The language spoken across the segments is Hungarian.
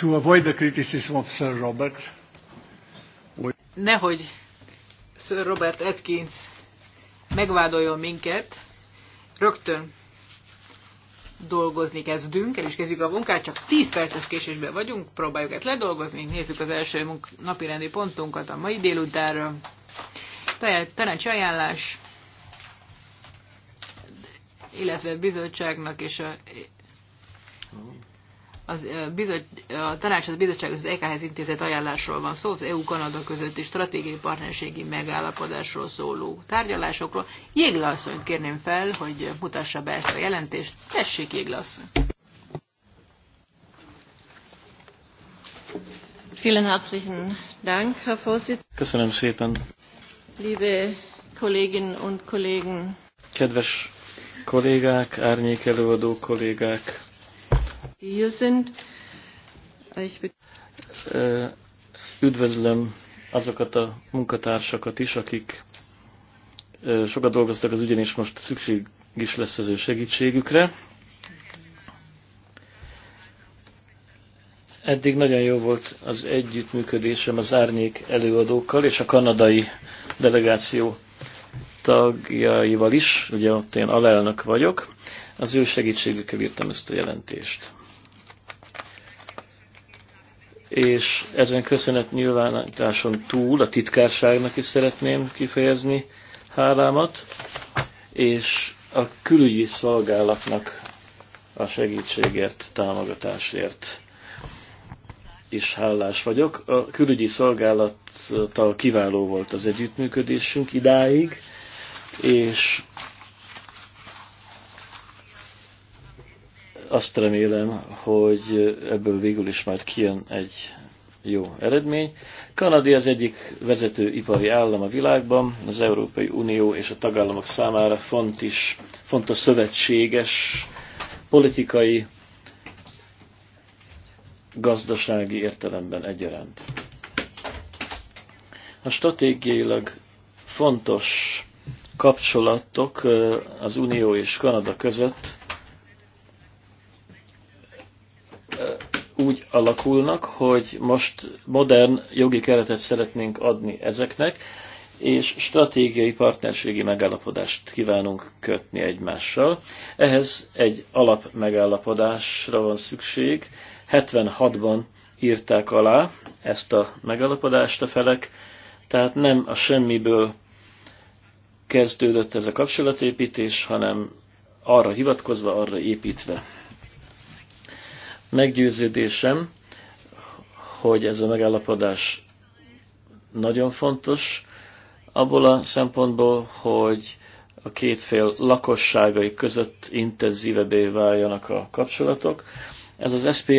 to avoid the criticism of Sir Robert, Nehogy Sir Robert Atkins megvádoljon minket, rögtön dolgozni kezdünk, el is kezdjük a munkát, csak 10 perces késésben vagyunk, próbáljuk ezt ledolgozni, nézzük az első munk- rendi pontunkat a mai délutánra. Tanács ajánlás, illetve bizottságnak és a, az bizot, a tanács az bizottság az EKH-hez intézett ajánlásról van szó, az EU-Kanada közötti stratégiai partnerségi megállapodásról szóló tárgyalásokról. Jéglasszonyt kérném fel, hogy mutassa be ezt a jelentést. Tessék, Jéglasszony! Vielen herzlichen Dank, Herr Vorsitzender. Köszönöm szépen. Liebe Kolleginnen und Kollegen. Kedves kollégák, árnyékelőadó kollégák, Üdvözlöm azokat a munkatársakat is, akik sokat dolgoztak az ügyen, és most szükség is lesz az ő segítségükre. Eddig nagyon jó volt az együttműködésem az árnyék előadókkal és a kanadai delegáció tagjaival is, ugye ott én alelnök vagyok. Az ő segítségükkel írtam ezt a jelentést és ezen köszönet nyilvánításon túl a titkárságnak is szeretném kifejezni hálámat, és a külügyi szolgálatnak a segítségért, támogatásért is hálás vagyok. A külügyi szolgálattal kiváló volt az együttműködésünk idáig, és Azt remélem, hogy ebből végül is majd kijön egy jó eredmény. Kanadi az egyik vezető ipari állam a világban, az Európai Unió és a tagállamok számára font is, fontos szövetséges politikai, gazdasági értelemben egyaránt. A stratégiailag fontos kapcsolatok az Unió és Kanada között úgy alakulnak, hogy most modern jogi keretet szeretnénk adni ezeknek, és stratégiai partnerségi megállapodást kívánunk kötni egymással. Ehhez egy alap megállapodásra van szükség. 76-ban írták alá ezt a megállapodást a felek, tehát nem a semmiből kezdődött ez a kapcsolatépítés, hanem arra hivatkozva, arra építve. Meggyőződésem, hogy ez a megállapodás nagyon fontos, abból a szempontból, hogy a két fél lakosságai között intenzívebbé váljanak a kapcsolatok. Ez az SPA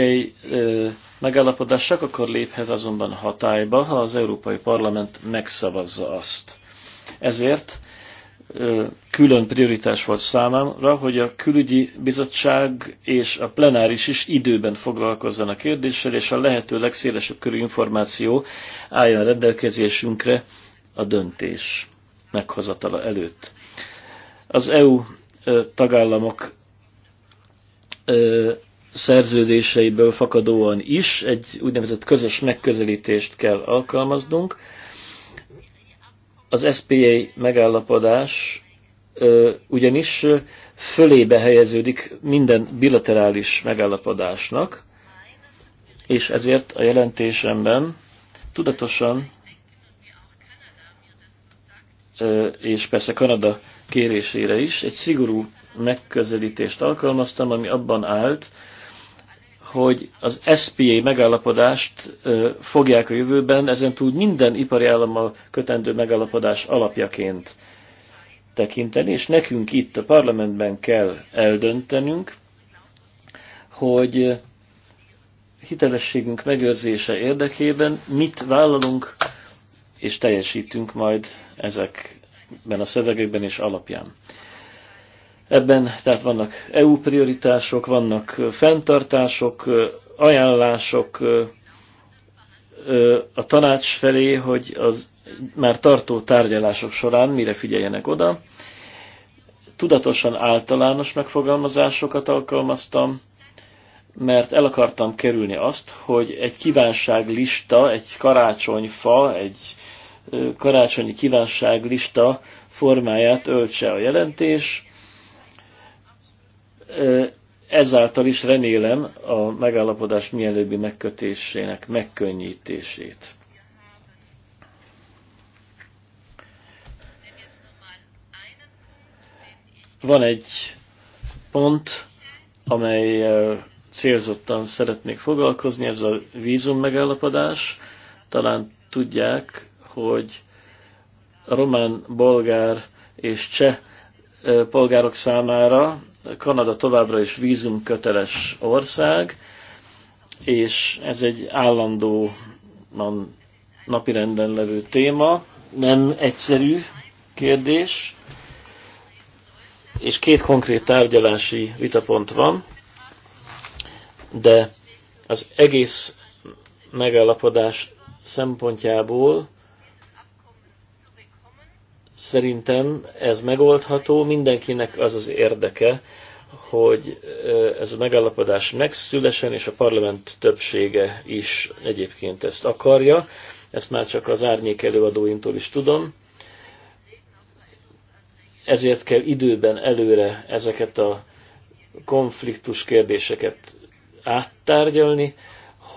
megállapodás csak akkor léphet azonban hatályba, ha az Európai Parlament megszavazza azt. Ezért külön prioritás volt számomra, hogy a külügyi bizottság és a plenáris is időben foglalkozzon a kérdéssel, és a lehető legszélesebb körű információ álljon a rendelkezésünkre a döntés meghozatala előtt. Az EU tagállamok szerződéseiből fakadóan is egy úgynevezett közös megközelítést kell alkalmaznunk, az SPA megállapodás ugyanis fölébe helyeződik minden bilaterális megállapodásnak, és ezért a jelentésemben tudatosan, és persze Kanada kérésére is, egy szigorú megközelítést alkalmaztam, ami abban állt, hogy az SPA megállapodást fogják a jövőben, ezen túl minden ipari állammal kötendő megállapodás alapjaként tekinteni, és nekünk itt a parlamentben kell eldöntenünk, hogy hitelességünk megőrzése érdekében mit vállalunk és teljesítünk majd ezekben a szövegekben és alapján. Ebben tehát vannak EU prioritások, vannak fenntartások, ajánlások a tanács felé, hogy az már tartó tárgyalások során mire figyeljenek oda. Tudatosan általános megfogalmazásokat alkalmaztam, mert el akartam kerülni azt, hogy egy kívánságlista, egy karácsonyfa, egy karácsonyi kívánságlista formáját öltse a jelentés, ezáltal is remélem a megállapodás mielőbbi megkötésének megkönnyítését. Van egy pont, amely célzottan szeretnék foglalkozni, ez a vízum megállapodás. Talán tudják, hogy román, bolgár és cseh polgárok számára Kanada továbbra is vízumköteles ország, és ez egy állandó, napirenden levő téma, nem egyszerű kérdés, és két konkrét tárgyalási vitapont van, de az egész megállapodás szempontjából Szerintem ez megoldható, mindenkinek az az érdeke, hogy ez a megállapodás megszülesen, és a parlament többsége is egyébként ezt akarja. Ezt már csak az árnyék előadóimtól is tudom. Ezért kell időben előre ezeket a konfliktus kérdéseket áttárgyalni,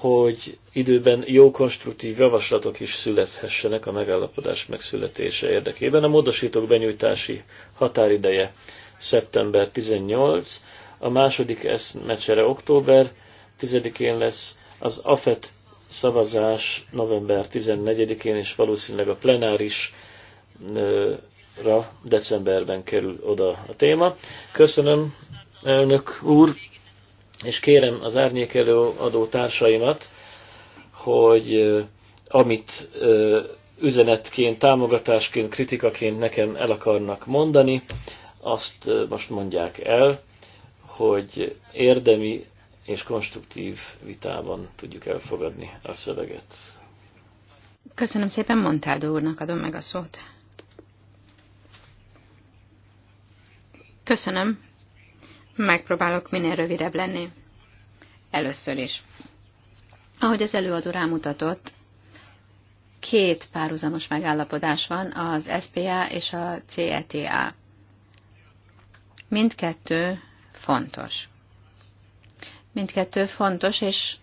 hogy időben jó konstruktív javaslatok is születhessenek a megállapodás megszületése érdekében. A módosítók benyújtási határideje szeptember 18, a második eszmecsere október 10-én lesz, az AFET szavazás november 14-én, és valószínűleg a plenárisra decemberben kerül oda a téma. Köszönöm, elnök úr! és kérem az árnyékelő adó társaimat, hogy amit üzenetként, támogatásként, kritikaként nekem el akarnak mondani, azt most mondják el, hogy érdemi és konstruktív vitában tudjuk elfogadni a szöveget. Köszönöm szépen, Montádó úrnak adom meg a szót. Köszönöm. Megpróbálok minél rövidebb lenni. Először is. Ahogy az előadó rámutatott, két párhuzamos megállapodás van, az SPA és a CETA. Mindkettő fontos. Mindkettő fontos, és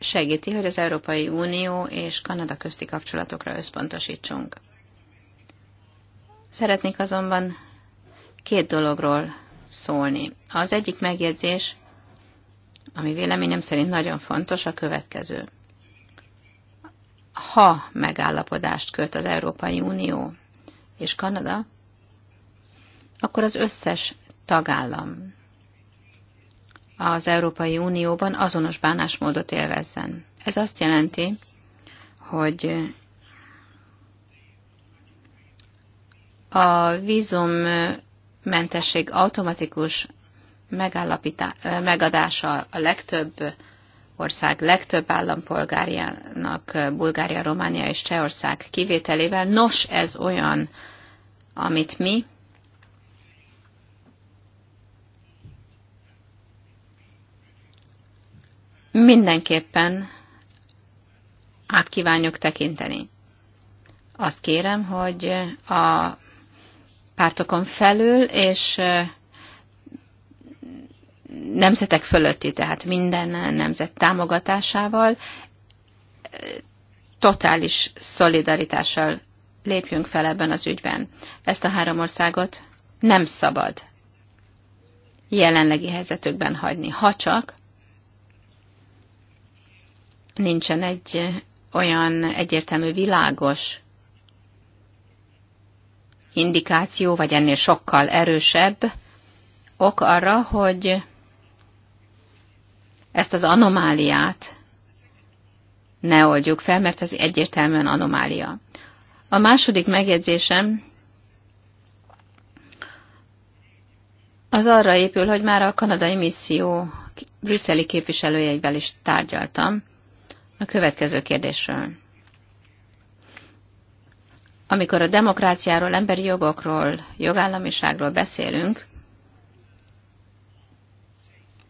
segíti, hogy az Európai Unió és Kanada közti kapcsolatokra összpontosítsunk. Szeretnék azonban két dologról szólni. Az egyik megjegyzés, ami véleményem szerint nagyon fontos, a következő. Ha megállapodást köt az Európai Unió és Kanada, akkor az összes tagállam az Európai Unióban azonos bánásmódot élvezzen. Ez azt jelenti, hogy a vízum mentesség automatikus megadása a legtöbb ország legtöbb állampolgárjának, Bulgária, Románia és Csehország kivételével. Nos, ez olyan, amit mi mindenképpen át kívánjuk tekinteni. Azt kérem, hogy a pártokon felül, és nemzetek fölötti, tehát minden nemzet támogatásával totális szolidaritással lépjünk fel ebben az ügyben. Ezt a három országot nem szabad jelenlegi helyzetükben hagyni, ha csak nincsen egy olyan egyértelmű világos indikáció, vagy ennél sokkal erősebb ok arra, hogy ezt az anomáliát ne oldjuk fel, mert ez egyértelműen anomália. A második megjegyzésem az arra épül, hogy már a kanadai misszió brüsszeli képviselőjeivel is tárgyaltam a következő kérdésről amikor a demokráciáról, emberi jogokról, jogállamiságról beszélünk,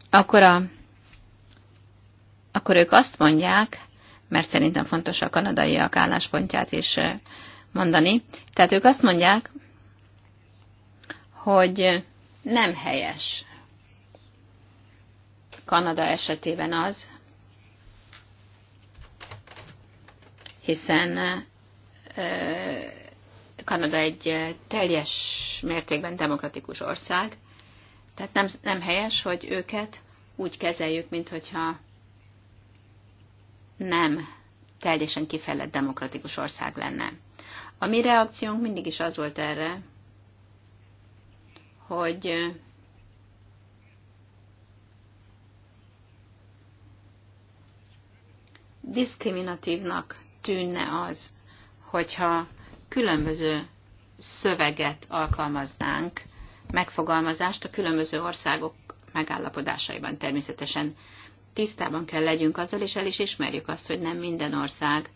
akkor, a, akkor ők azt mondják, mert szerintem fontos a kanadaiak álláspontját is mondani, tehát ők azt mondják, hogy nem helyes Kanada esetében az, hiszen Kanada egy teljes mértékben demokratikus ország, tehát nem, nem helyes, hogy őket úgy kezeljük, mint hogyha nem teljesen kifejlett demokratikus ország lenne. A mi reakciónk mindig is az volt erre, hogy diszkriminatívnak tűnne az, hogyha különböző szöveget alkalmaznánk, megfogalmazást a különböző országok megállapodásaiban természetesen tisztában kell legyünk azzal, és el is ismerjük azt, hogy nem minden ország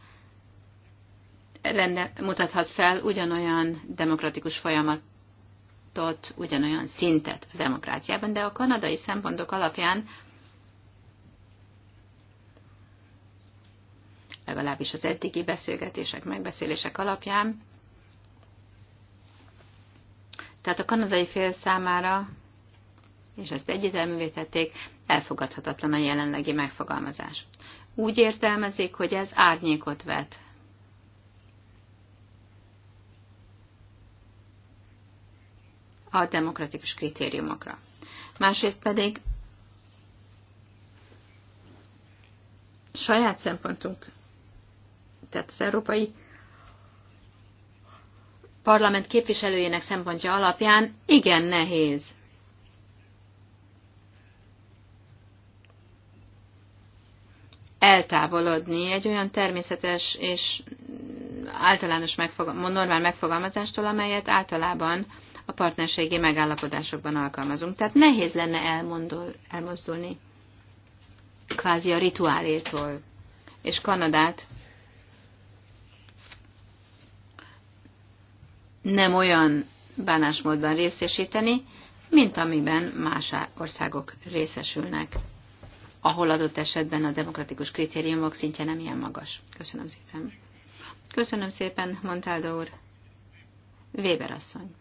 rende, mutathat fel ugyanolyan demokratikus folyamatot, ugyanolyan szintet a demokráciában, de a kanadai szempontok alapján legalábbis az eddigi beszélgetések, megbeszélések alapján. Tehát a kanadai fél számára, és ezt egyetelművé tették, elfogadhatatlan a jelenlegi megfogalmazás. Úgy értelmezik, hogy ez árnyékot vet a demokratikus kritériumokra. Másrészt pedig saját szempontunk tehát az Európai Parlament képviselőjének szempontja alapján igen nehéz. eltávolodni egy olyan természetes és általános megfogal- normál megfogalmazástól, amelyet általában a partnerségi megállapodásokban alkalmazunk. Tehát nehéz lenne elmondol, elmozdulni kvázi a rituálértól. És Kanadát nem olyan bánásmódban részesíteni, mint amiben más országok részesülnek, ahol adott esetben a demokratikus kritériumok szintje nem ilyen magas. Köszönöm szépen. Köszönöm szépen, Montaldo úr. Weber asszony.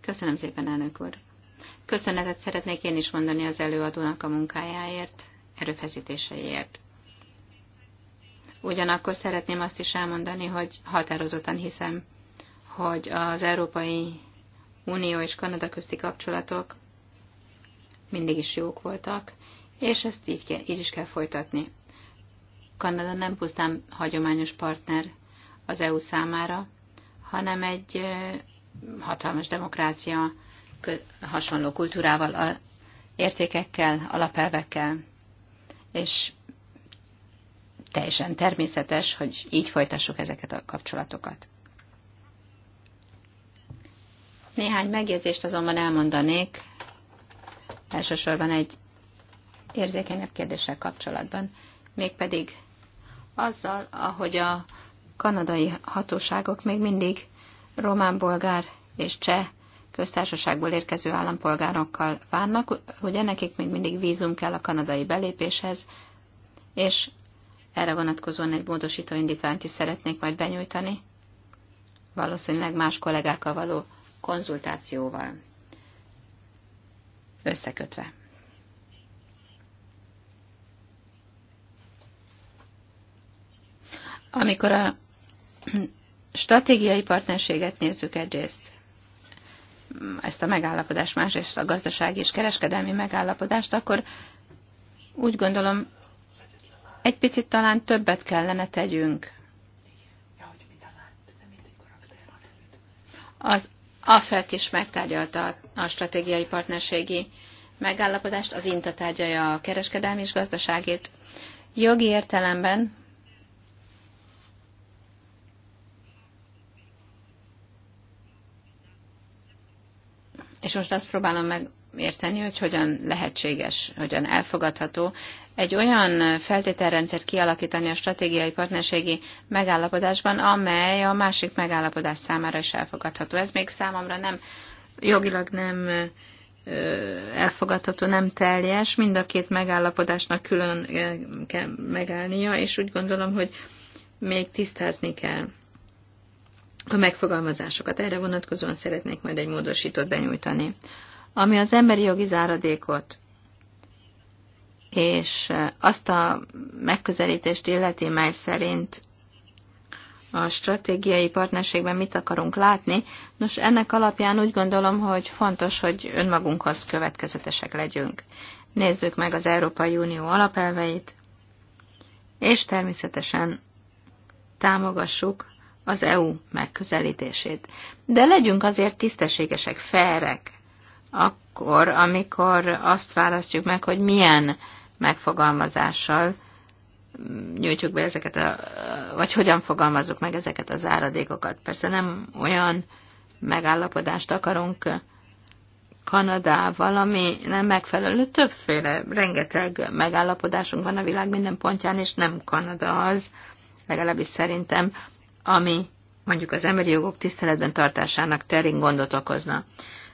Köszönöm szépen, elnök úr. Köszönetet szeretnék én is mondani az előadónak a munkájáért, erőfeszítéseiért. Ugyanakkor szeretném azt is elmondani, hogy határozottan hiszem hogy az Európai Unió és Kanada közti kapcsolatok mindig is jók voltak, és ezt így, kell, így is kell folytatni. Kanada nem pusztán hagyományos partner az EU számára, hanem egy hatalmas demokrácia hasonló kultúrával, értékekkel, alapelvekkel, és teljesen természetes, hogy így folytassuk ezeket a kapcsolatokat. Néhány megjegyzést azonban elmondanék, elsősorban egy érzékenyebb kérdéssel kapcsolatban, mégpedig azzal, ahogy a kanadai hatóságok még mindig román, bolgár és cseh köztársaságból érkező állampolgárokkal várnak, hogy nekik még mindig vízum kell a kanadai belépéshez, és erre vonatkozóan egy módosító indítványt is szeretnék majd benyújtani. Valószínűleg más kollégákkal való konzultációval összekötve. Amikor a stratégiai partnerséget nézzük egyrészt, ezt a megállapodást, másrészt a gazdasági és kereskedelmi megállapodást, akkor úgy gondolom, egy picit talán többet kellene tegyünk. Az AFET is megtárgyalta a stratégiai partnerségi megállapodást, az INTA tárgyalja a kereskedelmi és gazdaságét. Jogi értelemben És most azt próbálom megérteni, hogy hogyan lehetséges, hogyan elfogadható egy olyan feltételrendszert kialakítani a stratégiai partnerségi megállapodásban, amely a másik megállapodás számára is elfogadható. Ez még számomra nem jogilag nem elfogadható, nem teljes, mind a két megállapodásnak külön kell megállnia, és úgy gondolom, hogy még tisztázni kell a megfogalmazásokat. Erre vonatkozóan szeretnék majd egy módosítót benyújtani. Ami az emberi jogi záradékot és azt a megközelítést illeti, mely szerint a stratégiai partnerségben mit akarunk látni. Nos, ennek alapján úgy gondolom, hogy fontos, hogy önmagunkhoz következetesek legyünk. Nézzük meg az Európai Unió alapelveit, és természetesen támogassuk az EU megközelítését. De legyünk azért tisztességesek, felrek, akkor, amikor azt választjuk meg, hogy milyen megfogalmazással nyújtjuk be ezeket, a, vagy hogyan fogalmazzuk meg ezeket az áradékokat. Persze nem olyan megállapodást akarunk Kanadával, ami nem megfelelő. Többféle, rengeteg megállapodásunk van a világ minden pontján, és nem Kanada az, legalábbis szerintem, ami mondjuk az emberi jogok tiszteletben tartásának terén gondot okozna.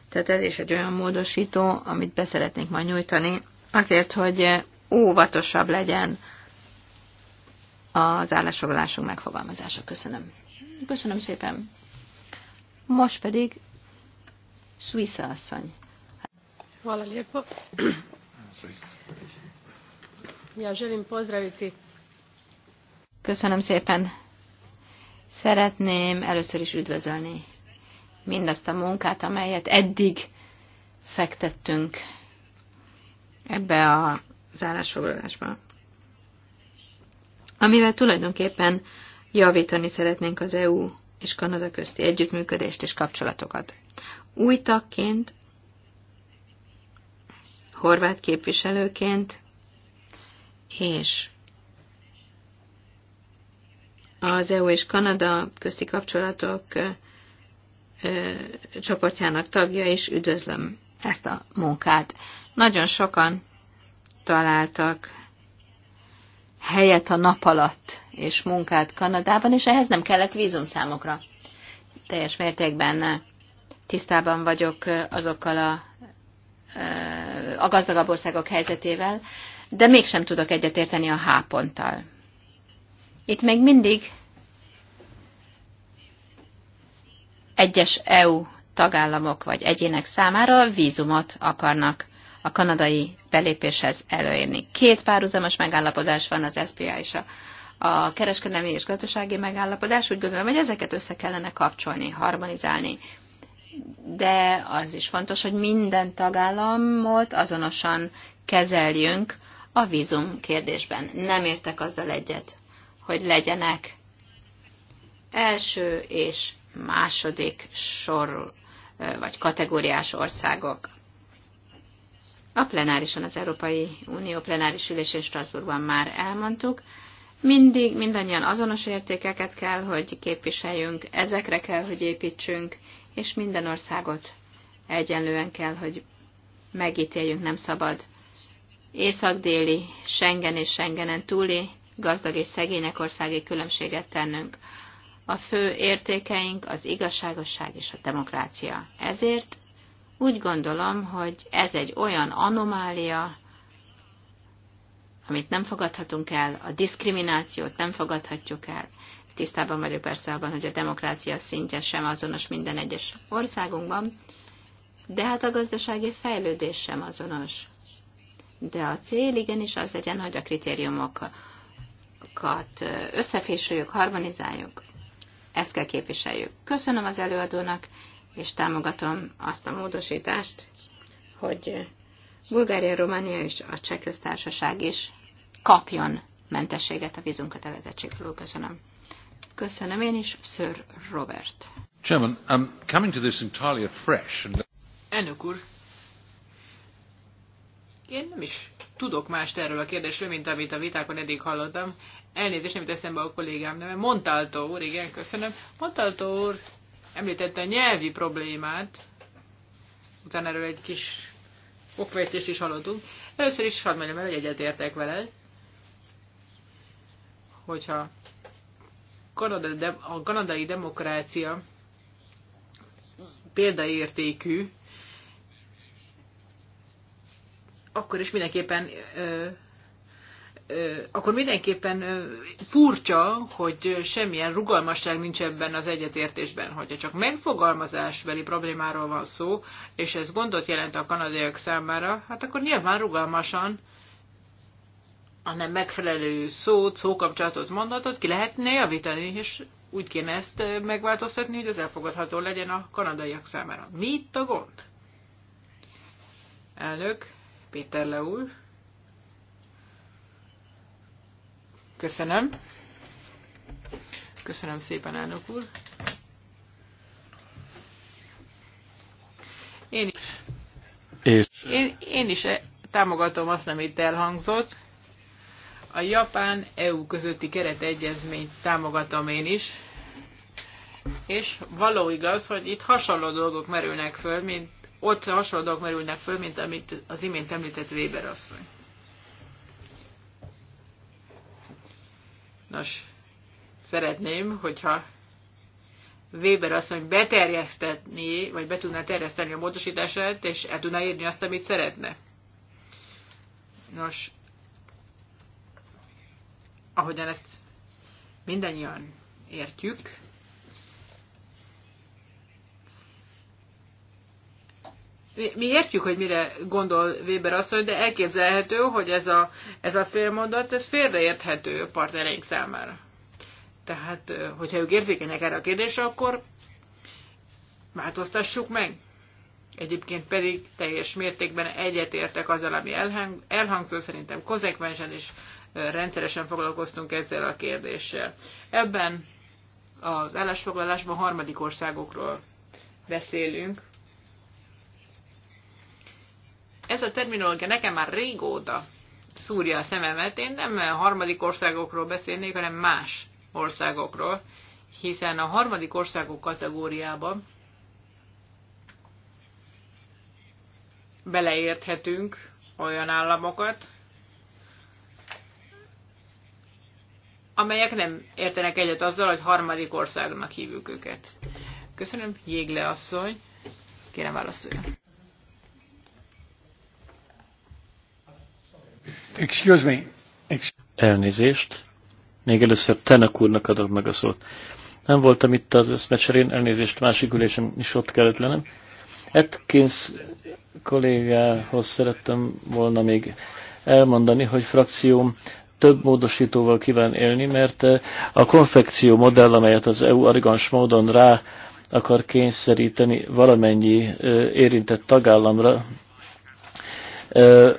Tehát ez is egy olyan módosító, amit beszeretnénk majd nyújtani, azért, hogy óvatosabb legyen az állásfoglalásunk megfogalmazása. Köszönöm. Köszönöm szépen. Most pedig Suisza asszony. Hvala lijepo. Ja želim pozdraviti. Köszönöm szépen. Szeretném először is üdvözölni mindazt a munkát, amelyet eddig fektettünk ebbe a állásfoglalásba. Amivel tulajdonképpen javítani szeretnénk az EU és Kanada közti együttműködést és kapcsolatokat. Új tagként, horvát képviselőként és az EU és Kanada közti kapcsolatok csoportjának tagja, és üdvözlöm ezt a munkát. Nagyon sokan találtak helyet a nap alatt és munkát Kanadában, és ehhez nem kellett vízum számokra. Teljes mértékben tisztában vagyok azokkal a, a gazdagabb országok helyzetével, de mégsem tudok egyetérteni a háponttal. Itt még mindig egyes EU tagállamok vagy egyének számára vízumot akarnak a kanadai belépéshez előírni. Két párhuzamos megállapodás van az SPA és a, a kereskedelmi és gazdasági megállapodás. Úgy gondolom, hogy ezeket össze kellene kapcsolni, harmonizálni. De az is fontos, hogy minden tagállamot azonosan kezeljünk a vízum kérdésben. Nem értek azzal egyet, hogy legyenek első és második sor, vagy kategóriás országok. A plenárison, az Európai Unió plenáris ülésén Strasbourgban már elmondtuk, mindig mindannyian azonos értékeket kell, hogy képviseljünk, ezekre kell, hogy építsünk, és minden országot egyenlően kell, hogy megítéljünk, nem szabad észak-déli, Schengen és Schengenen túli, gazdag és szegények országi különbséget tennünk. A fő értékeink az igazságosság és a demokrácia. Ezért úgy gondolom, hogy ez egy olyan anomália, amit nem fogadhatunk el, a diszkriminációt nem fogadhatjuk el. Tisztában vagyok persze abban, hogy a demokrácia szintje sem azonos minden egyes országunkban, de hát a gazdasági fejlődés sem azonos. De a cél igenis az legyen, hogy a kritériumokat összefésüljük, harmonizáljuk. Ezt kell képviseljük. Köszönöm az előadónak, és támogatom azt a módosítást, hogy Bulgária, Románia és a Cseh köztársaság is kapjon mentességet a vízunkötelezettségről. Köszönöm. Köszönöm én is, Sir Robert. Chairman, I'm coming to this entirely afresh. And... Elnök úr, én nem is tudok mást erről a kérdésről, mint amit a vitákon eddig hallottam. Elnézést, nem eszembe a kollégám neve. Montalto úr, igen, köszönöm. Montalto úr említette a nyelvi problémát, utána erről egy kis okvetést is hallottunk. Először is hadd mondjam el, hogy egyetértek vele, hogyha a kanadai demokrácia példaértékű, akkor is mindenképpen akkor mindenképpen furcsa, hogy semmilyen rugalmasság nincs ebben az egyetértésben. Hogyha csak megfogalmazásbeli problémáról van szó, és ez gondot jelent a kanadaiak számára, hát akkor nyilván rugalmasan a nem megfelelő szót, szókapcsolatot, mondatot ki lehetne javítani, és úgy kéne ezt megváltoztatni, hogy ez elfogadható legyen a kanadaiak számára. Mi itt a gond? Elnök, Péter Leul. Köszönöm. Köszönöm szépen, elnök úr. Én is, és... én, én is e- támogatom azt, amit elhangzott. A Japán-EU közötti keretegyezményt támogatom én is. És való igaz, hogy itt hasonló dolgok merülnek föl, mint ott hasonlók merülnek föl, mint amit az imént említett Weber asszony. Nos, szeretném, hogyha Weber asszony beterjesztetni, vagy be tudná terjeszteni a módosítását, és el tudná írni azt, amit szeretne. Nos, ahogyan ezt mindannyian értjük, mi, értjük, hogy mire gondol Weber asszony, de elképzelhető, hogy ez a, ez a félmondat, ez félreérthető partnereink számára. Tehát, hogyha ők érzékenyek erre a kérdésre, akkor változtassuk meg. Egyébként pedig teljes mértékben egyetértek azzal, ami elhang, elhangzó, szerintem konzekvensen is rendszeresen foglalkoztunk ezzel a kérdéssel. Ebben az állásfoglalásban harmadik országokról beszélünk, ez a terminológia nekem már régóta szúrja a szememet. Én nem harmadik országokról beszélnék, hanem más országokról, hiszen a harmadik országok kategóriában beleérthetünk olyan államokat, amelyek nem értenek egyet azzal, hogy harmadik országnak hívjuk őket. Köszönöm, Jégle asszony. Kérem válaszoljon. Excuse me. Excuse... Elnézést. Még először Tenek úrnak adok meg a szót. Nem voltam itt az eszmecserén, elnézést, másik ülésem is ott kellett lennem. Atkins kollégához szerettem volna még elmondani, hogy frakcióm több módosítóval kíván élni, mert eh, a konfekció modell, amelyet az EU arrogans módon rá akar kényszeríteni valamennyi eh, érintett tagállamra,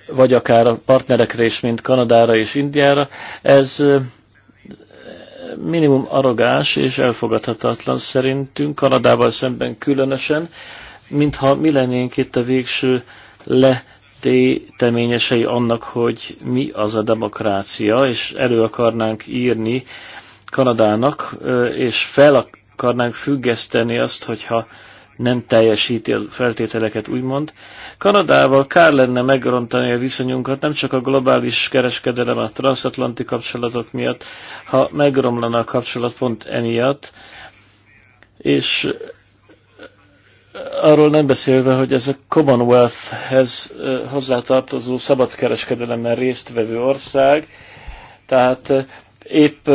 vagy akár a partnerekre is, mint Kanadára és Indiára, ez minimum arrogáns és elfogadhatatlan szerintünk, Kanadával szemben különösen, mintha mi lennénk itt a végső letéteményesei annak, hogy mi az a demokrácia, és elő akarnánk írni Kanadának, és fel akarnánk függeszteni azt, hogyha nem teljesíti a feltételeket, úgymond. Kanadával kár lenne megrontani a viszonyunkat, nem csak a globális kereskedelem, a transatlanti kapcsolatok miatt, ha megromlana a kapcsolat pont emiatt, és arról nem beszélve, hogy ez a Commonwealth-hez hozzátartozó szabadkereskedelemmel résztvevő ország, tehát épp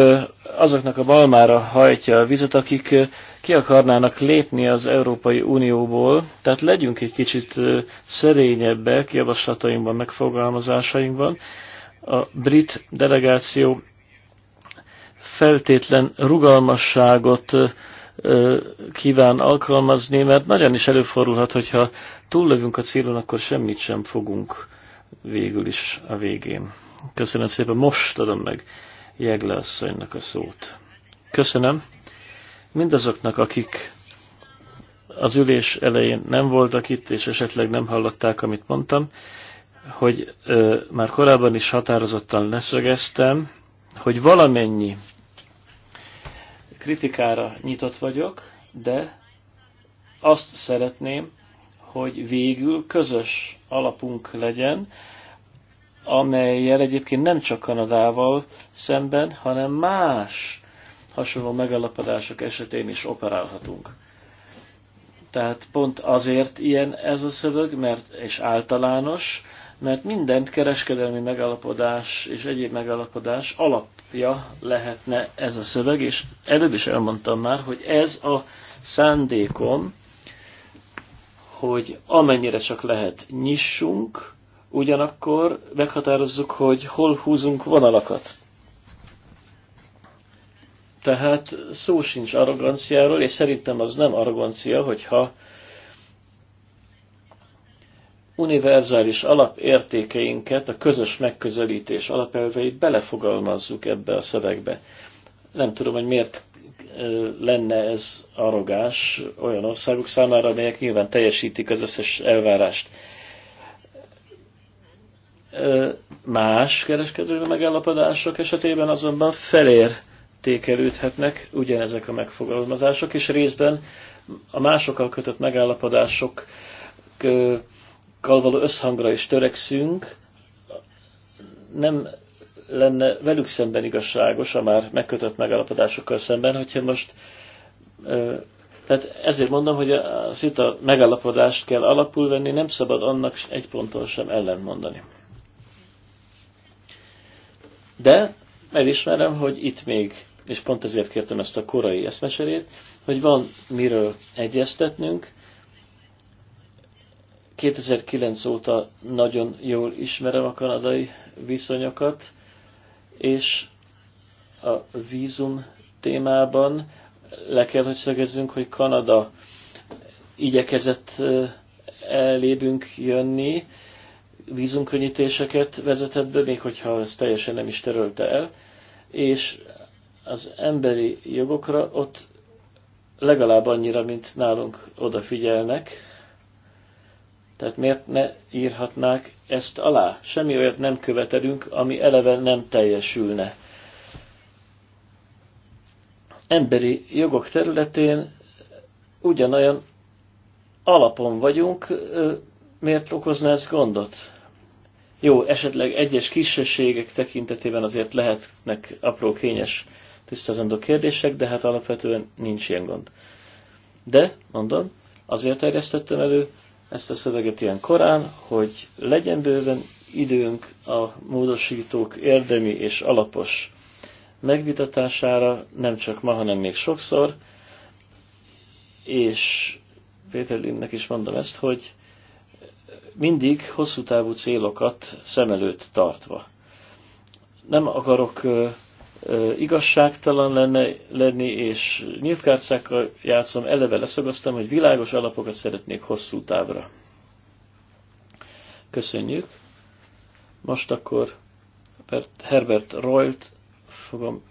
azoknak a balmára hajtja a vizet, akik ki akarnának lépni az Európai Unióból, tehát legyünk egy kicsit szerényebbek javaslatainkban, megfogalmazásainkban. A brit delegáció feltétlen rugalmasságot kíván alkalmazni, mert nagyon is előfordulhat, hogyha túllövünk a célon, akkor semmit sem fogunk végül is a végén. Köszönöm szépen, most adom meg Jegle asszonynak a szót. Köszönöm. Mindazoknak, akik az ülés elején nem voltak itt, és esetleg nem hallották, amit mondtam, hogy ö, már korábban is határozottan leszögeztem, hogy valamennyi kritikára nyitott vagyok, de azt szeretném, hogy végül közös alapunk legyen, amelyel egyébként nem csak Kanadával szemben, hanem más hasonló megalapodások esetén is operálhatunk. Tehát pont azért ilyen ez a szöveg, mert, és általános, mert mindent kereskedelmi megalapodás és egyéb megalapodás alapja lehetne ez a szöveg, és előbb is elmondtam már, hogy ez a szándékom, hogy amennyire csak lehet nyissunk, ugyanakkor meghatározzuk, hogy hol húzunk vonalakat. Tehát szó sincs arroganciáról, és szerintem az nem arrogancia, hogyha univerzális alapértékeinket, a közös megközelítés alapelveit belefogalmazzuk ebbe a szövegbe. Nem tudom, hogy miért lenne ez arrogáns olyan országok számára, amelyek nyilván teljesítik az összes elvárást. Más kereskedelmi megállapodások esetében azonban felér értékelődhetnek ugyanezek a megfogalmazások, és részben a másokkal kötött megállapodásokkal való összhangra is törekszünk, nem lenne velük szemben igazságos a már megkötött megállapodásokkal szemben, hogyha most tehát ezért mondom, hogy az itt a megállapodást kell alapul venni, nem szabad annak egy ponton sem ellenmondani. De elismerem, hogy itt még és pont ezért kértem ezt a korai eszmeserét, hogy van miről egyeztetnünk. 2009 óta nagyon jól ismerem a kanadai viszonyokat, és a vízum témában le kell, hogy szögezzünk, hogy Kanada igyekezett elébünk jönni, vízumkönnyítéseket vezetett be, még hogyha ez teljesen nem is törölte el, és az emberi jogokra ott legalább annyira, mint nálunk odafigyelnek. Tehát miért ne írhatnák ezt alá? Semmi olyat nem követelünk, ami eleve nem teljesülne. Emberi jogok területén ugyanolyan alapon vagyunk, miért okozna ez gondot? Jó, esetleg egyes kisességek tekintetében azért lehetnek apró kényes tisztázandó kérdések, de hát alapvetően nincs ilyen gond. De, mondom, azért terjesztettem elő ezt a szöveget ilyen korán, hogy legyen bőven időnk a módosítók érdemi és alapos megvitatására, nem csak ma, hanem még sokszor, és Péter Linnek is mondom ezt, hogy mindig hosszú távú célokat szem előtt tartva. Nem akarok igazságtalan lenne lenni, és nyílt kártyákkal játszom, eleve leszagasztam, hogy világos alapokat szeretnék hosszú távra. Köszönjük. Most akkor Herbert Roylt fogom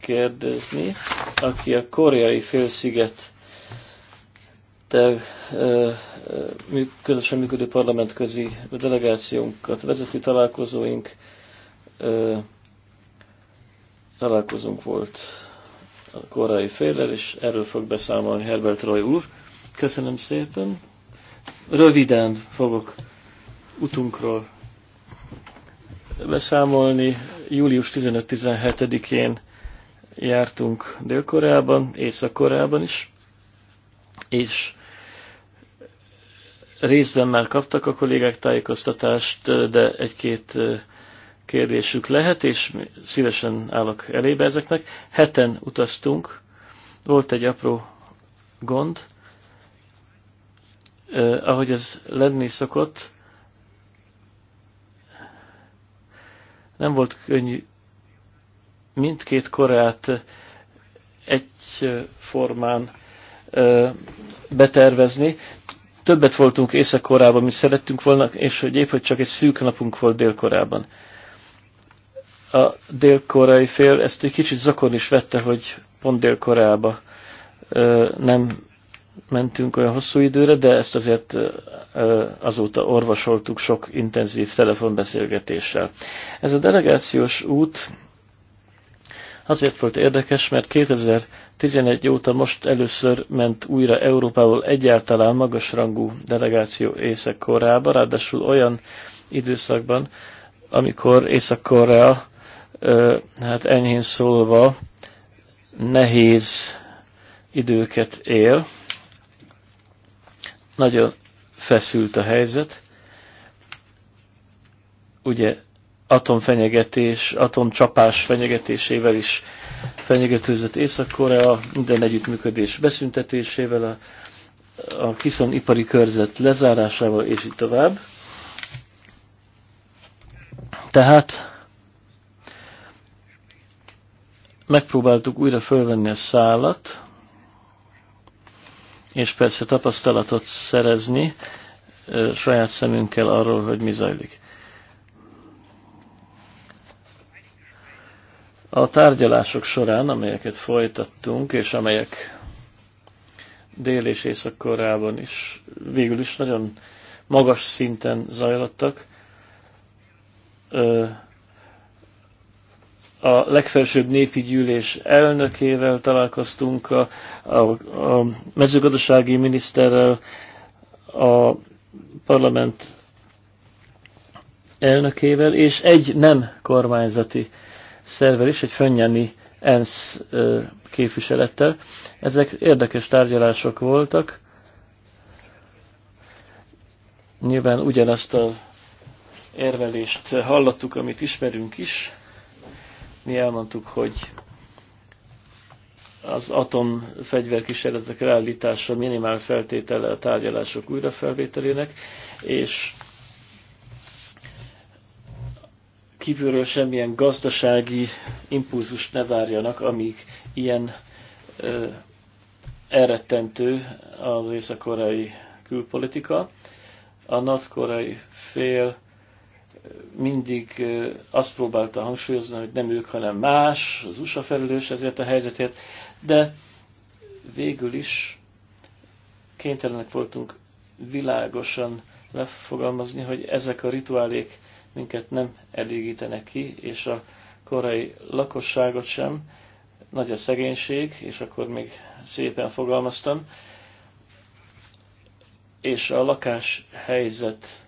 kérdezni, aki a koreai félsziget közösen működő parlamentközi delegációnkat vezeti találkozóink, találkozunk volt a korai félrel, és erről fog beszámolni Herbert Roy úr. Köszönöm szépen. Röviden fogok utunkról beszámolni. Július 15-17-én jártunk Dél-Koreában, Észak-Koreában is, és részben már kaptak a kollégák tájékoztatást, de egy-két kérdésük lehet, és szívesen állok elébe ezeknek. Heten utaztunk, volt egy apró gond, eh, ahogy ez lenni szokott, nem volt könnyű mindkét korát egyformán eh, betervezni. Többet voltunk észak korában, mint szerettünk volna, és hogy épp, hogy csak egy szűk napunk volt délkorában. korában a dél-koreai fél ezt egy kicsit zakon is vette, hogy pont dél-koreába nem mentünk olyan hosszú időre, de ezt azért azóta orvosoltuk sok intenzív telefonbeszélgetéssel. Ez a delegációs út azért volt érdekes, mert 2011 óta most először ment újra Európából egyáltalán magasrangú delegáció Észak-Koreába, ráadásul olyan időszakban, amikor Észak-Korea hát enyhén szólva nehéz időket él. Nagyon feszült a helyzet. Ugye atomfenyegetés, atomcsapás fenyegetésével is fenyegetőzött Észak-Korea, minden együttműködés beszüntetésével, a, a Kiszon ipari körzet lezárásával, és így tovább. Tehát megpróbáltuk újra fölvenni a szállat, és persze tapasztalatot szerezni saját szemünkkel arról, hogy mi zajlik. A tárgyalások során, amelyeket folytattunk, és amelyek dél és észak is végül is nagyon magas szinten zajlottak, a legfelsőbb népi gyűlés elnökével találkoztunk, a, a, a mezőgazdasági miniszterrel, a parlament elnökével, és egy nem kormányzati szervel is, egy fönnyeni ENSZ képviselettel. Ezek érdekes tárgyalások voltak. Nyilván ugyanazt az érvelést hallottuk, amit ismerünk is mi elmondtuk, hogy az fegyverkísérletek leállítása minimál feltétele a tárgyalások újrafelvételének, és kívülről semmilyen gazdasági impulzust ne várjanak, amíg ilyen ö, elrettentő az észak-koreai külpolitika. A nord-koreai fél mindig azt próbálta hangsúlyozni, hogy nem ők, hanem más, az USA felelős ezért a helyzetért, de végül is kénytelenek voltunk világosan lefogalmazni, hogy ezek a rituálék minket nem elégítenek ki, és a korai lakosságot sem, nagy a szegénység, és akkor még szépen fogalmaztam, és a lakás helyzet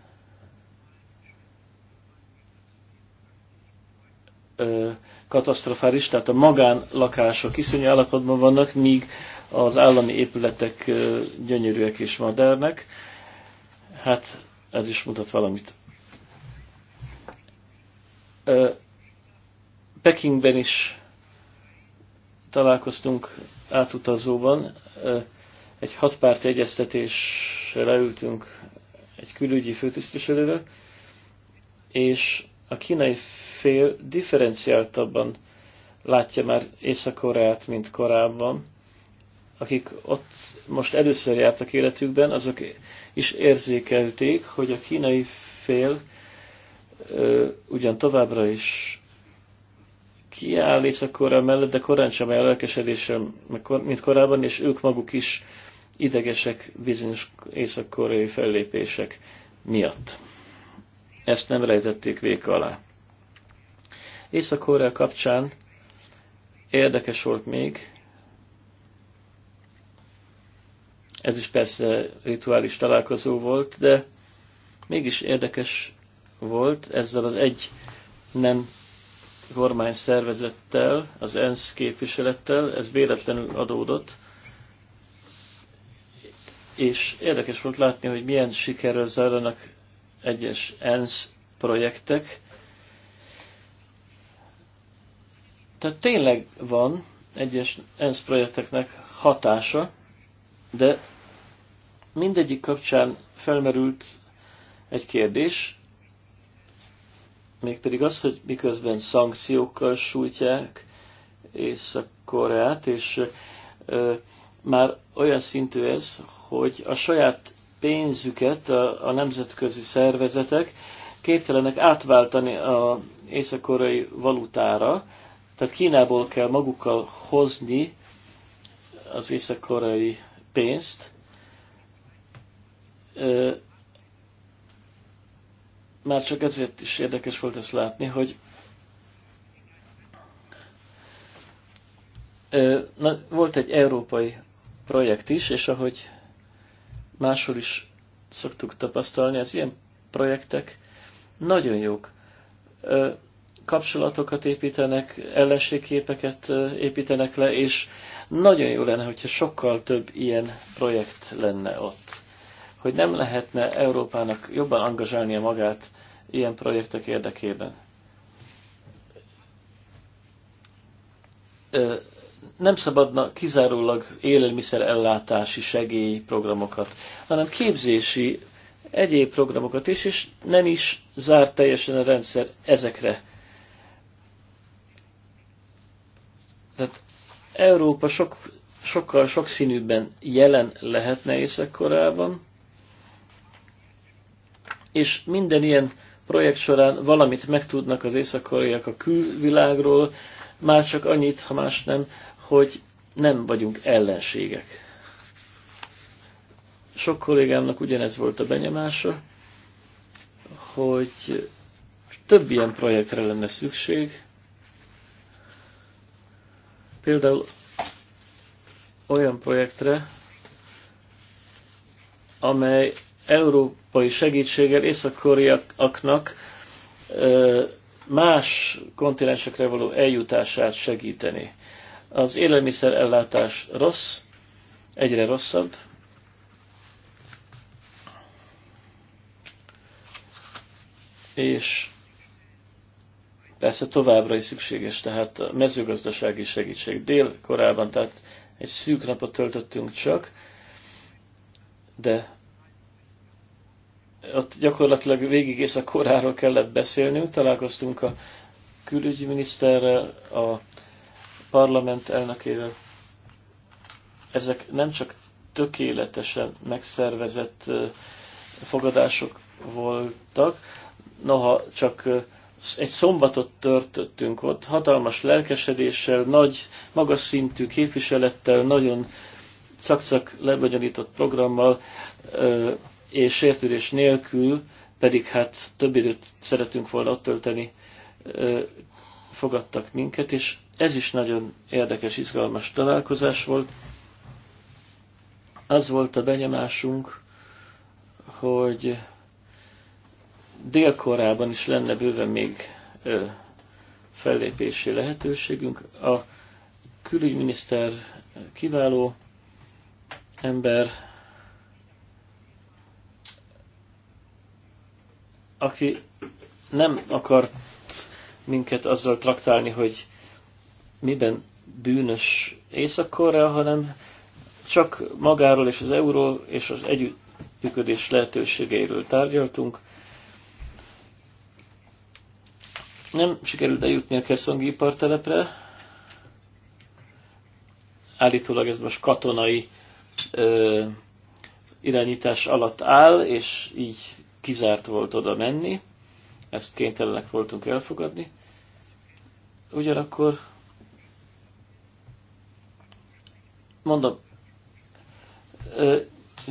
katasztrofális, tehát a magánlakások iszonyú állapotban vannak, míg az állami épületek gyönyörűek és modernek. Hát ez is mutat valamit. Pekingben is találkoztunk átutazóban, egy hatpárti egyeztetésre leültünk egy külügyi főtisztviselővel, és a kínai fél differenciáltabban látja már Észak-Koreát, mint korábban. Akik ott most először jártak életükben, azok is érzékelték, hogy a kínai fél ö, ugyan továbbra is kiáll Észak-Korea mellett, de korán sem a lelkesedésem, mint korábban, és ők maguk is idegesek bizonyos észak-koreai fellépések miatt. Ezt nem rejtették véka alá. Észak-Korea kapcsán érdekes volt még, ez is persze rituális találkozó volt, de mégis érdekes volt ezzel az egy nem kormány szervezettel, az ENSZ képviselettel, ez véletlenül adódott, és érdekes volt látni, hogy milyen sikerrel zajlanak egyes ENSZ projektek, Tehát tényleg van egyes ENSZ projekteknek hatása, de mindegyik kapcsán felmerült egy kérdés, mégpedig az, hogy miközben szankciókkal sújtják Észak-Koreát, és ö, már olyan szintű ez, hogy a saját pénzüket a, a nemzetközi szervezetek képtelenek átváltani az észak-koreai valutára, tehát Kínából kell magukkal hozni az észak-koreai pénzt. Már csak ezért is érdekes volt ezt látni, hogy Na, volt egy európai projekt is, és ahogy máshol is szoktuk tapasztalni, az ilyen projektek nagyon jók kapcsolatokat építenek, ellenségképeket építenek le, és nagyon jó lenne, hogyha sokkal több ilyen projekt lenne ott. Hogy nem lehetne Európának jobban angazsálnia magát ilyen projektek érdekében. Nem szabadna kizárólag élelmiszerellátási segélyprogramokat, hanem képzési egyéb programokat is, és nem is zár teljesen a rendszer ezekre Tehát Európa sok, sokkal sokszínűbben jelen lehetne Észak-Koreában, és minden ilyen projekt során valamit megtudnak az észak a külvilágról, már csak annyit, ha más nem, hogy nem vagyunk ellenségek. Sok kollégámnak ugyanez volt a benyomása, hogy több ilyen projektre lenne szükség, Például olyan projektre, amely európai segítséggel észak-koreaknak más kontinensekre való eljutását segíteni. Az élelmiszerellátás rossz, egyre rosszabb. És Persze továbbra is szükséges, tehát a mezőgazdasági segítség dél korában, tehát egy szűk napot töltöttünk csak, de ott gyakorlatilag végig a koráról kellett beszélnünk, találkoztunk a külügyi miniszterrel, a parlament elnökével. Ezek nem csak tökéletesen megszervezett fogadások voltak, noha csak egy szombatot törtöttünk ott, hatalmas lelkesedéssel, nagy, magas szintű képviselettel, nagyon cakcak lebonyolított programmal és értődés nélkül, pedig hát több időt szeretünk volna ott tölteni, fogadtak minket, és ez is nagyon érdekes, izgalmas találkozás volt. Az volt a benyomásunk, hogy délkorában is lenne bőven még ö, fellépési lehetőségünk. A külügyminiszter kiváló ember, aki nem akart minket azzal traktálni, hogy miben bűnös Észak-Korea, hanem csak magáról és az euró és az együttműködés lehetőségeiről tárgyaltunk, Nem sikerült eljutni a Keszongi ipartelepre. Állítólag ez most katonai ö, irányítás alatt áll, és így kizárt volt oda menni. Ezt kénytelenek voltunk elfogadni. Ugyanakkor mondom,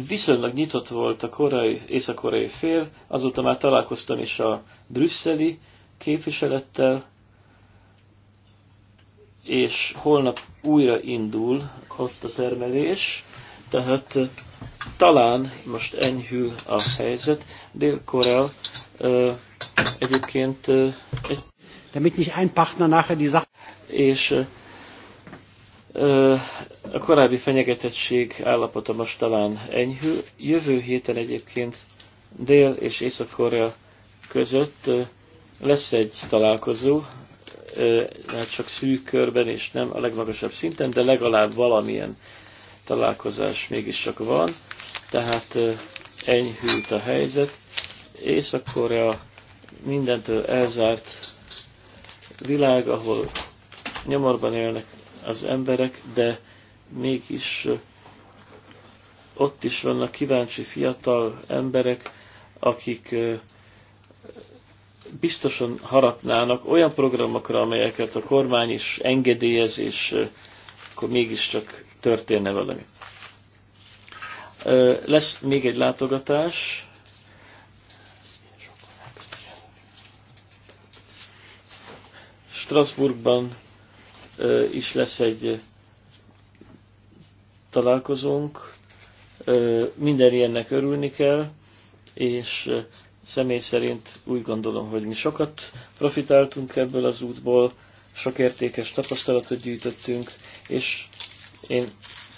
viszonylag nyitott volt a korai, észak-koreai fél, azóta már találkoztam is a brüsszeli képviselettel, és holnap újra indul ott a termelés, tehát eh, talán most enyhül a helyzet. Dél-Korea eh, egyébként eh, egy Damit nicht ein Partner nachher die Sache... És a korábbi fenyegetettség állapota most talán enyhül. Jövő héten egyébként Dél- és Észak-Korea között lesz egy találkozó, hát csak szűk körben és nem a legmagasabb szinten, de legalább valamilyen találkozás mégiscsak van, tehát enyhült a helyzet. Észak-Korea mindentől elzárt világ, ahol nyomorban élnek az emberek, de mégis ott is vannak kíváncsi fiatal emberek, akik biztosan harapnának olyan programokra, amelyeket a kormány is engedélyez, és akkor mégiscsak történne valami. Lesz még egy látogatás. Strasbourgban is lesz egy találkozónk. Minden ilyennek örülni kell, és Személy szerint úgy gondolom, hogy mi sokat profitáltunk ebből az útból, sok értékes tapasztalatot gyűjtöttünk, és én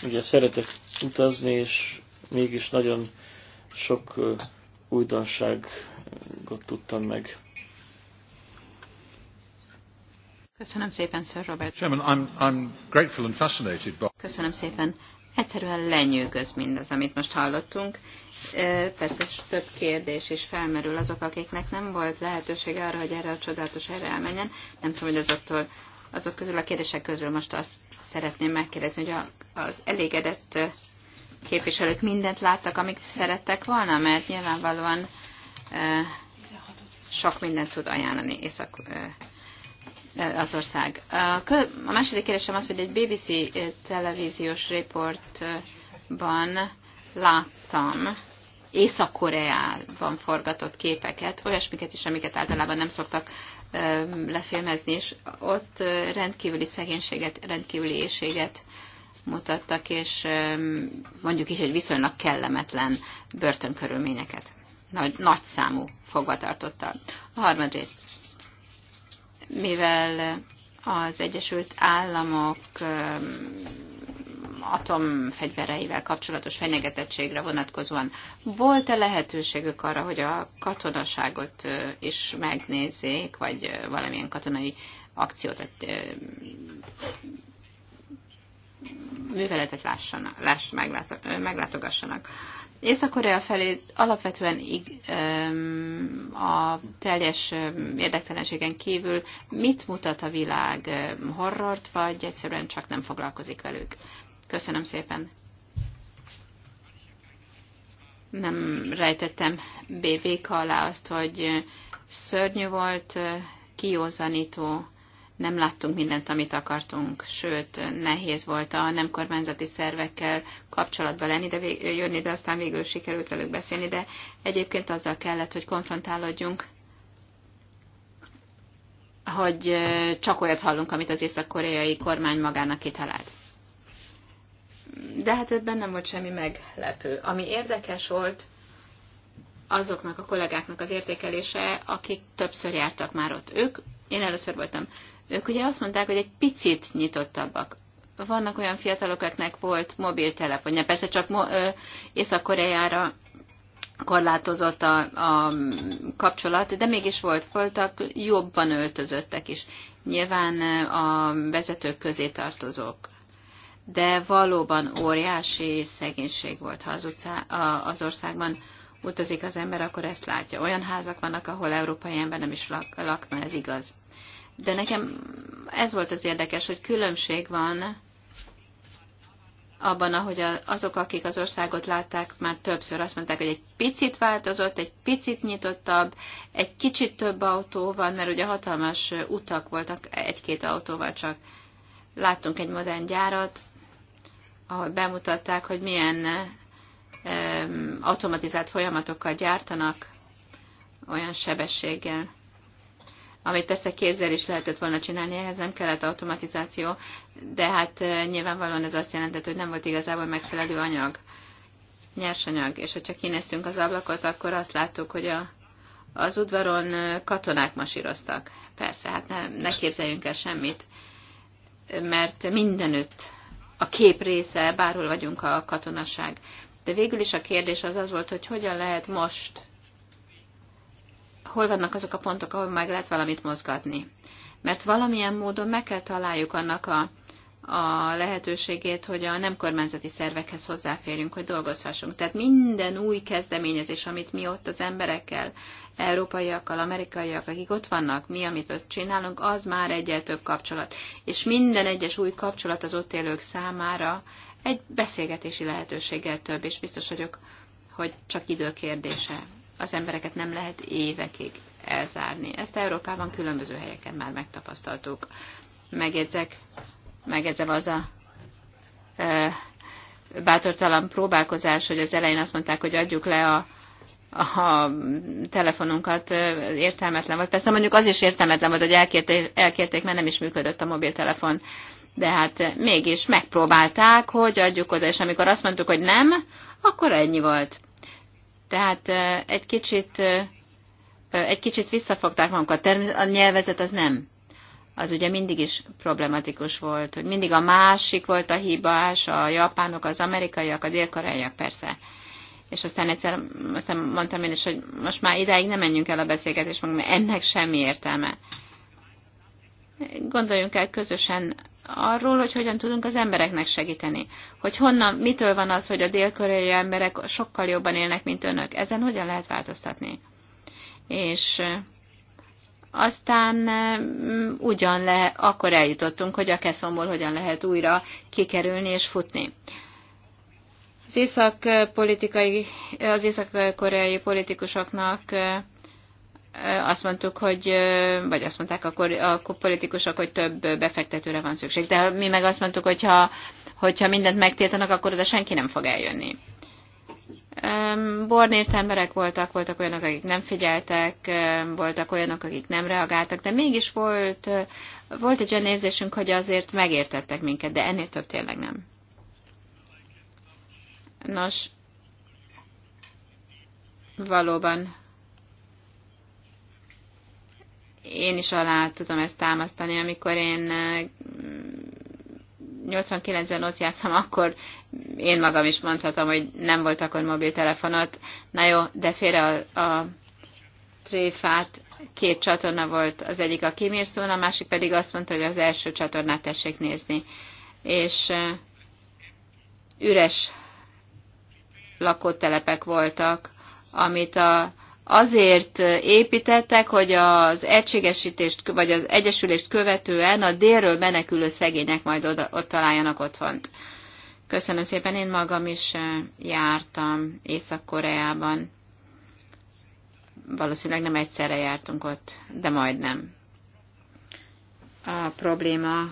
ugye szeretek utazni, és mégis nagyon sok újdonságot tudtam meg. Köszönöm szépen, Sir Robert. Chairman, I'm, I'm grateful and fascinated by... Köszönöm szépen. Egyszerűen lenyűgöz mindaz, amit most hallottunk, persze több kérdés is felmerül azok, akiknek nem volt lehetősége arra, hogy erre a csodálatos erre elmenjen. Nem tudom, hogy azoktól, azok közül a kérdések közül most azt szeretném megkérdezni, hogy az elégedett képviselők mindent láttak, amit szerettek volna, mert nyilvánvalóan sok mindent tud ajánlani észak az ország. A második kérdésem az, hogy egy BBC televíziós riportban láttam Észak-Koreában forgatott képeket, olyasmiket is, amiket általában nem szoktak lefilmezni, és ott rendkívüli szegénységet, rendkívüli éjséget mutattak, és mondjuk is egy viszonylag kellemetlen börtönkörülményeket. Nagy, nagy számú fogvatartottal. A harmadrészt, mivel az Egyesült Államok atomfegyvereivel kapcsolatos fenyegetettségre vonatkozóan volt-e lehetőségük arra, hogy a katonaságot is megnézzék, vagy valamilyen katonai akciót, műveletet lássanak, láss, meglátogassanak. Észak-Korea felé alapvetően ig, a teljes érdektelenségen kívül mit mutat a világ? Horrort, vagy egyszerűen csak nem foglalkozik velük? Köszönöm szépen. Nem rejtettem BVK alá azt, hogy szörnyű volt, kiózanító, nem láttunk mindent, amit akartunk, sőt, nehéz volt a nem kormányzati szervekkel kapcsolatba lenni, de jönni, de aztán végül sikerült velük beszélni, de egyébként azzal kellett, hogy konfrontálódjunk, hogy csak olyat hallunk, amit az észak-koreai kormány magának kitalált de hát ebben nem volt semmi meglepő. Ami érdekes volt, azoknak a kollégáknak az értékelése, akik többször jártak már ott. Ők, én először voltam, ők ugye azt mondták, hogy egy picit nyitottabbak. Vannak olyan fiatalok, akiknek volt mobiltelefonja, persze csak Észak-Koreára korlátozott a, a kapcsolat, de mégis volt, voltak jobban öltözöttek is. Nyilván a vezetők közé tartozók de valóban óriási szegénység volt, ha az, utca, az országban utazik az ember, akkor ezt látja. Olyan házak vannak, ahol európai ember nem is lak, lakna, ez igaz. De nekem ez volt az érdekes, hogy különbség van abban, ahogy azok, akik az országot látták, már többször azt mondták, hogy egy picit változott, egy picit nyitottabb, egy kicsit több autó van, mert ugye hatalmas utak voltak egy-két autóval csak. Láttunk egy modern gyárat, ahol bemutatták, hogy milyen automatizált folyamatokkal gyártanak olyan sebességgel, amit persze kézzel is lehetett volna csinálni, ehhez nem kellett automatizáció, de hát eh, nyilvánvalóan ez azt jelentett, hogy nem volt igazából megfelelő anyag, nyersanyag, és hogyha kinéztünk az ablakot, akkor azt láttuk, hogy a, az udvaron eh, katonák masíroztak. Persze, hát ne, ne képzeljünk el semmit, mert mindenütt a kép része, bárhol vagyunk a katonaság. De végül is a kérdés az az volt, hogy hogyan lehet most, hol vannak azok a pontok, ahol meg lehet valamit mozgatni. Mert valamilyen módon meg kell találjuk annak a a lehetőségét, hogy a nem kormányzati szervekhez hozzáférjünk, hogy dolgozhassunk. Tehát minden új kezdeményezés, amit mi ott az emberekkel, európaiakkal, amerikaiak, akik ott vannak, mi, amit ott csinálunk, az már egyel több kapcsolat. És minden egyes új kapcsolat az ott élők számára egy beszélgetési lehetőséggel több, és biztos vagyok, hogy csak idő kérdése. Az embereket nem lehet évekig elzárni. Ezt Európában különböző helyeken már megtapasztaltuk. Megjegyzek, meg ezzel az a bátortalan próbálkozás, hogy az elején azt mondták, hogy adjuk le a, a telefonunkat értelmetlen volt. Persze mondjuk az is értelmetlen volt, hogy elkérték, elkérték, mert nem is működött a mobiltelefon. De hát mégis megpróbálták, hogy adjuk oda, és amikor azt mondtuk, hogy nem, akkor ennyi volt. Tehát egy kicsit, egy kicsit visszafogták magukat. Természetesen a nyelvezet az nem az ugye mindig is problematikus volt, hogy mindig a másik volt a hibás, a japánok, az amerikaiak, a dél-koreaiak persze. És aztán egyszer aztán mondtam én is, hogy most már idáig nem menjünk el a beszélgetés, mert ennek semmi értelme. Gondoljunk el közösen arról, hogy hogyan tudunk az embereknek segíteni. Hogy honnan, mitől van az, hogy a dél-koreai emberek sokkal jobban élnek, mint önök. Ezen hogyan lehet változtatni? És aztán mm, ugyan le, akkor eljutottunk, hogy a keszomból hogyan lehet újra kikerülni és futni. Az észak-politikai, az észak-koreai politikusoknak eh, azt mondtuk, hogy, eh, vagy azt mondták akkor a politikusok, hogy több befektetőre van szükség. De mi meg azt mondtuk, hogy ha hogyha mindent megtiltanak, akkor oda senki nem fog eljönni bornért emberek voltak, voltak olyanok, akik nem figyeltek, voltak olyanok, akik nem reagáltak, de mégis volt, volt egy olyan érzésünk, hogy azért megértettek minket, de ennél több tényleg nem. Nos, valóban én is alá tudom ezt támasztani, amikor én 89-ben ott jártam, akkor én magam is mondhatom, hogy nem volt akkor mobiltelefonot. Na jó, de félre a, a tréfát, két csatorna volt, az egyik a Kimírszón, a másik pedig azt mondta, hogy az első csatornát tessék nézni. És üres lakótelepek voltak, amit a azért építettek, hogy az egységesítést vagy az egyesülést követően a délről menekülő szegények majd oda, ott találjanak otthont. Köszönöm szépen, én magam is eh, jártam Észak-Koreában. Valószínűleg nem egyszerre jártunk ott, de majdnem. A probléma,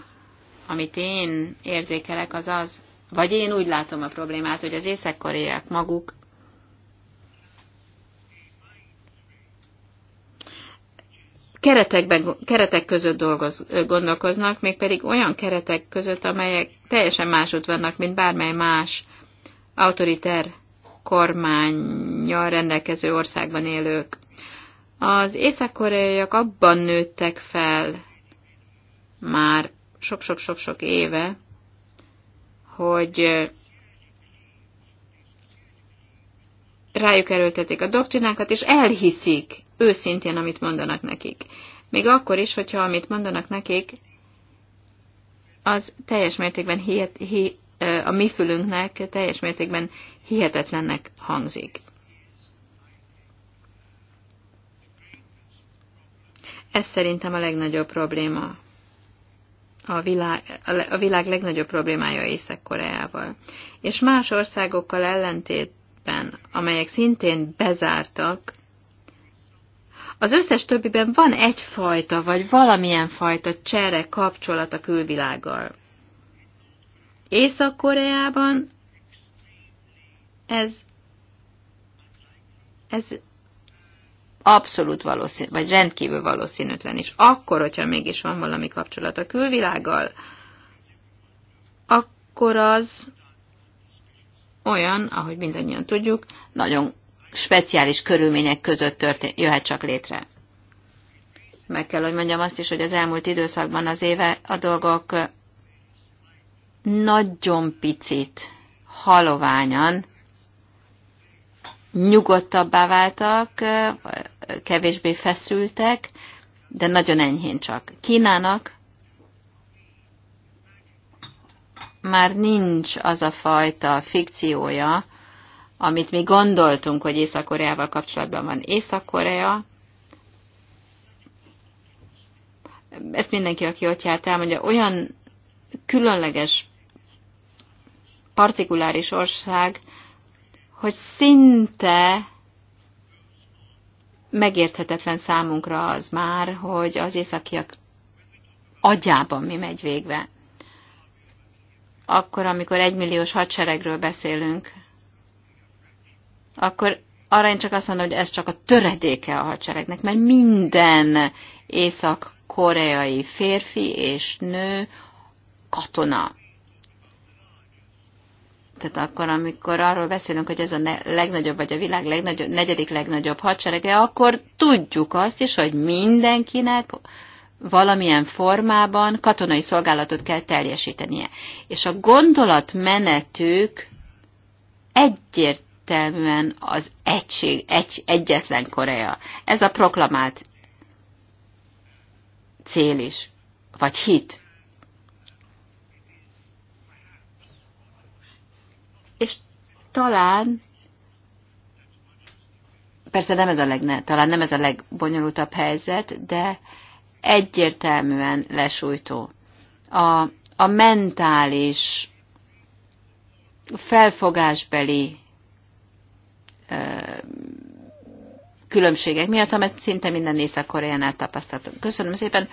amit én érzékelek, az az, vagy én úgy látom a problémát, hogy az észak-koreák maguk keretekben, keretek között dolgoz, gondolkoznak, mégpedig olyan keretek között, amelyek teljesen másút vannak, mint bármely más autoriter kormányjal rendelkező országban élők. Az észak-koreaiak abban nőttek fel már sok-sok-sok-sok éve, hogy rájuk erőltetik a doktrinákat, és elhiszik, őszintén, amit mondanak nekik. Még akkor is, hogyha amit mondanak nekik, az teljes mértékben hihet, hi, a mi fülünknek teljes mértékben hihetetlennek hangzik. Ez szerintem a legnagyobb probléma. A világ, a világ legnagyobb problémája Észak-Koreával. És más országokkal ellentétben, amelyek szintén bezártak, az összes többiben van egyfajta, vagy valamilyen fajta csere kapcsolat a külvilággal. Észak-Koreában ez, ez abszolút valószínű, vagy rendkívül valószínűtlen is. Akkor, hogyha mégis van valami kapcsolat a külvilággal, akkor az olyan, ahogy mindannyian tudjuk, nagyon speciális körülmények között történ- jöhet csak létre. Meg kell, hogy mondjam azt is, hogy az elmúlt időszakban az éve a dolgok nagyon picit, haloványan nyugodtabbá váltak, kevésbé feszültek, de nagyon enyhén csak. Kínának már nincs az a fajta fikciója, amit mi gondoltunk, hogy Észak-Koreával kapcsolatban van. Észak-Korea, ezt mindenki, aki ott járt, mondja, olyan különleges, partikuláris ország, hogy szinte megérthetetlen számunkra az már, hogy az északiak agyában mi megy végbe. Akkor, amikor egymilliós hadseregről beszélünk, akkor arra én csak azt mondom, hogy ez csak a töredéke a hadseregnek, mert minden észak-koreai férfi és nő katona. Tehát akkor, amikor arról beszélünk, hogy ez a legnagyobb, vagy a világ legnagyobb, negyedik legnagyobb hadserege, akkor tudjuk azt is, hogy mindenkinek valamilyen formában katonai szolgálatot kell teljesítenie. És a gondolatmenetük egyért egyértelműen az egység, egy, egyetlen Korea. Ez a proklamált cél is, vagy hit. És talán, persze nem ez a legne, talán nem ez a legbonyolultabb helyzet, de egyértelműen lesújtó. A, a mentális, felfogásbeli különbségek miatt, amit szinte minden Észak-Koreánál tapasztaltunk. Köszönöm szépen.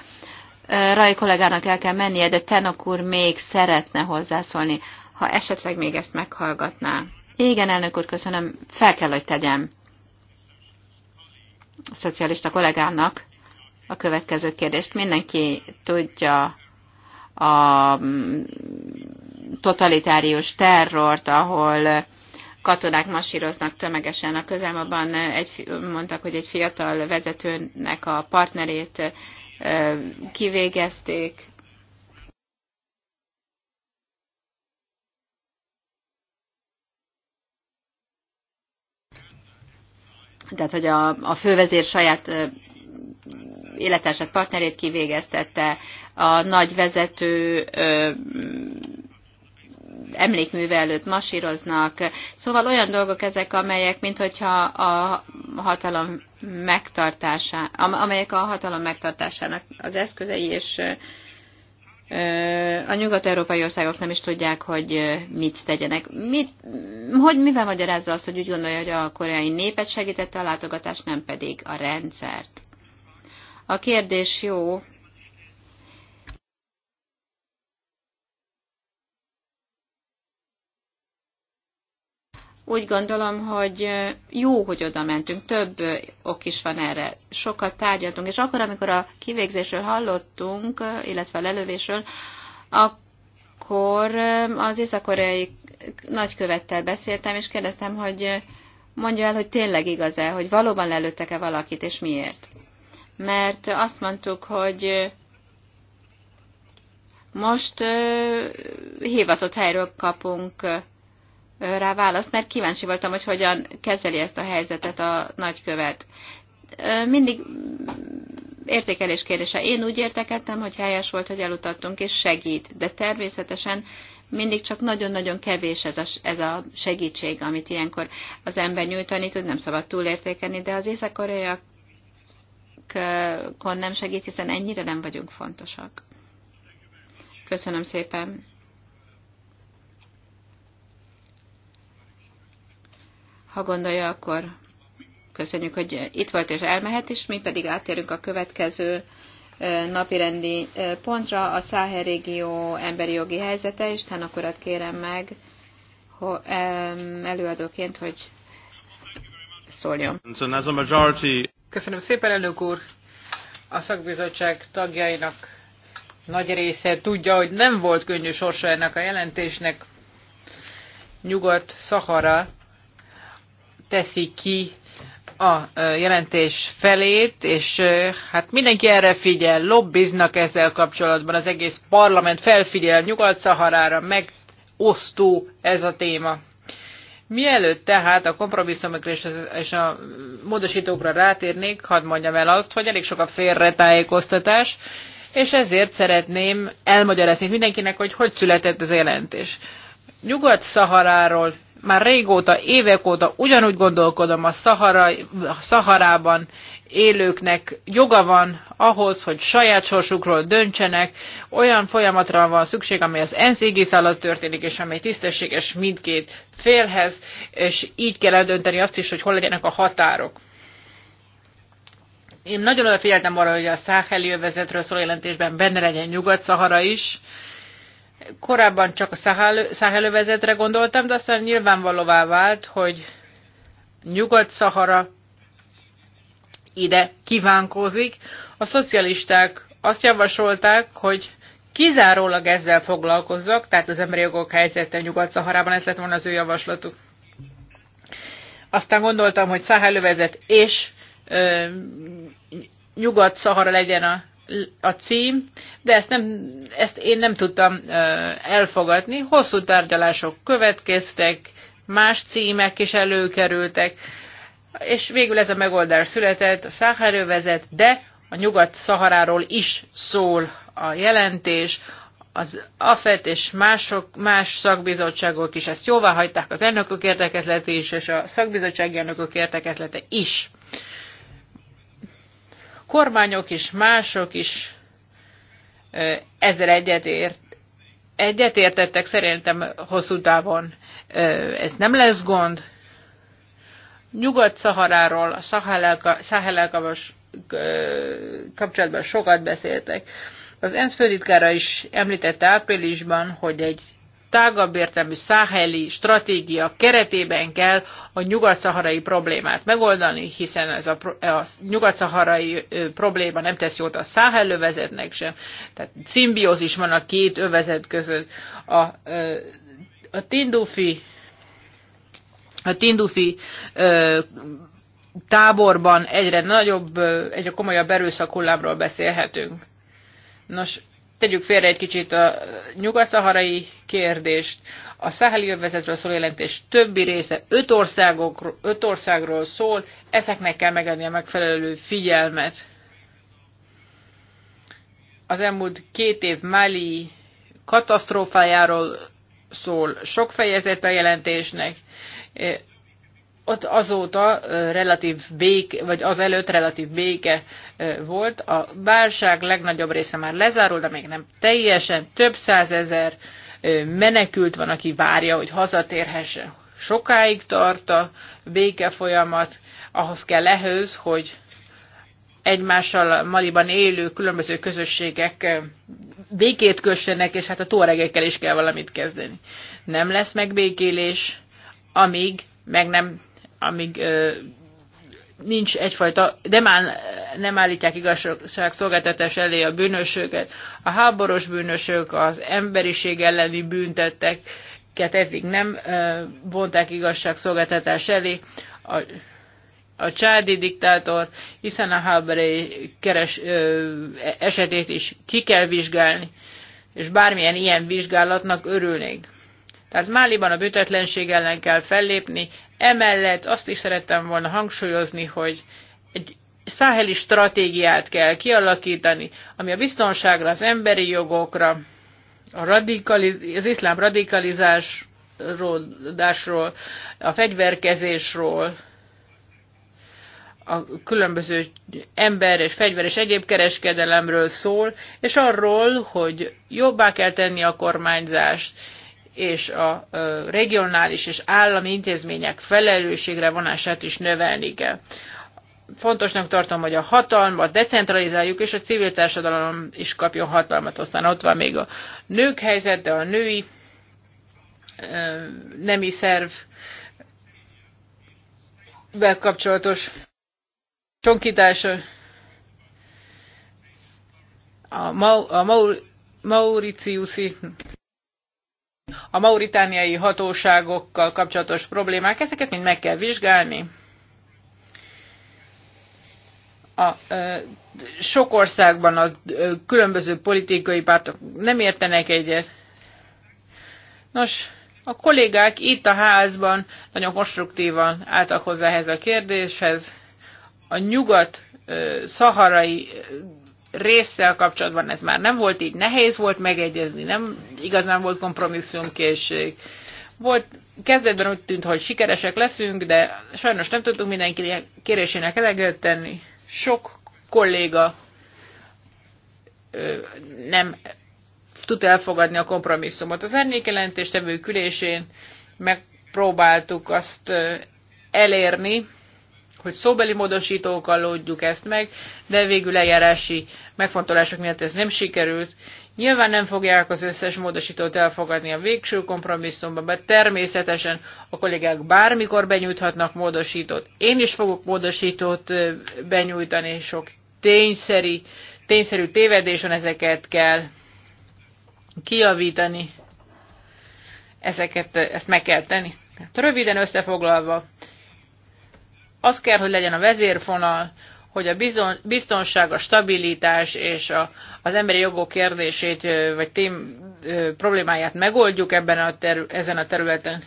Raj kollégának el kell mennie, de Tenok úr még szeretne hozzászólni, ha esetleg még ezt meghallgatná. Igen, elnök úr, köszönöm. Fel kell, hogy tegyem a szocialista kollégának a következő kérdést. Mindenki tudja a mm, totalitárius terrort, ahol katonák masíroznak tömegesen. A közelmabban egy, mondtak, hogy egy fiatal vezetőnek a partnerét kivégezték. Tehát, hogy a, a fővezér saját életeset partnerét kivégeztette, a nagy vezető emlékműve előtt masíroznak. Szóval olyan dolgok ezek, amelyek, mint hogyha a hatalom megtartása, amelyek a hatalom megtartásának az eszközei, és a nyugat-európai országok nem is tudják, hogy mit tegyenek. Mit, hogy mivel magyarázza azt, hogy úgy gondolja, hogy a koreai népet segítette a látogatást, nem pedig a rendszert? A kérdés jó, Úgy gondolom, hogy jó, hogy oda mentünk, több ok is van erre. Sokat tárgyaltunk, és akkor, amikor a kivégzésről hallottunk, illetve a lelövésről, akkor az észak-koreai nagykövettel beszéltem, és kérdeztem, hogy mondja el, hogy tényleg igaz-e, hogy valóban lelőttek-e valakit, és miért. Mert azt mondtuk, hogy most hivatott helyről kapunk rá választ, mert kíváncsi voltam, hogy hogyan kezeli ezt a helyzetet a nagykövet. Mindig értékelés kérdése. Én úgy értekeltem, hogy helyes volt, hogy elutattunk, és segít. De természetesen mindig csak nagyon-nagyon kevés ez a, ez a segítség, amit ilyenkor az ember nyújtani tud, nem szabad túlértékelni, de az észak kon nem segít, hiszen ennyire nem vagyunk fontosak. Köszönöm szépen. Ha gondolja, akkor köszönjük, hogy itt volt és elmehet, és mi pedig átérünk a következő napirendi pontra, a Száhel régió emberi jogi helyzete, és akkor kérem meg előadóként, hogy szóljon. Köszönöm szépen, elnök úr! A szakbizottság tagjainak nagy része tudja, hogy nem volt könnyű sorsa ennek a jelentésnek. Nyugat-Szahara teszi ki a jelentés felét, és hát mindenki erre figyel, lobbiznak ezzel kapcsolatban, az egész parlament felfigyel Nyugat-Szaharára, megosztó ez a téma. Mielőtt tehát a kompromisszumokra és a módosítókra rátérnék, hadd mondjam el azt, hogy elég sok a félretájékoztatás, és ezért szeretném elmagyarázni mindenkinek, hogy hogy született ez a jelentés. Nyugat-Szaharáról már régóta, évek óta ugyanúgy gondolkodom a, Szahara, a Szaharában élőknek joga van ahhoz, hogy saját sorsukról döntsenek, olyan folyamatra van szükség, ami az ENSZ égisz alatt történik, és amely tisztességes mindkét félhez, és így kell eldönteni azt is, hogy hol legyenek a határok. Én nagyon odafigyeltem arra, hogy a száheli övezetről szóló jelentésben benne legyen Nyugat-Szahara is, Korábban csak a Száhelövezetre gondoltam, de aztán nyilvánvalóvá vált, hogy Nyugat-Szahara ide kívánkozik. A szocialisták azt javasolták, hogy kizárólag ezzel foglalkozzak, tehát az emberi jogok helyzete Nyugat-Szaharában, ez lett volna az ő javaslatuk. Aztán gondoltam, hogy Száhelövezet és ö, Nyugat-Szahara legyen a a cím, de ezt, nem, ezt én nem tudtam elfogadni. Hosszú tárgyalások következtek, más címek is előkerültek, és végül ez a megoldás született, a Száhárővezet, de a Nyugat-Szaharáról is szól a jelentés, az AFET és mások, más szakbizottságok is ezt jóvá hagyták, az elnökök értekezlete is, és a szakbizottsági elnökök értekezlete is kormányok is, mások is ezzel egyetért, egyetértettek, szerintem hosszú távon ez nem lesz gond. Nyugat-Szaharáról, a Szahelel kapcsolatban sokat beszéltek. Az ENSZ főtitkára is említette áprilisban, hogy egy tágabb értelmű száheli stratégia keretében kell a nyugat-szaharai problémát megoldani, hiszen ez a, a nyugat-szaharai probléma nem tesz jót a száhel övezetnek sem. Tehát szimbiózis van a két övezet között. A, a Tindufi a Tindufi ö, táborban egyre nagyobb, egyre komolyabb erőszak hullámról beszélhetünk. Nos, tegyük félre egy kicsit a nyugat-szaharai kérdést. A száheli övezetről szóló jelentés többi része öt, országokról, öt országról szól, ezeknek kell megadni a megfelelő figyelmet. Az elmúlt két év Mali katasztrófájáról szól sok fejezet a jelentésnek ott azóta relatív béke, vagy az előtt relatív béke volt. A válság legnagyobb része már lezárul, de még nem teljesen. Több százezer menekült van, aki várja, hogy hazatérhessen. Sokáig tart a béke folyamat, ahhoz kell ehhez, hogy egymással Maliban élő különböző közösségek békét kössenek, és hát a tóregekkel is kell valamit kezdeni. Nem lesz megbékélés, amíg meg nem amíg nincs egyfajta, de már nem állítják igazságszolgáltatás elé a bűnösöket. A háborús bűnösök, az emberiség elleni bűntetteket eddig nem vonták igazságszolgáltatás elé. A, a csádi diktátor, hiszen a háború keres, ö, esetét is ki kell vizsgálni, és bármilyen ilyen vizsgálatnak örülnék. Tehát Máliban a büntetlenség ellen kell fellépni, Emellett azt is szerettem volna hangsúlyozni, hogy egy száheli stratégiát kell kialakítani, ami a biztonságra, az emberi jogokra, a radikaliz- az iszlám radikalizásról, a fegyverkezésről, a különböző ember és fegyver és egyéb kereskedelemről szól, és arról, hogy jobbá kell tenni a kormányzást, és a regionális és állami intézmények felelősségre vonását is növelni kell. Fontosnak tartom, hogy a hatalmat decentralizáljuk, és a civil társadalom is kapjon hatalmat. Aztán ott van még a nők de a női nemi szerv kapcsolatos csonkítása. A, Mauriciusi. a Maur- a mauritániai hatóságokkal kapcsolatos problémák, ezeket mind meg kell vizsgálni. A, ö, sok országban a ö, különböző politikai pártok nem értenek egyet. Nos, a kollégák itt a házban nagyon konstruktívan álltak hozzá ehhez a kérdéshez. A nyugat-szaharai résszel kapcsolatban ez már nem volt így, nehéz volt megegyezni, nem igazán volt kompromisszumkészség. Volt, kezdetben úgy tűnt, hogy sikeresek leszünk, de sajnos nem tudtunk mindenki kérésének eleget tenni. Sok kolléga ö, nem tud elfogadni a kompromisszumot. Az árnyékjelentéstevő külésén megpróbáltuk azt elérni, hogy szóbeli módosítókkal lódjuk ezt meg, de végül eljárási megfontolások miatt ez nem sikerült. Nyilván nem fogják az összes módosítót elfogadni a végső kompromisszumban, de természetesen a kollégák bármikor benyújthatnak módosítót. Én is fogok módosítót benyújtani, sok tényszerű, tényszerű tévedésen ezeket kell kiavítani. Ezeket, ezt meg kell tenni. Hát röviden összefoglalva, az kell, hogy legyen a vezérfonal, hogy a bizon, biztonság, a stabilitás és a, az emberi jogok kérdését vagy tém, problémáját megoldjuk ebben a terü, ezen a területen.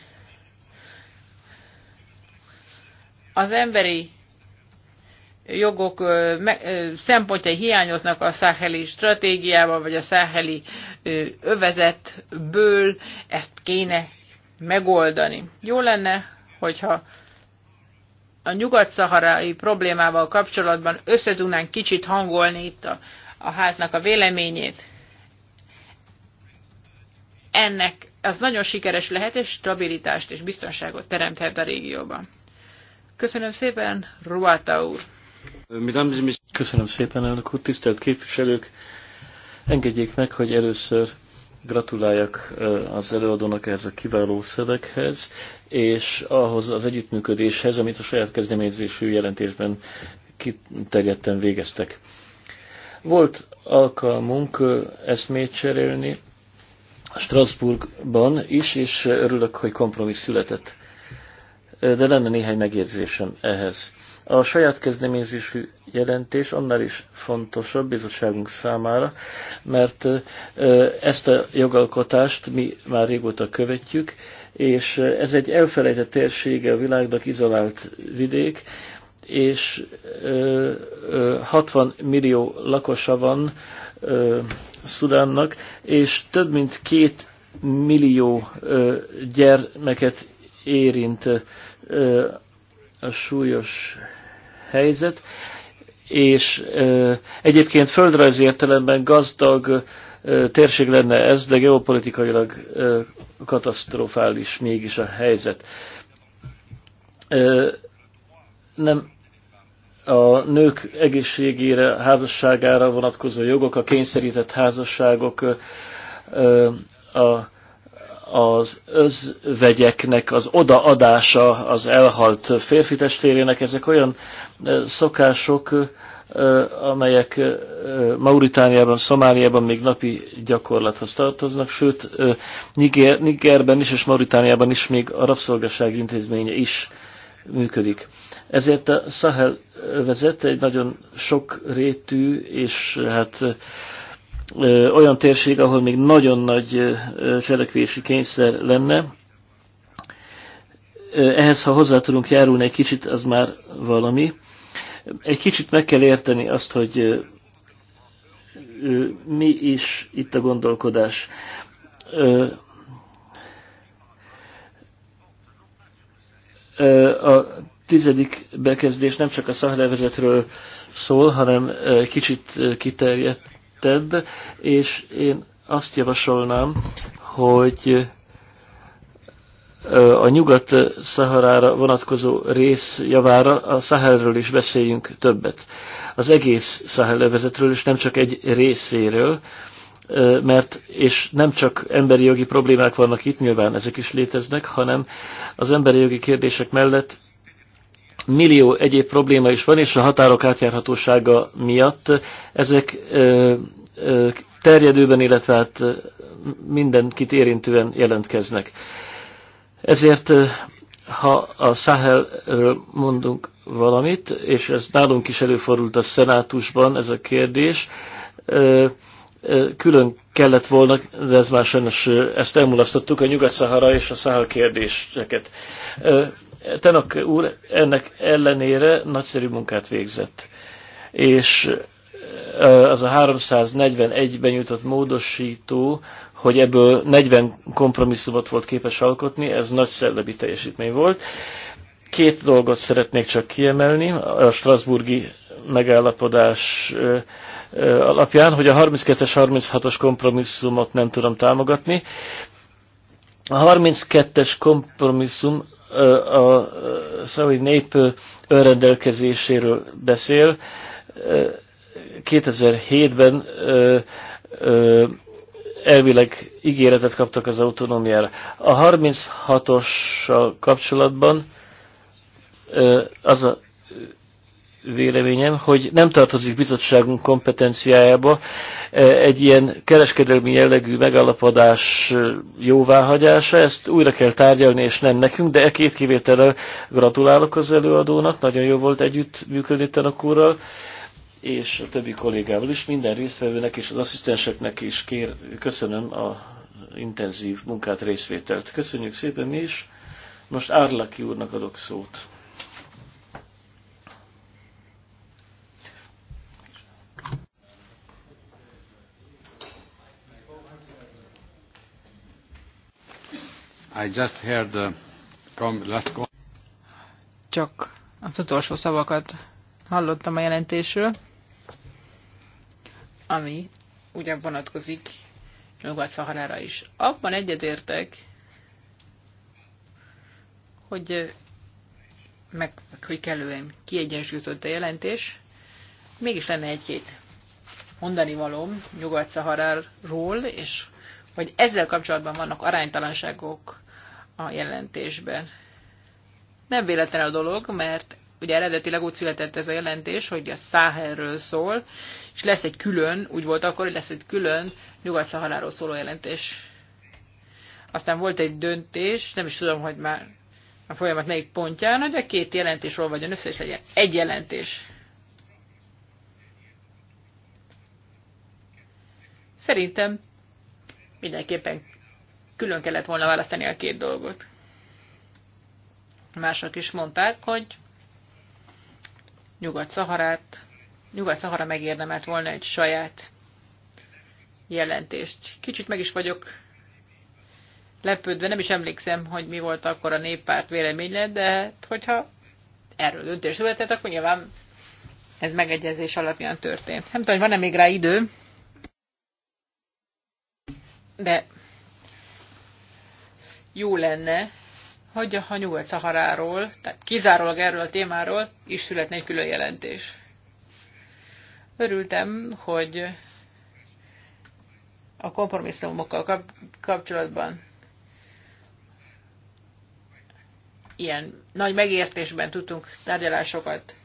Az emberi jogok szempontjai hiányoznak a száheli stratégiával, vagy a száheli övezetből, ezt kéne megoldani. Jó lenne, hogyha a nyugat-szaharai problémával kapcsolatban összetudnánk kicsit hangolni itt a, a háznak a véleményét. Ennek az nagyon sikeres lehet, és stabilitást és biztonságot teremthet a régióban. Köszönöm szépen, Ruata úr! Köszönöm szépen, elnök úr, tisztelt képviselők! Engedjék meg, hogy először gratuláljak az előadónak ehhez a kiváló szöveghez, és ahhoz az együttműködéshez, amit a saját kezdeményezésű jelentésben kiterjedten végeztek. Volt alkalmunk eszmét cserélni Strasbourgban is, és örülök, hogy kompromisszum született. De lenne néhány megjegyzésem ehhez. A saját kezdeményezésű jelentés annál is fontosabb bizottságunk számára, mert ezt a jogalkotást mi már régóta követjük, és ez egy elfelejtett térsége a világnak, izolált vidék, és 60 millió lakosa van Szudánnak, és több mint két millió gyermeket érint a súlyos helyzet, és ö, egyébként földrajzi értelemben gazdag ö, térség lenne ez, de geopolitikailag ö, katasztrofális mégis a helyzet. Ö, nem a nők egészségére, házasságára vonatkozó jogok, a kényszerített házasságok, ö, a az özvegyeknek az odaadása az elhalt férfi testvérének, ezek olyan szokások, amelyek Mauritániában, Szomáliában még napi gyakorlathoz tartoznak, sőt Niger, Nigerben is és Mauritániában is még a rabszolgaság intézménye is működik. Ezért a Sahel vezet egy nagyon sok rétű és hát olyan térség, ahol még nagyon nagy cselekvési kényszer lenne. Ehhez, ha hozzá tudunk járulni egy kicsit, az már valami. Egy kicsit meg kell érteni azt, hogy mi is itt a gondolkodás. A tizedik bekezdés nem csak a szahlevezetről szól, hanem kicsit kiterjedt több és én azt javasolnám, hogy a nyugat-szaharára vonatkozó rész javára a Szahelről is beszéljünk többet. Az egész szahel és nem csak egy részéről, mert, és nem csak emberi jogi problémák vannak itt, nyilván ezek is léteznek, hanem az emberi jogi kérdések mellett millió egyéb probléma is van, és a határok átjárhatósága miatt ezek ö, ö, terjedőben, illetve hát mindenkit érintően jelentkeznek. Ezért, ha a Sahelről mondunk valamit, és ez nálunk is előfordult a szenátusban ez a kérdés, ö, külön kellett volna, de ez már sajnos ezt elmulasztottuk, a Nyugat-Szahara és a Szahel kérdéseket. Tenok úr ennek ellenére nagyszerű munkát végzett. És az a 341-ben jutott módosító, hogy ebből 40 kompromisszumot volt képes alkotni, ez nagy szellemi teljesítmény volt. Két dolgot szeretnék csak kiemelni a Strasburgi megállapodás alapján, hogy a 32-es, 36-os kompromisszumot nem tudom támogatni. A 32-es kompromisszum a szaudi nép önrendelkezéséről beszél. 2007-ben elvileg ígéretet kaptak az autonómiára. A 36-ossal kapcsolatban az a véleményem, hogy nem tartozik bizottságunk kompetenciájába eh, egy ilyen kereskedelmi jellegű megállapodás eh, jóváhagyása. Ezt újra kell tárgyalni, és nem nekünk, de e két kivételre gratulálok az előadónak. Nagyon jó volt együtt működni tanakúrral, és a többi kollégával is, minden résztvevőnek és az asszisztenseknek is kér, köszönöm a intenzív munkát, részvételt. Köszönjük szépen mi is. Most Árlaki úrnak adok szót. I just heard the uh, last Csak az utolsó szavakat hallottam a jelentésről, ami ugyan vonatkozik Nyugat-Szaharára is. Abban egyetértek, hogy, meg, hogy kellően kiegyensúlyozott a jelentés, mégis lenne egy-két mondani valóm Nyugat-Szaharáról, és hogy ezzel kapcsolatban vannak aránytalanságok a jelentésben. Nem véletlen a dolog, mert ugye eredetileg úgy született ez a jelentés, hogy a Száhelről szól, és lesz egy külön, úgy volt akkor, hogy lesz egy külön Nyugat-Szaharáról szóló jelentés. Aztán volt egy döntés, nem is tudom, hogy már a folyamat melyik pontján, hogy a két jelentésről vagyon össze, és legyen egy jelentés. Szerintem mindenképpen külön kellett volna választani a két dolgot. Mások is mondták, hogy Nyugat-Szaharát, Nyugat-Szahara megérdemelt volna egy saját jelentést. Kicsit meg is vagyok lepődve, nem is emlékszem, hogy mi volt akkor a néppárt véleménye, de hát, hogyha erről döntés született, akkor nyilván ez megegyezés alapján történt. Nem tudom, hogy van-e még rá idő, de jó lenne, hogy a Nyugat-Szaharáról, tehát kizárólag erről a témáról is születne egy külön jelentés. Örültem, hogy a kompromisszumokkal kapcsolatban ilyen nagy megértésben tudtunk tárgyalásokat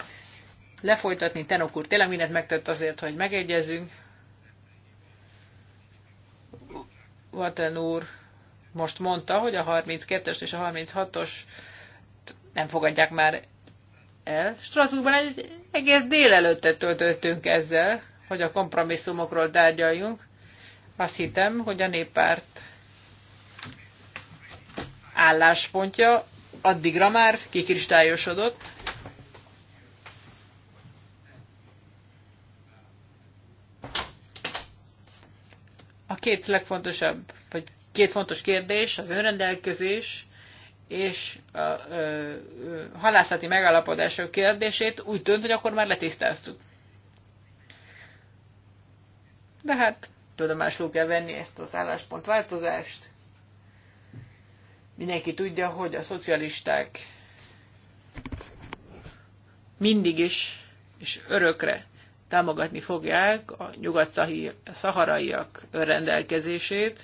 lefolytatni. Tenok úr tényleg mindent megtett azért, hogy megegyezünk. Vaten úr most mondta, hogy a 32-es és a 36-os nem fogadják már el. Strasbourgban egy egész délelőttet töltöttünk ezzel, hogy a kompromisszumokról tárgyaljunk. Azt hittem, hogy a néppárt álláspontja addigra már kikristályosodott, két legfontosabb, vagy két fontos kérdés, az önrendelkezés és a ö, ö, halászati megállapodások kérdését úgy tűnt, hogy akkor már letisztáztuk. De hát tudomásul kell venni ezt az álláspontváltozást. Mindenki tudja, hogy a szocialisták mindig is és örökre támogatni fogják a nyugat-szaharaiak önrendelkezését.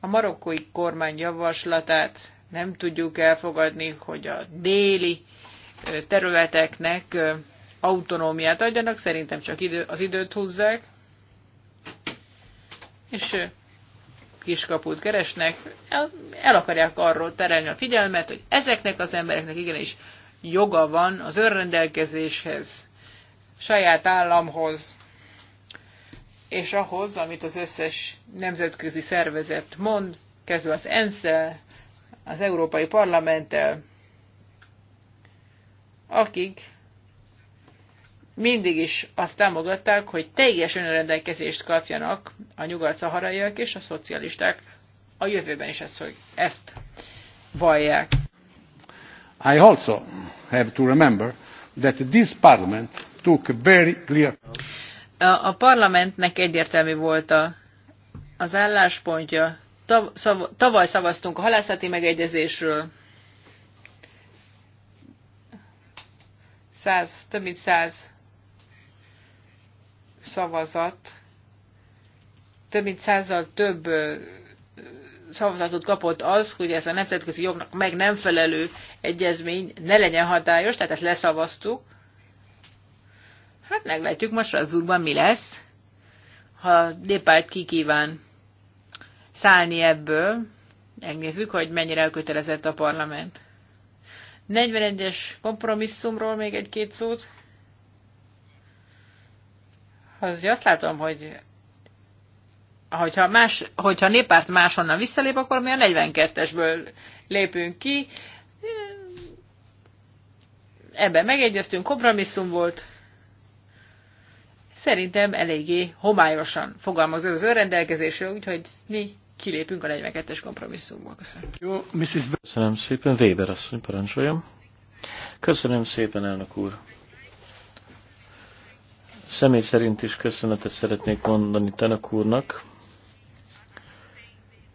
A marokkói kormány javaslatát nem tudjuk elfogadni, hogy a déli területeknek autonómiát adjanak, szerintem csak idő, az időt húzzák, és kiskaput keresnek, el, el akarják arról terelni a figyelmet, hogy ezeknek az embereknek igenis joga van az önrendelkezéshez, saját államhoz, és ahhoz, amit az összes nemzetközi szervezet mond, kezdve az ensz az Európai Parlamenttel, akik mindig is azt támogatták, hogy teljes önrendelkezést kapjanak a nyugat-szaharaiak és a szocialisták a jövőben is ezt, hogy ezt vallják. I also have to remember that this parliament very clear. A, a parlamentnek egyértelmű volt a, az álláspontja. Tav, szav, tavaly szavaztunk a halászati megegyezésről. 100, több mint 100 szavazat, több mint százal több szavazatot kapott az, hogy ez a nemzetközi jognak meg nem felelő egyezmény ne legyen hatályos, tehát ezt leszavaztuk. Hát meglátjuk most az úrban mi lesz. Ha Dépált kikíván szállni ebből, megnézzük, hogy mennyire elkötelezett a parlament. 41-es kompromisszumról még egy-két szót. Az, azt látom, hogy hogyha, más, hogyha Népárt máshonnan visszalép, akkor mi a 42-esből lépünk ki. Ebben megegyeztünk, kompromisszum volt, Szerintem eléggé homályosan fogalmaz az önrendelkezésről, úgyhogy mi kilépünk a 42-es kompromisszumból. Köszönöm. Jó, Mrs. Köszönöm szépen, Weber asszony, parancsoljam. Köszönöm szépen, elnök úr. Személy szerint is köszönetet szeretnék mondani tenek úrnak,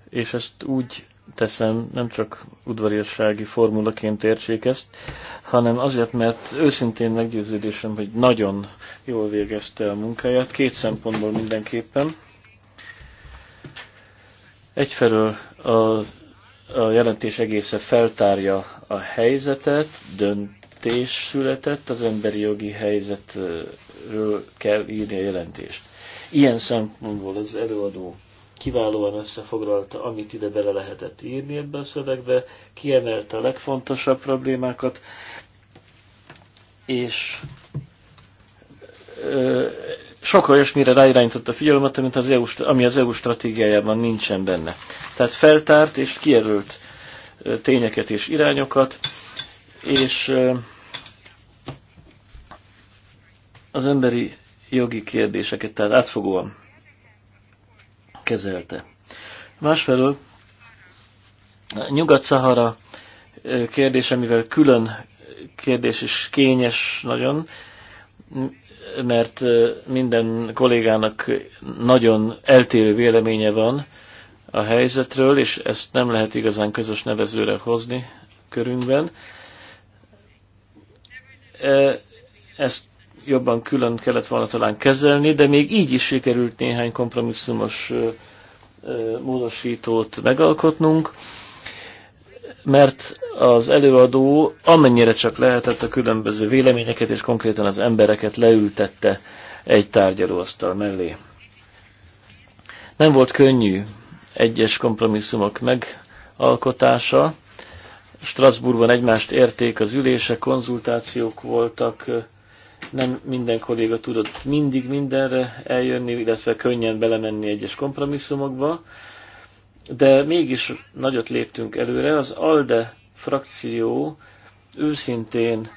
és ezt úgy teszem, nem csak udvariassági formulaként értsék ezt, hanem azért, mert őszintén meggyőződésem, hogy nagyon jól végezte a munkáját, két szempontból mindenképpen. Egyfelől a, a jelentés egésze feltárja a helyzetet, döntés született, az emberi jogi helyzetről kell írni a jelentést. Ilyen szempontból az előadó kiválóan összefoglalta, amit ide bele lehetett írni ebbe a szövegbe, kiemelte a legfontosabb problémákat, és ö, sok olyasmire ráirányított a figyelmet, amit az EU, ami az EU stratégiájában nincsen benne. Tehát feltárt és kijelölt tényeket és irányokat, és az emberi jogi kérdéseket, tehát átfogóan kezelte. Másfelől Nyugat-Szahara kérdése, mivel külön kérdés is kényes nagyon, mert minden kollégának nagyon eltérő véleménye van a helyzetről, és ezt nem lehet igazán közös nevezőre hozni körünkben. Ezt jobban külön kellett volna talán kezelni, de még így is sikerült néhány kompromisszumos módosítót megalkotnunk, mert az előadó amennyire csak lehetett a különböző véleményeket és konkrétan az embereket leültette egy tárgyalóasztal mellé. Nem volt könnyű egyes kompromisszumok megalkotása. Strasbourgban egymást érték az ülések konzultációk voltak, nem minden kolléga tudott mindig mindenre eljönni, illetve könnyen belemenni egyes kompromisszumokba, de mégis nagyot léptünk előre. Az ALDE frakció őszintén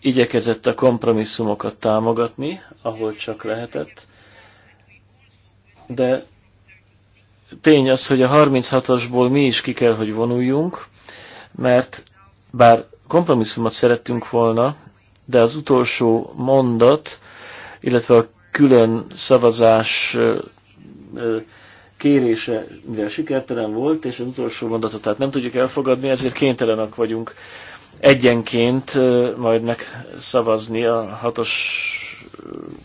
igyekezett a kompromisszumokat támogatni, ahol csak lehetett, de tény az, hogy a 36-asból mi is ki kell, hogy vonuljunk, mert bár kompromisszumot szerettünk volna, de az utolsó mondat, illetve a külön szavazás kérése, mivel sikertelen volt, és az utolsó mondatot tehát nem tudjuk elfogadni, ezért kénytelenek vagyunk egyenként majd megszavazni a hatos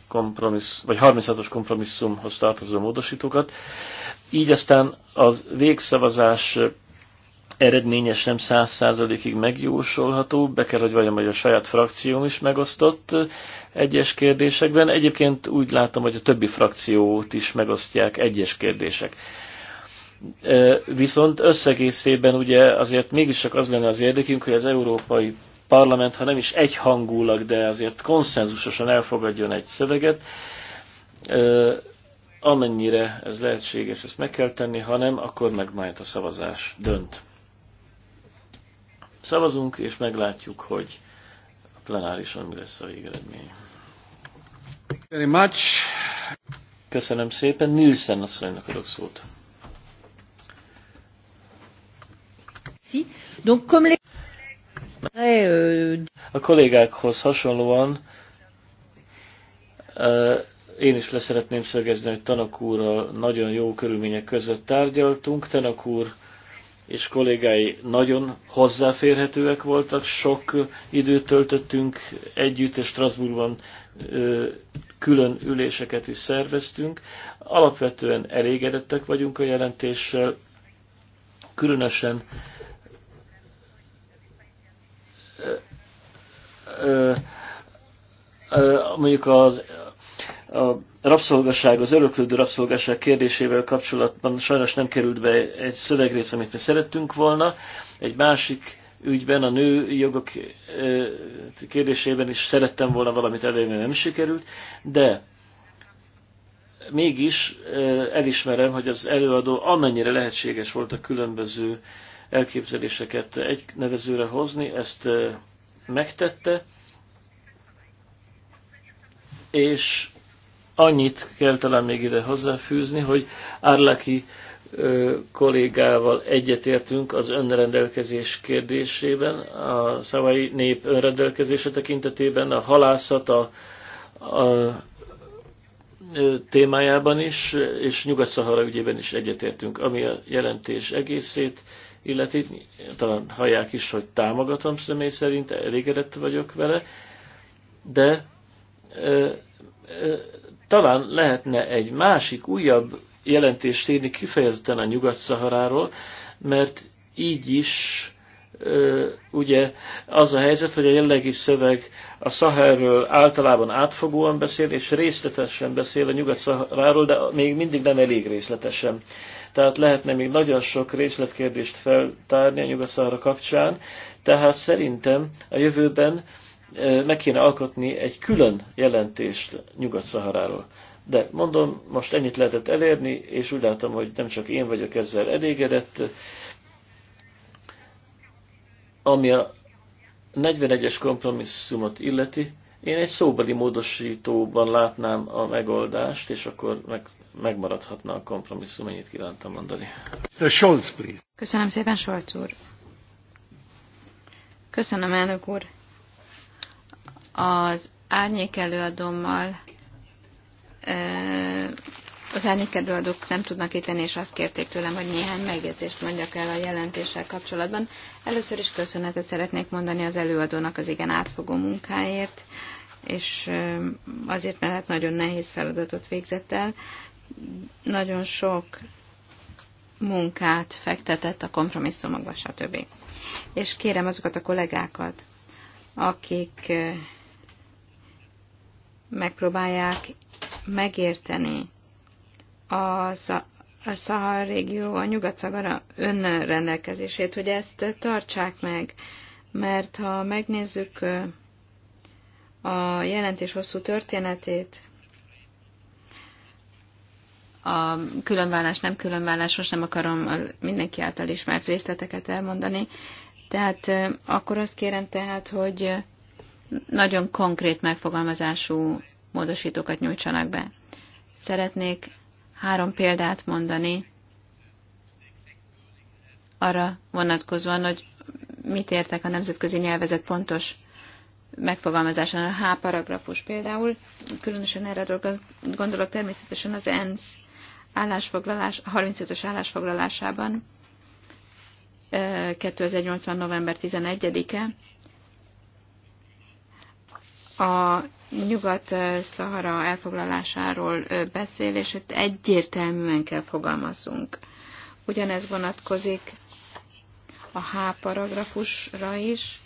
kompromissz, vagy 36-os kompromisszumhoz tartozó módosítókat. Így aztán az végszavazás eredményes nem száz százalékig megjósolható, be kell, hogy vajon, hogy a saját frakcióm is megosztott eh, egyes kérdésekben. Egyébként úgy látom, hogy a többi frakciót is megosztják egyes kérdések. Eh, viszont összegészében ugye azért mégis csak az lenne az érdekünk, hogy az Európai Parlament, ha nem is egyhangulag, de azért konszenzusosan elfogadjon egy szöveget, eh, amennyire ez lehetséges, ezt meg kell tenni, ha nem, akkor meg majd a szavazás dönt. Szavazunk, és meglátjuk, hogy a plenárison mi lesz a végeredmény. Very much. Köszönöm szépen. Nielsen asszonynak adok szót. Euh, a kollégákhoz hasonlóan én is leszeretném szögezni, hogy Tanak a nagyon jó körülmények között tárgyaltunk. Tanak úr és kollégái nagyon hozzáférhetőek voltak, sok időt töltöttünk együtt, és Strasbourgban külön üléseket is szerveztünk. Alapvetően elégedettek vagyunk a jelentéssel, különösen mondjuk az a rabszolgaság, az öröklődő rabszolgaság kérdésével kapcsolatban sajnos nem került be egy szövegrész, amit mi szerettünk volna. Egy másik ügyben, a nő jogok kérdésében is szerettem volna valamit elérni, nem sikerült, de mégis elismerem, hogy az előadó amennyire lehetséges volt a különböző elképzeléseket egy nevezőre hozni, ezt megtette, és annyit kell talán még ide hozzáfűzni, hogy Árlaki kollégával egyetértünk az önrendelkezés kérdésében, a szavai nép önrendelkezése tekintetében, a halászat a, a témájában is, és Nyugat-Szahara ügyében is egyetértünk, ami a jelentés egészét illeti, talán hallják is, hogy támogatom személy szerint, elégedett vagyok vele, de talán lehetne egy másik, újabb jelentést írni kifejezetten a Nyugat-Szaharáról, mert így is ugye az a helyzet, hogy a jellegi szöveg a Szahelről általában átfogóan beszél, és részletesen beszél a Nyugat-Szaharáról, de még mindig nem elég részletesen. Tehát lehetne még nagyon sok részletkérdést feltárni a Nyugat-Szahara kapcsán, tehát szerintem a jövőben meg kéne alkotni egy külön jelentést Nyugat-Szaharáról. De mondom, most ennyit lehetett elérni, és úgy látom, hogy nem csak én vagyok ezzel elégedett. Ami a 41-es kompromisszumot illeti, én egy szóbeli módosítóban látnám a megoldást, és akkor meg, megmaradhatna a kompromisszum, ennyit kívántam mondani. Schultz please. Köszönöm szépen, Schultz úr. Köszönöm, elnök úr az árnyék előadommal az árnyék előadók nem tudnak itt és azt kérték tőlem, hogy néhány megjegyzést mondjak el a jelentéssel kapcsolatban. Először is köszönetet szeretnék mondani az előadónak az igen átfogó munkáért, és azért, mert hát nagyon nehéz feladatot végzett el. Nagyon sok munkát fektetett a kompromisszumokba, stb. És kérem azokat a kollégákat, akik megpróbálják megérteni a, a Szahar régió, a Nyugat-Szahara önrendelkezését, hogy ezt tartsák meg, mert ha megnézzük a jelentés hosszú történetét, a különvállás, nem különvállás, most nem akarom mindenki által ismert részleteket elmondani. Tehát akkor azt kérem tehát, hogy nagyon konkrét megfogalmazású módosítókat nyújtsanak be. Szeretnék három példát mondani arra vonatkozóan, hogy mit értek a nemzetközi nyelvezet pontos megfogalmazásán. A H paragrafus például, különösen erre gondolok természetesen az ENSZ állásfoglalás, 35-ös állásfoglalásában 2080. november 11-e a Nyugat-Szahara elfoglalásáról beszél, és itt egyértelműen kell fogalmazunk. Ugyanez vonatkozik a H paragrafusra is,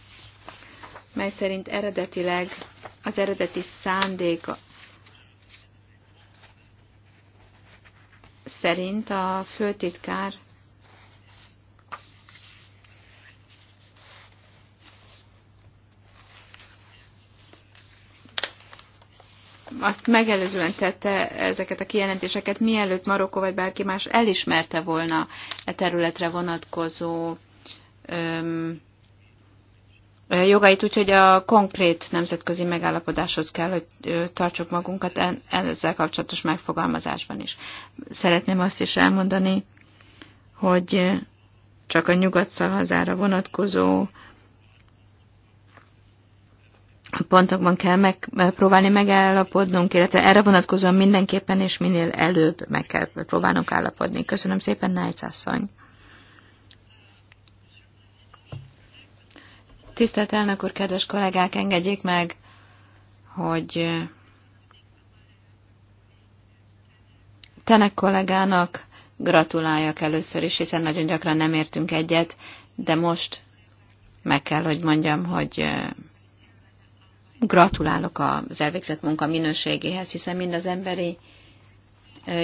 mely szerint eredetileg az eredeti szándék szerint a főtitkár azt megelőzően tette ezeket a kijelentéseket, mielőtt Marokkó vagy bárki más elismerte volna e területre vonatkozó öm, jogait, úgyhogy a konkrét nemzetközi megállapodáshoz kell, hogy tartsuk magunkat ezzel kapcsolatos megfogalmazásban is. Szeretném azt is elmondani, hogy csak a nyugat vonatkozó pontokban kell megpróbálni megállapodnunk, illetve erre vonatkozóan mindenképpen és minél előbb meg kell próbálnunk állapodni. Köszönöm szépen, Nájc asszony. Tisztelt elnök úr, kedves kollégák, engedjék meg, hogy eh, Tenek kollégának gratuláljak először is, hiszen nagyon gyakran nem értünk egyet, de most meg kell, hogy mondjam, hogy eh, Gratulálok az elvégzett munka minőségéhez, hiszen mind az emberi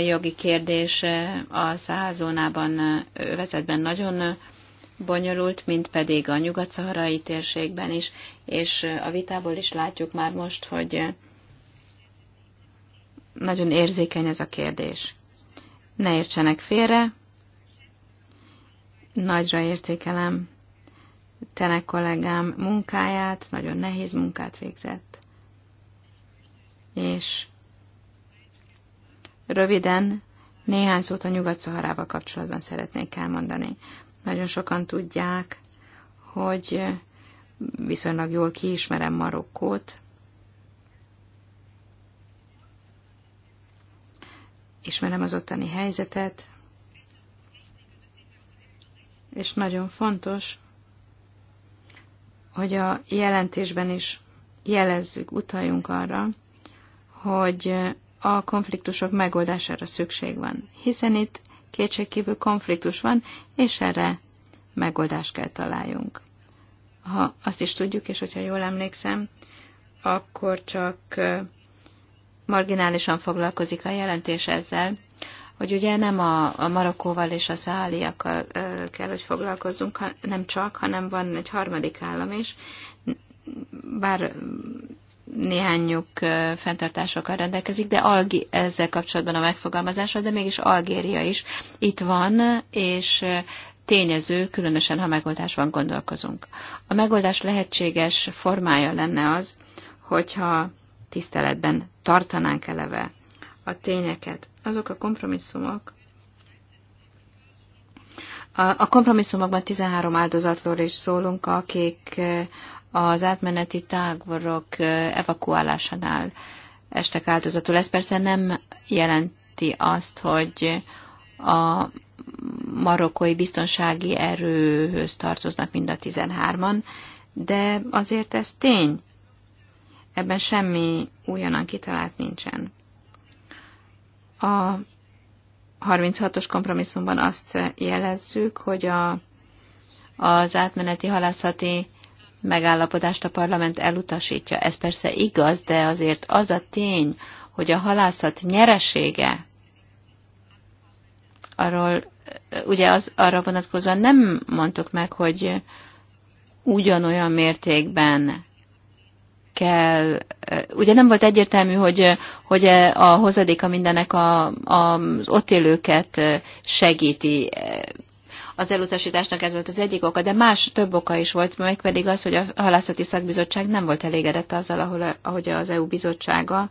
jogi kérdés a százónában, vezetben nagyon bonyolult, mint pedig a nyugat-szaharai térségben is, és a vitából is látjuk már most, hogy nagyon érzékeny ez a kérdés. Ne értsenek félre, nagyra értékelem Tene kollégám munkáját, nagyon nehéz munkát végzett. És röviden néhány szót a Nyugat-Szaharával kapcsolatban szeretnék elmondani. Nagyon sokan tudják, hogy viszonylag jól kiismerem Marokkót, ismerem az ottani helyzetet, és nagyon fontos, hogy a jelentésben is jelezzük, utaljunk arra, hogy a konfliktusok megoldására szükség van, hiszen itt kétségkívül konfliktus van, és erre megoldást kell találjunk. Ha azt is tudjuk, és hogyha jól emlékszem, akkor csak eh, marginálisan foglalkozik a jelentés ezzel, hogy ugye nem a, a Marokkóval és a száliakkal kell, hogy foglalkozzunk, ha, nem csak, hanem van egy harmadik állam is, bár néhányuk fenntartásokkal rendelkezik, de Algi, ezzel kapcsolatban a megfogalmazása, de mégis Algéria is itt van, és tényező, különösen ha megoldásban gondolkozunk. A megoldás lehetséges formája lenne az, hogyha tiszteletben tartanánk eleve a tényeket, azok a kompromisszumok, a kompromisszumokban 13 áldozatról is szólunk, akik eh, az átmeneti táborok eh, evakuálásánál estek áldozatul. Ez persze nem jelenti azt, hogy a marokkói biztonsági erőhöz tartoznak mind a 13-an, de azért ez tény. Ebben semmi újonnan kitalált nincsen. A 36-os kompromisszumban azt jelezzük, hogy a, az átmeneti halászati megállapodást a parlament elutasítja. Ez persze igaz, de azért az a tény, hogy a halászat nyeresége, arról ugye az, arra vonatkozóan nem mondtuk meg, hogy ugyanolyan mértékben kell, ugye nem volt egyértelmű, hogy, hogy a hozadéka mindenek a, a, az ott élőket segíti. Az elutasításnak ez volt az egyik oka, de más több oka is volt, meg pedig az, hogy a halászati szakbizottság nem volt elégedett azzal, ahol, ahogy az EU bizottsága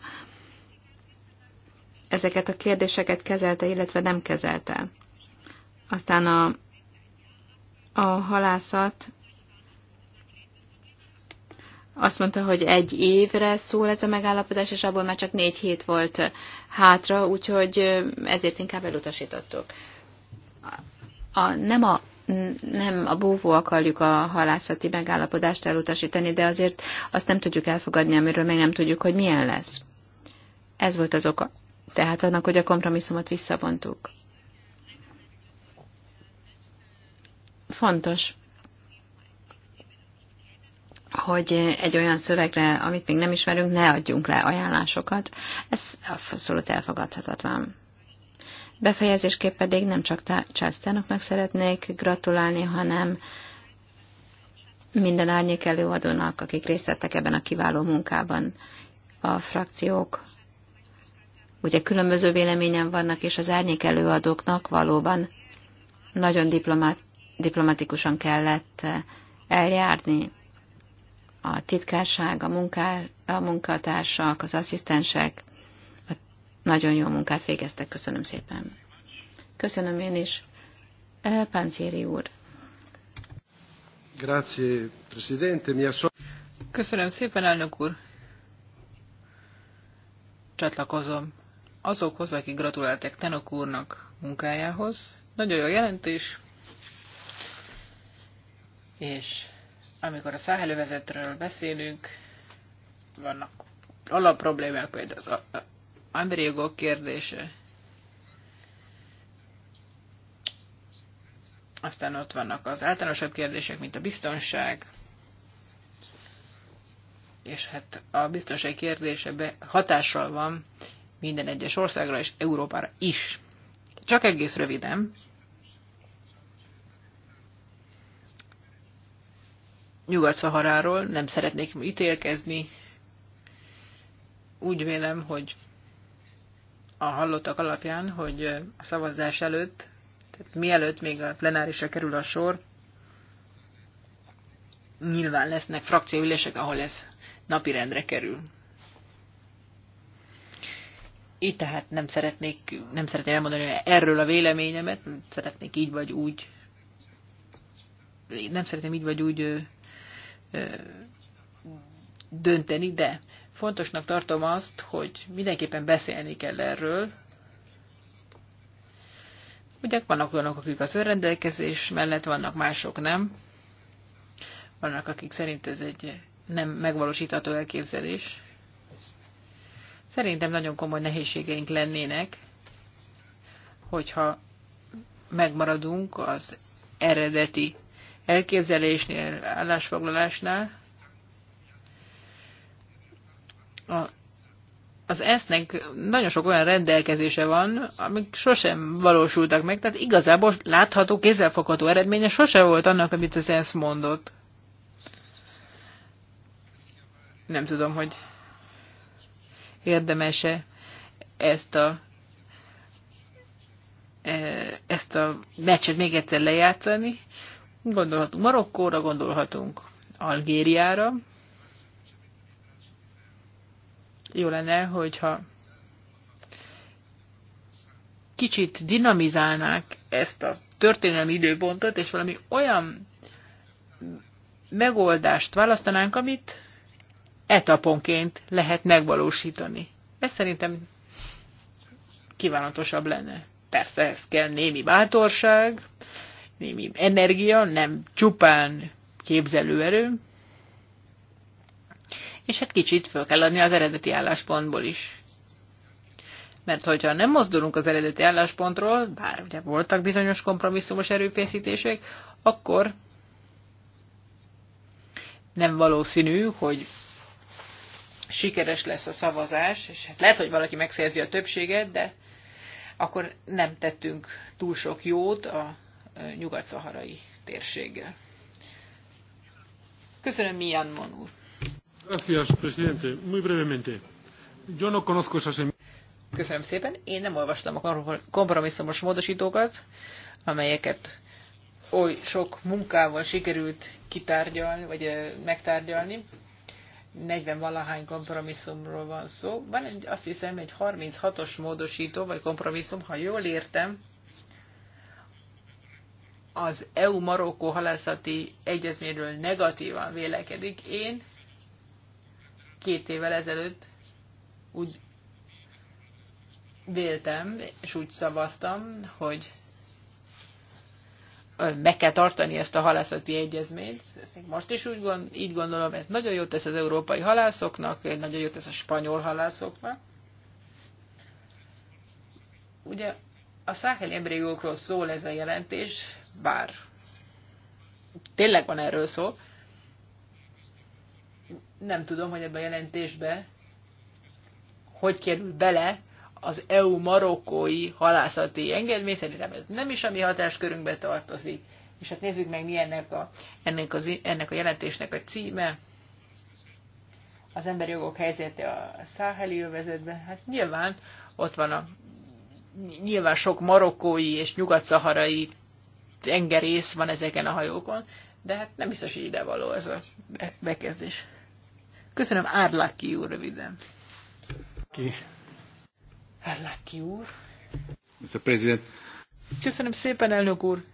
ezeket a kérdéseket kezelte, illetve nem kezelte. Aztán a, a halászat azt mondta, hogy egy évre szól ez a megállapodás, és abból már csak négy hét volt hátra, úgyhogy ezért inkább elutasítottuk. A, nem a nem a búvó akarjuk a halászati megállapodást elutasítani, de azért azt nem tudjuk elfogadni, amiről még nem tudjuk, hogy milyen lesz. Ez volt az oka. Tehát annak, hogy a kompromisszumot visszavontuk. Fontos hogy egy olyan szövegre, amit még nem ismerünk, ne adjunk le ajánlásokat. Ez abszolút elfogadhatatlan. Befejezésképp pedig nem csak Császtánoknak szeretnék gratulálni, hanem minden árnyék előadónak, akik részt vettek ebben a kiváló munkában. A frakciók ugye különböző véleményen vannak, és az árnyék előadóknak valóban nagyon diplomat, diplomatikusan kellett eh, eljárni a titkárság, a, munká, a munkatársak, az asszisztensek nagyon jó munkát végeztek. Köszönöm szépen. Köszönöm én is. E, Páncéri úr. Presidente. Mi Köszönöm szépen, elnök úr. Csatlakozom azokhoz, akik gratuláltak Tenok úrnak munkájához. Nagyon jó jelentés, és amikor a száhelővezetről beszélünk, vannak alapproblémák, például az emberi jogok kérdése. Aztán ott vannak az általánosabb kérdések, mint a biztonság, és hát a biztonság kérdése hatással van minden egyes országra és Európára is. Csak egész röviden, Nyugat-Szaharáról, nem szeretnék ítélkezni. Úgy vélem, hogy a hallottak alapján, hogy a szavazás előtt, tehát mielőtt még a plenárisra kerül a sor, nyilván lesznek frakcióülések, ahol ez napirendre kerül. Így tehát nem szeretnék, nem szeretném elmondani erről a véleményemet, szeretnék így vagy úgy, nem szeretném így vagy úgy dönteni, de fontosnak tartom azt, hogy mindenképpen beszélni kell erről. Ugye vannak olyanok, akik az önrendelkezés mellett, vannak mások nem. Vannak, akik szerint ez egy nem megvalósítható elképzelés. Szerintem nagyon komoly nehézségeink lennének, hogyha megmaradunk az eredeti elképzelésnél, állásfoglalásnál. A, az ESZ-nek nagyon sok olyan rendelkezése van, amik sosem valósultak meg, tehát igazából látható, kézzelfogható eredménye sose volt annak, amit az ENSZ mondott. Nem tudom, hogy érdemese ezt a e, ezt a meccset még egyszer lejátszani. Gondolhatunk Marokkóra, gondolhatunk Algériára. Jó lenne, hogyha kicsit dinamizálnák ezt a történelmi időpontot, és valami olyan megoldást választanánk, amit etaponként lehet megvalósítani. Ez szerintem kívánatosabb lenne. Persze, ez kell némi bátorság, némi energia, nem csupán képzelőerő, és hát kicsit föl kell adni az eredeti álláspontból is. Mert hogyha nem mozdulunk az eredeti álláspontról, bár ugye voltak bizonyos kompromisszumos erőfeszítések, akkor nem valószínű, hogy sikeres lesz a szavazás, és hát lehet, hogy valaki megszerzi a többséget, de akkor nem tettünk túl sok jót a nyugat-szaharai térséggel. Köszönöm, Mian Monú. Gracias, presidente. Muy brevemente. Yo no conozco esas Köszönöm szépen. Én nem olvastam a kompromisszumos módosítókat, amelyeket oly sok munkával sikerült kitárgyalni, vagy megtárgyalni. 40 valahány kompromisszumról van szó. Van egy, azt hiszem, egy 36-os módosító, vagy kompromisszum, ha jól értem, az EU-Marokkó halászati egyezményről negatívan vélekedik. Én két évvel ezelőtt úgy véltem, és úgy szavaztam, hogy meg kell tartani ezt a halászati egyezményt. Ezt még most is úgy gond, így gondolom, ez nagyon jót tesz az európai halászoknak, nagyon jót tesz a spanyol halászoknak. Ugye a száheli embriókról szól ez a jelentés, bár tényleg van erről szó, nem tudom, hogy ebben a jelentésbe hogy kerül bele az EU marokkói halászati engedmény, szerintem ez nem is a mi hatáskörünkbe tartozik. És hát nézzük meg, mi ennek a, ennek, az, ennek a jelentésnek a címe. Az emberi jogok helyzete a száheli övezetben. Hát nyilván ott van a nyilván sok marokkói és nyugat-szaharai tengerész van ezeken a hajókon, de hát nem biztos, hogy ide való ez a bekezdés. Köszönöm, Árláki úr röviden. Ki? Árláki úr. Mr. President. Köszönöm szépen, elnök úr.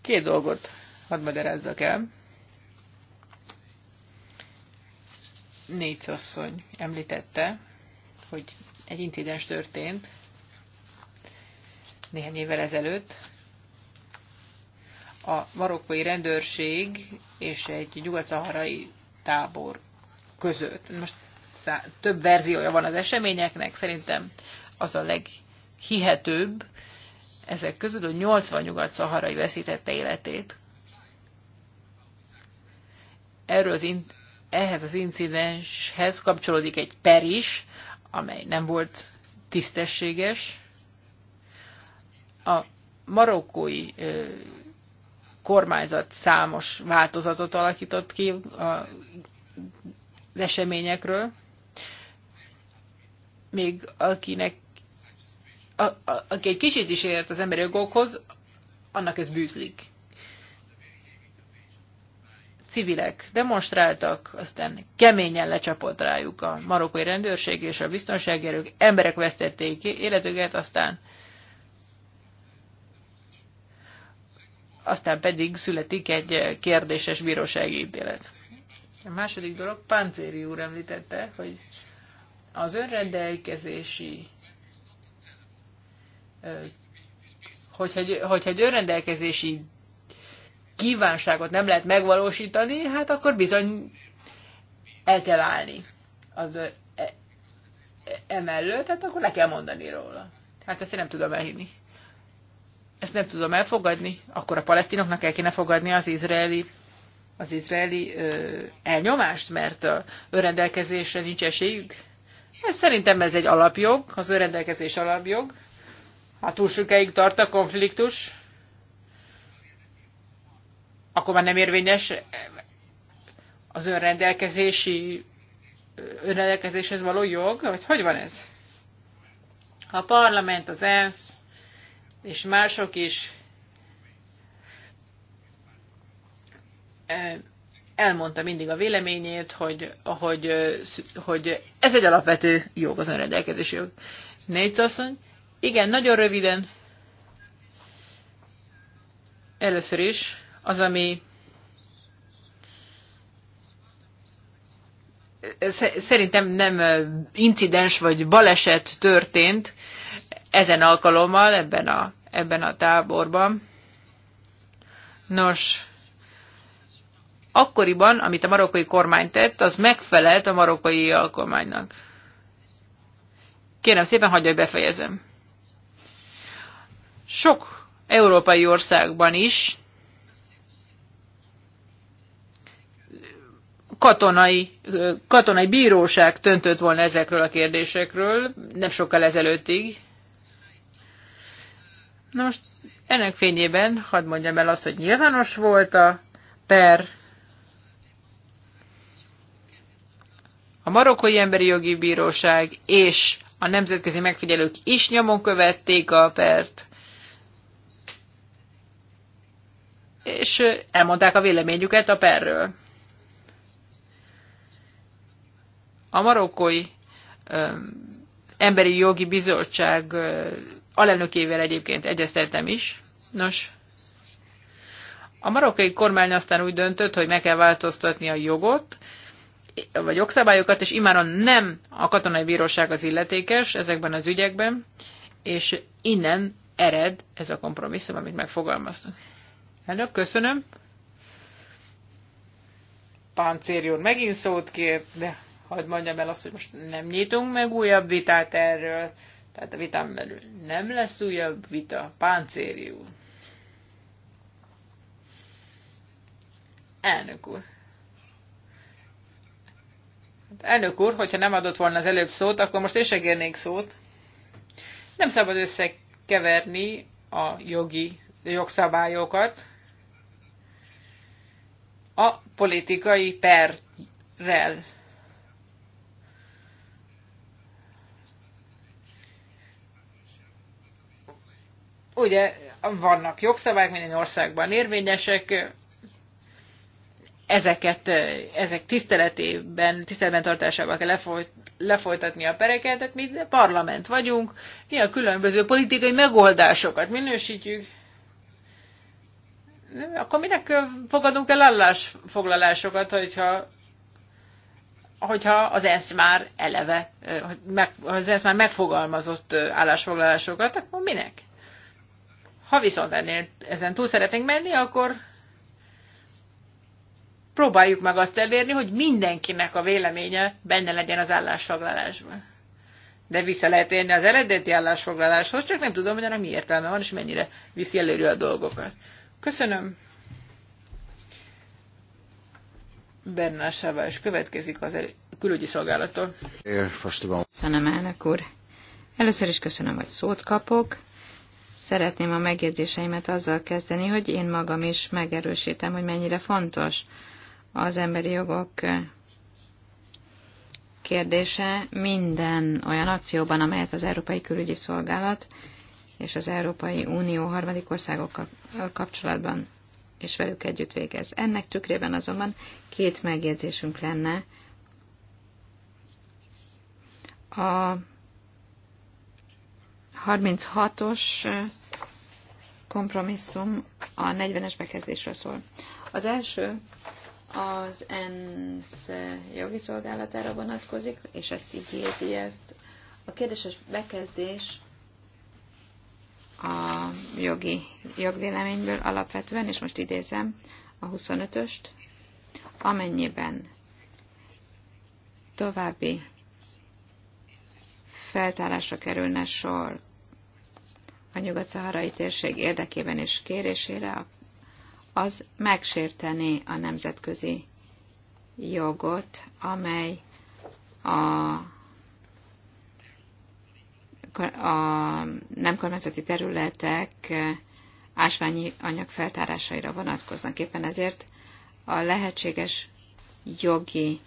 Két dolgot hadd magyarázzak el. Négy asszony említette, hogy egy incidens történt néhány évvel ezelőtt a marokkói rendőrség és egy nyugat-szaharai tábor között. Most több verziója van az eseményeknek, szerintem az a leghihetőbb. Ezek közül hogy 80 nyugat-szaharai veszítette életét. Erről az in- ehhez az incidenshez kapcsolódik egy per is, amely nem volt tisztességes, a marokkói kormányzat számos változatot alakított ki az eseményekről, még akinek a, a, aki egy kicsit is ért az emberi jogokhoz, annak ez bűzlik. Civilek demonstráltak, aztán keményen lecsapott rájuk a marokkai rendőrség és a biztonsági erők, emberek vesztették életüket, aztán uh, aztán pedig születik egy kérdéses bírósági ítélet. A második dolog, Páncéri úr említette, hogy az önrendelkezési hogyha egy, egy önrendelkezési kívánságot nem lehet megvalósítani, hát akkor bizony el kell állni az e, e, emellő, tehát akkor le kell mondani róla. Hát ezt én nem tudom elhinni ezt nem tudom elfogadni, akkor a palesztinoknak el kéne fogadni az izraeli az izraeli ö, elnyomást, mert a önrendelkezésre nincs esélyük. Ez, szerintem ez egy alapjog, az önrendelkezés alapjog. Ha túl sokáig tart a konfliktus, akkor már nem érvényes az önrendelkezési önrendelkezéshez való jog, vagy hogy van ez? A parlament, az ENSZ, és mások is eh, elmondta mindig a véleményét, hogy, hogy, eh, hogy ez egy alapvető jog, az önrendelkezés jog. Négy asszony. Igen, nagyon röviden. Először is az, ami szerintem nem eh, incidens vagy baleset történt ezen alkalommal, ebben a ebben a táborban. Nos, akkoriban, amit a marokkai kormány tett, az megfelelt a marokkai alkormánynak. Kérem szépen, hagyja, hogy befejezem. Sok európai országban is katonai, katonai bíróság töntött volna ezekről a kérdésekről, nem sokkal ezelőttig. Na most ennek fényében hadd mondjam el azt, hogy nyilvános volt a per. A Marokkói Emberi Jogi Bíróság és a nemzetközi megfigyelők is nyomon követték a pert. És elmondták a véleményüket a perről. A marokkói emberi jogi bizottság alelnökével egyébként egyeztettem is. Nos, a marokkai kormány aztán úgy döntött, hogy meg kell változtatni a jogot, vagy jogszabályokat, és imáron nem a katonai bíróság az illetékes ezekben az ügyekben, és innen ered ez a kompromisszum, amit megfogalmaztunk. Elnök, köszönöm. Páncér úr megint szót kér, de hadd mondjam el azt, hogy most nem nyitunk meg újabb vitát erről tehát a vitán belül nem lesz újabb vita, páncéri úr. Elnök úr. Hát elnök úr, hogyha nem adott volna az előbb szót, akkor most én se kérnék szót. Nem szabad összekeverni a jogi a jogszabályokat a politikai perrel. ugye vannak jogszabályok, minden országban érvényesek, ezeket, ezek tiszteletében, tiszteletben tartásával kell lefolyt, lefolytatni a pereket, tehát mi parlament vagyunk, mi a különböző politikai megoldásokat minősítjük, akkor minek fogadunk el állásfoglalásokat, hogyha, hogyha az ENSZ már eleve, meg, az ENSZ már megfogalmazott állásfoglalásokat, akkor minek? Ha viszont ennél ezen túl szeretnénk menni, akkor próbáljuk meg azt elérni, hogy mindenkinek a véleménye benne legyen az állásfoglalásban. De vissza lehet érni az eredeti állásfoglaláshoz, csak nem tudom, hogy ennek mi értelme van, és mennyire viszi előre a dolgokat. Köszönöm. Bernásával, és következik az külügyi szolgálattól. Köszönöm, elnök úr. Először is köszönöm, hogy szót kapok. Szeretném a megjegyzéseimet azzal kezdeni, hogy én magam is megerősítem, hogy mennyire fontos az emberi jogok kérdése minden olyan akcióban, amelyet az Európai Külügyi Szolgálat és az Európai Unió harmadik országokkal kapcsolatban és velük együtt végez. Ennek tükrében azonban két megjegyzésünk lenne a 36-os kompromisszum a 40-es bekezdésről szól. Az első az ENSZ jogi szolgálatára vonatkozik, és ezt érzi ezt. A kérdéses bekezdés a jogi jogvéleményből alapvetően, és most idézem a 25-öst, amennyiben további feltárásra kerülne sor a nyugat-szaharai térség érdekében és kérésére, az megsértené a nemzetközi jogot, amely a, a nem kormányzati területek ásványi anyag feltárásaira vonatkoznak. Éppen ezért a lehetséges jogi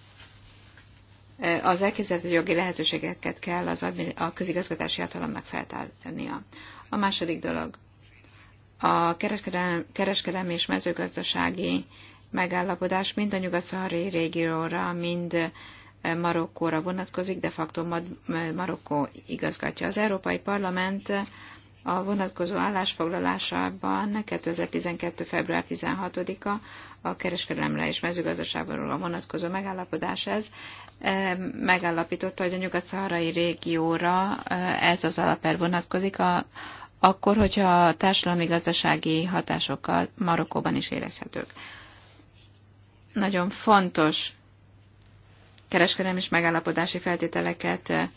az elképzelhető jogi lehetőségeket kell az a közigazgatási hatalomnak feltárnia. A második dolog, a kereskedelmi, és mezőgazdasági megállapodás mind a nyugat-szaharai régióra, mind Marokkóra vonatkozik, de facto Marokkó igazgatja. Az Európai Parlament a vonatkozó állásfoglalásában 2012. február 16-a a kereskedelemre és mezőgazdaságról a vonatkozó megállapodás ez e, megállapította, hogy a nyugat-szaharai régióra e, ez az alaper vonatkozik, a, akkor, hogyha a társadalmi-gazdasági hatásokkal Marokkóban is érezhetők. Nagyon fontos kereskedelmi és megállapodási feltételeket e,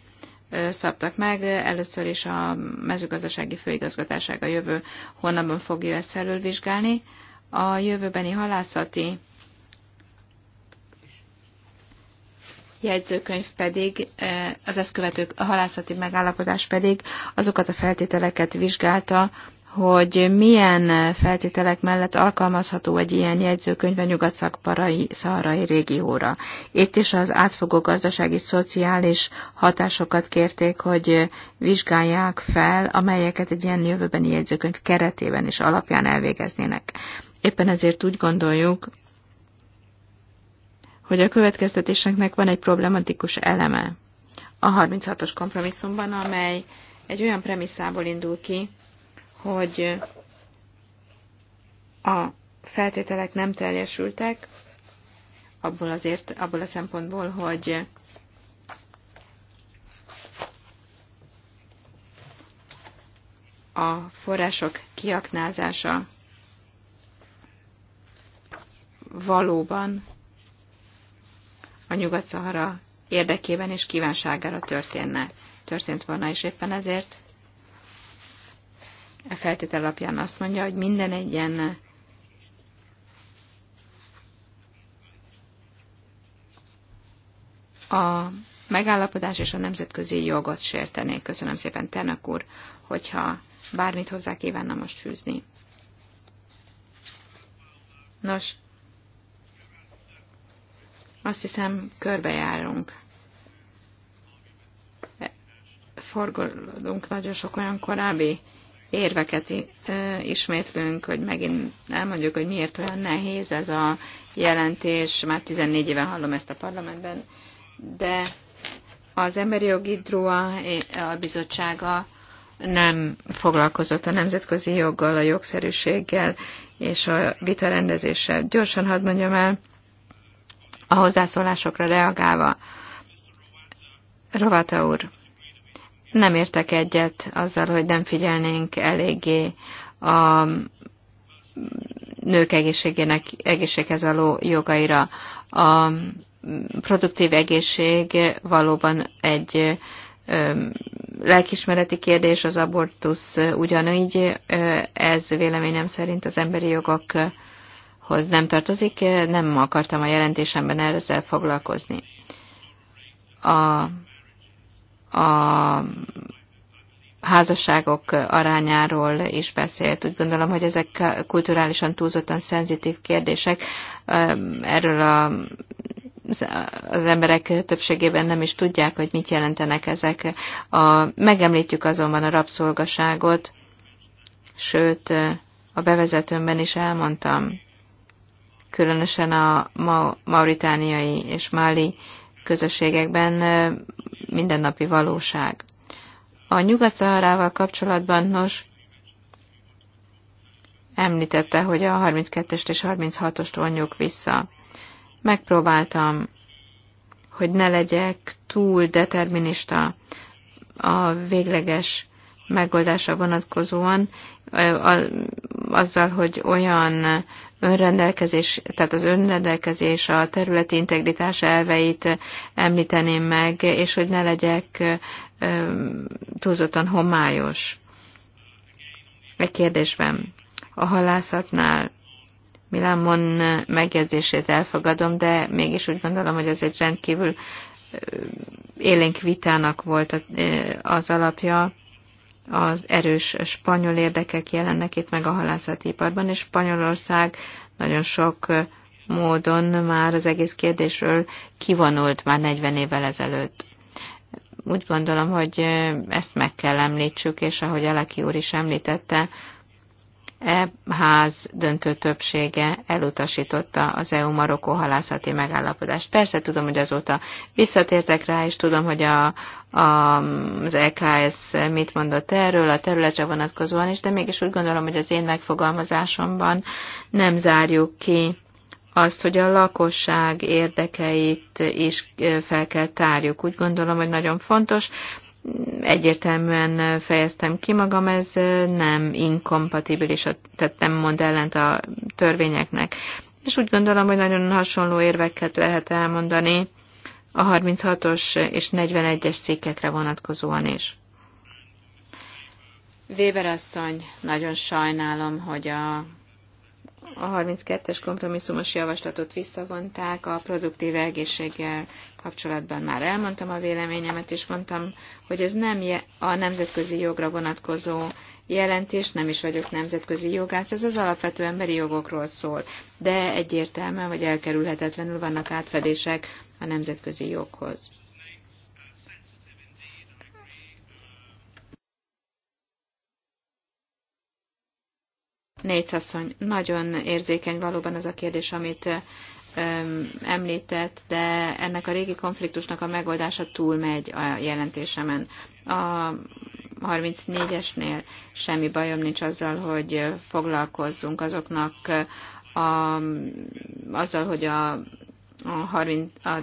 szabtak meg. Először is a mezőgazdasági főigazgatáság a jövő hónapban fogja ezt felülvizsgálni. A jövőbeni halászati jegyzőkönyv pedig, az ezt követő halászati megállapodás pedig azokat a feltételeket vizsgálta, hogy milyen feltételek mellett alkalmazható egy ilyen jegyzőkönyv a nyugat szaharai régióra. Itt is az átfogó gazdasági szociális hatásokat kérték, hogy vizsgálják fel, amelyeket egy ilyen jövőbeni jegyzőkönyv keretében is alapján elvégeznének. Éppen ezért úgy gondoljuk, hogy a következtetéseknek van egy problematikus eleme a 36-os kompromisszumban, amely egy olyan premisszából indul ki, hogy a feltételek nem teljesültek, abból, azért, abból a szempontból, hogy a források kiaknázása valóban a nyugat érdekében és kívánságára történne, történt volna, és éppen ezért a feltétel alapján azt mondja, hogy minden egyen a megállapodás és a nemzetközi jogot sértenék. Köszönöm szépen, Ternak úr, hogyha bármit hozzá kívánna most fűzni. Nos, azt hiszem, körbejárunk. Forgolódunk nagyon sok olyan korábbi érveket ismétlünk, hogy megint elmondjuk, hogy miért olyan nehéz ez a jelentés. Már 14 éve hallom ezt a parlamentben, de az Emberi Jogi Drua a bizottsága nem foglalkozott a nemzetközi joggal, a jogszerűséggel és a vitarendezéssel. Gyorsan hadd mondjam el, a hozzászólásokra reagálva. Rovata úr, nem értek egyet azzal, hogy nem figyelnénk eléggé a nők egészségének, egészséghez való jogaira. A produktív egészség valóban egy lelkismereti kérdés, az abortusz ugyanígy, ez véleményem szerint az emberi jogokhoz nem tartozik, nem akartam a jelentésemben ezzel foglalkozni. A a házasságok arányáról is beszélt. Úgy gondolom, hogy ezek kulturálisan túlzottan szenzitív kérdések. Erről a, az emberek többségében nem is tudják, hogy mit jelentenek ezek. A, megemlítjük azonban a rabszolgaságot, sőt, a bevezetőmben is elmondtam, különösen a mauritániai és máli közösségekben mindennapi valóság. A Nyugat-Szaharával kapcsolatban nos, említette, hogy a 32-est és 36-ost vonjuk vissza. Megpróbáltam, hogy ne legyek túl determinista a végleges megoldása vonatkozóan, azzal, hogy olyan önrendelkezés, tehát az önrendelkezés, a területi integritás elveit említeném meg, és hogy ne legyek túlzottan homályos. Egy kérdésben. A halászatnál Milámon megjegyzését elfogadom, de mégis úgy gondolom, hogy ez egy rendkívül élénk vitának volt az alapja az erős spanyol érdekek jelennek itt meg a halászati iparban, és Spanyolország nagyon sok módon már az egész kérdésről kivonult már 40 évvel ezelőtt. Úgy gondolom, hogy ezt meg kell említsük, és ahogy Eleki úr is említette, E ház döntő többsége elutasította az EU-Marokkó halászati megállapodást. Persze tudom, hogy azóta visszatértek rá, és tudom, hogy a, a, az EKS mit mondott erről a területre vonatkozóan is, de mégis úgy gondolom, hogy az én megfogalmazásomban nem zárjuk ki azt, hogy a lakosság érdekeit is e, fel kell tárjuk. Úgy gondolom, hogy nagyon fontos, egyértelműen fejeztem ki magam, ez nem inkompatibilis, tehát nem mond ellent a törvényeknek. És úgy gondolom, hogy nagyon hasonló érveket lehet elmondani a 36-os és 41-es cikkekre vonatkozóan is. Weber asszony, nagyon sajnálom, hogy a a 32-es kompromisszumos javaslatot visszavonták, a produktív egészséggel kapcsolatban már elmondtam a véleményemet, és mondtam, hogy ez nem a nemzetközi jogra vonatkozó jelentés, nem is vagyok nemzetközi jogász, ez az alapvető emberi jogokról szól, de egyértelműen vagy elkerülhetetlenül vannak átfedések a nemzetközi joghoz. Négy Négyszaszony, nagyon érzékeny valóban ez a kérdés, amit említett, de ennek a régi konfliktusnak a megoldása túlmegy a jelentésemen. A 34-esnél semmi bajom nincs azzal, hogy foglalkozzunk azoknak a, azzal, hogy a, a, 30, a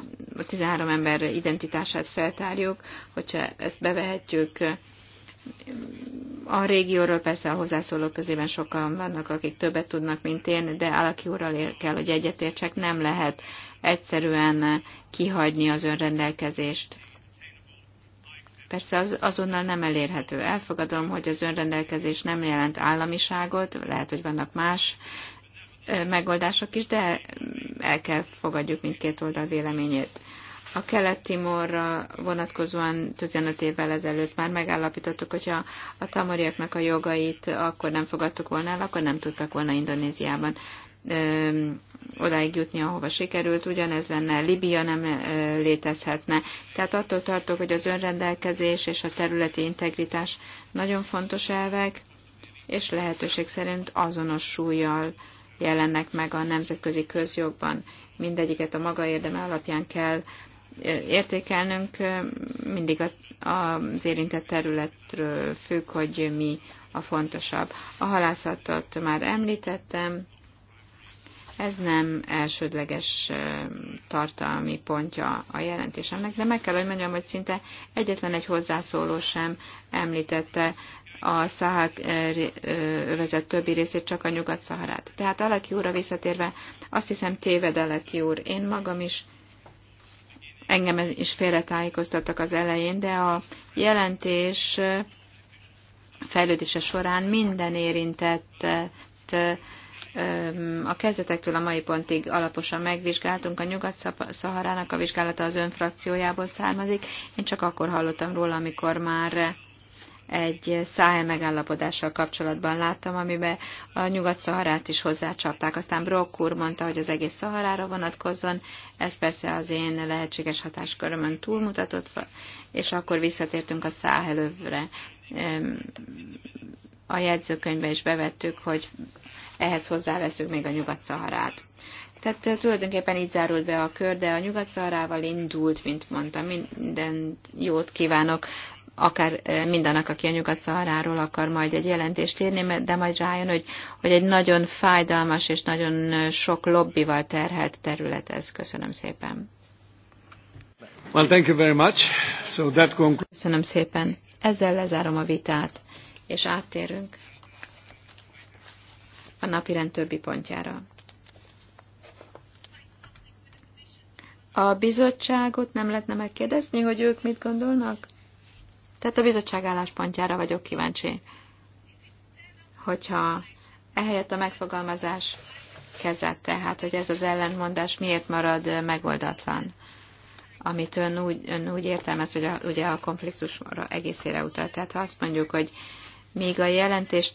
13 ember identitását feltárjuk, hogyha ezt bevehetjük a régióról persze a hozzászóló közében sokan vannak, akik többet tudnak, mint én, de Alaki úrral kell, hogy egyetértsek, nem lehet egyszerűen kihagyni az önrendelkezést. Persze az, azonnal nem elérhető. Elfogadom, hogy az önrendelkezés nem jelent államiságot, lehet, hogy vannak más megoldások is, de el kell fogadjuk mindkét oldal véleményét. A Kelet-Timorra vonatkozóan 15 évvel ezelőtt már megállapítottuk, hogyha a tamariaknak a jogait akkor nem fogadtuk volna el, akkor nem tudtak volna Indonéziában odáig jutni, ahova sikerült, ugyanez lenne, Libia nem ö, létezhetne. Tehát attól tartok, hogy az önrendelkezés és a területi integritás nagyon fontos elvek, és lehetőség szerint azonos súlyjal jelennek meg a nemzetközi közjogban. Mindegyiket a maga érdeme alapján kell értékelnünk mindig az érintett területről függ, hogy mi a fontosabb. A halászatot már említettem, ez nem elsődleges tartalmi pontja a jelentésemnek, de meg kell, hogy mondjam, hogy szinte egyetlen egy hozzászóló sem említette a Szahák övezet többi részét, csak a nyugat-szaharát. Tehát Aleki úrra visszatérve, azt hiszem téved Aleki úr, én magam is Engem is félretájékoztattak az elején, de a jelentés fejlődése során minden érintett a kezdetektől a mai pontig alaposan megvizsgáltunk. A Nyugat-Szaharának a vizsgálata az önfrakciójából származik. Én csak akkor hallottam róla, amikor már egy száhel megállapodással kapcsolatban láttam, amiben a Nyugat-Szaharát is hozzácsapták. Aztán Brock úr mondta, hogy az egész Szaharára vonatkozzon, ez persze az én lehetséges hatáskörömön túlmutatott, és akkor visszatértünk a száhelövre. A jegyzőkönyvbe is bevettük, hogy ehhez hozzáveszünk még a Nyugat-Szaharát. Tehát tulajdonképpen így zárult be a kör, de a nyugat indult, mint mondtam, minden jót kívánok akár eh, mindannak, aki a Nyugat-Szaharáról akar majd egy jelentést írni, de majd rájön, hogy, hogy egy nagyon fájdalmas és nagyon eh, sok lobbival terhelt terület ez. Köszönöm szépen. Well, thank you very much. So that conclu- Köszönöm szépen. Ezzel lezárom a vitát, és áttérünk a napirend többi pontjára. A bizottságot nem lehetne megkérdezni, hogy ők mit gondolnak? Tehát a bizottság álláspontjára vagyok kíváncsi, hogyha ehelyett a megfogalmazás kezet, tehát hogy ez az ellentmondás miért marad megoldatlan, amit ön úgy, ön úgy értelmez, hogy a, ugye a konfliktusra egészére utal. Tehát ha azt mondjuk, hogy még a jelentés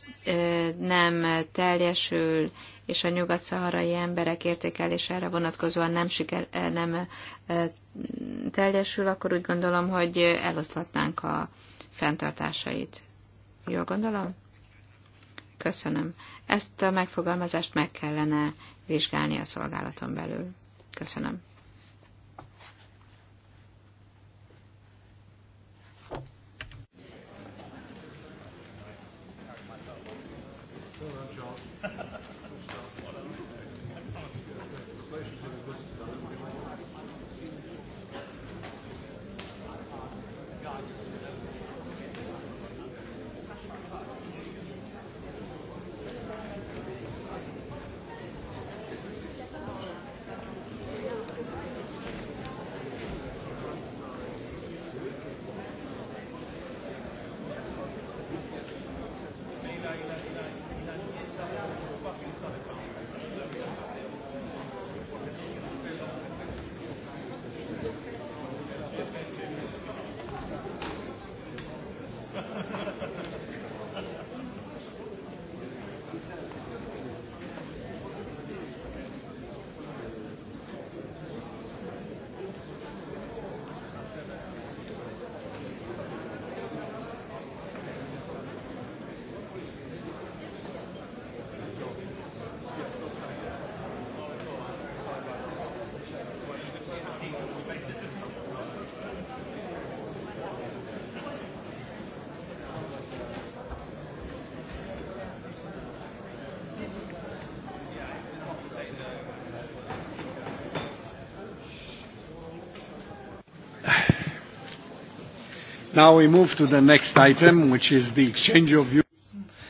nem teljesül, és a nyugat-szaharai emberek értékelésére vonatkozóan nem, siker, eh, nem eh, teljesül, akkor úgy gondolom, hogy eloszlatnánk a fenntartásait. Jó gondolom? Köszönöm. Ezt a megfogalmazást meg kellene vizsgálni a szolgálaton belül. Köszönöm. Now we move to the next item, which is the exchange of views.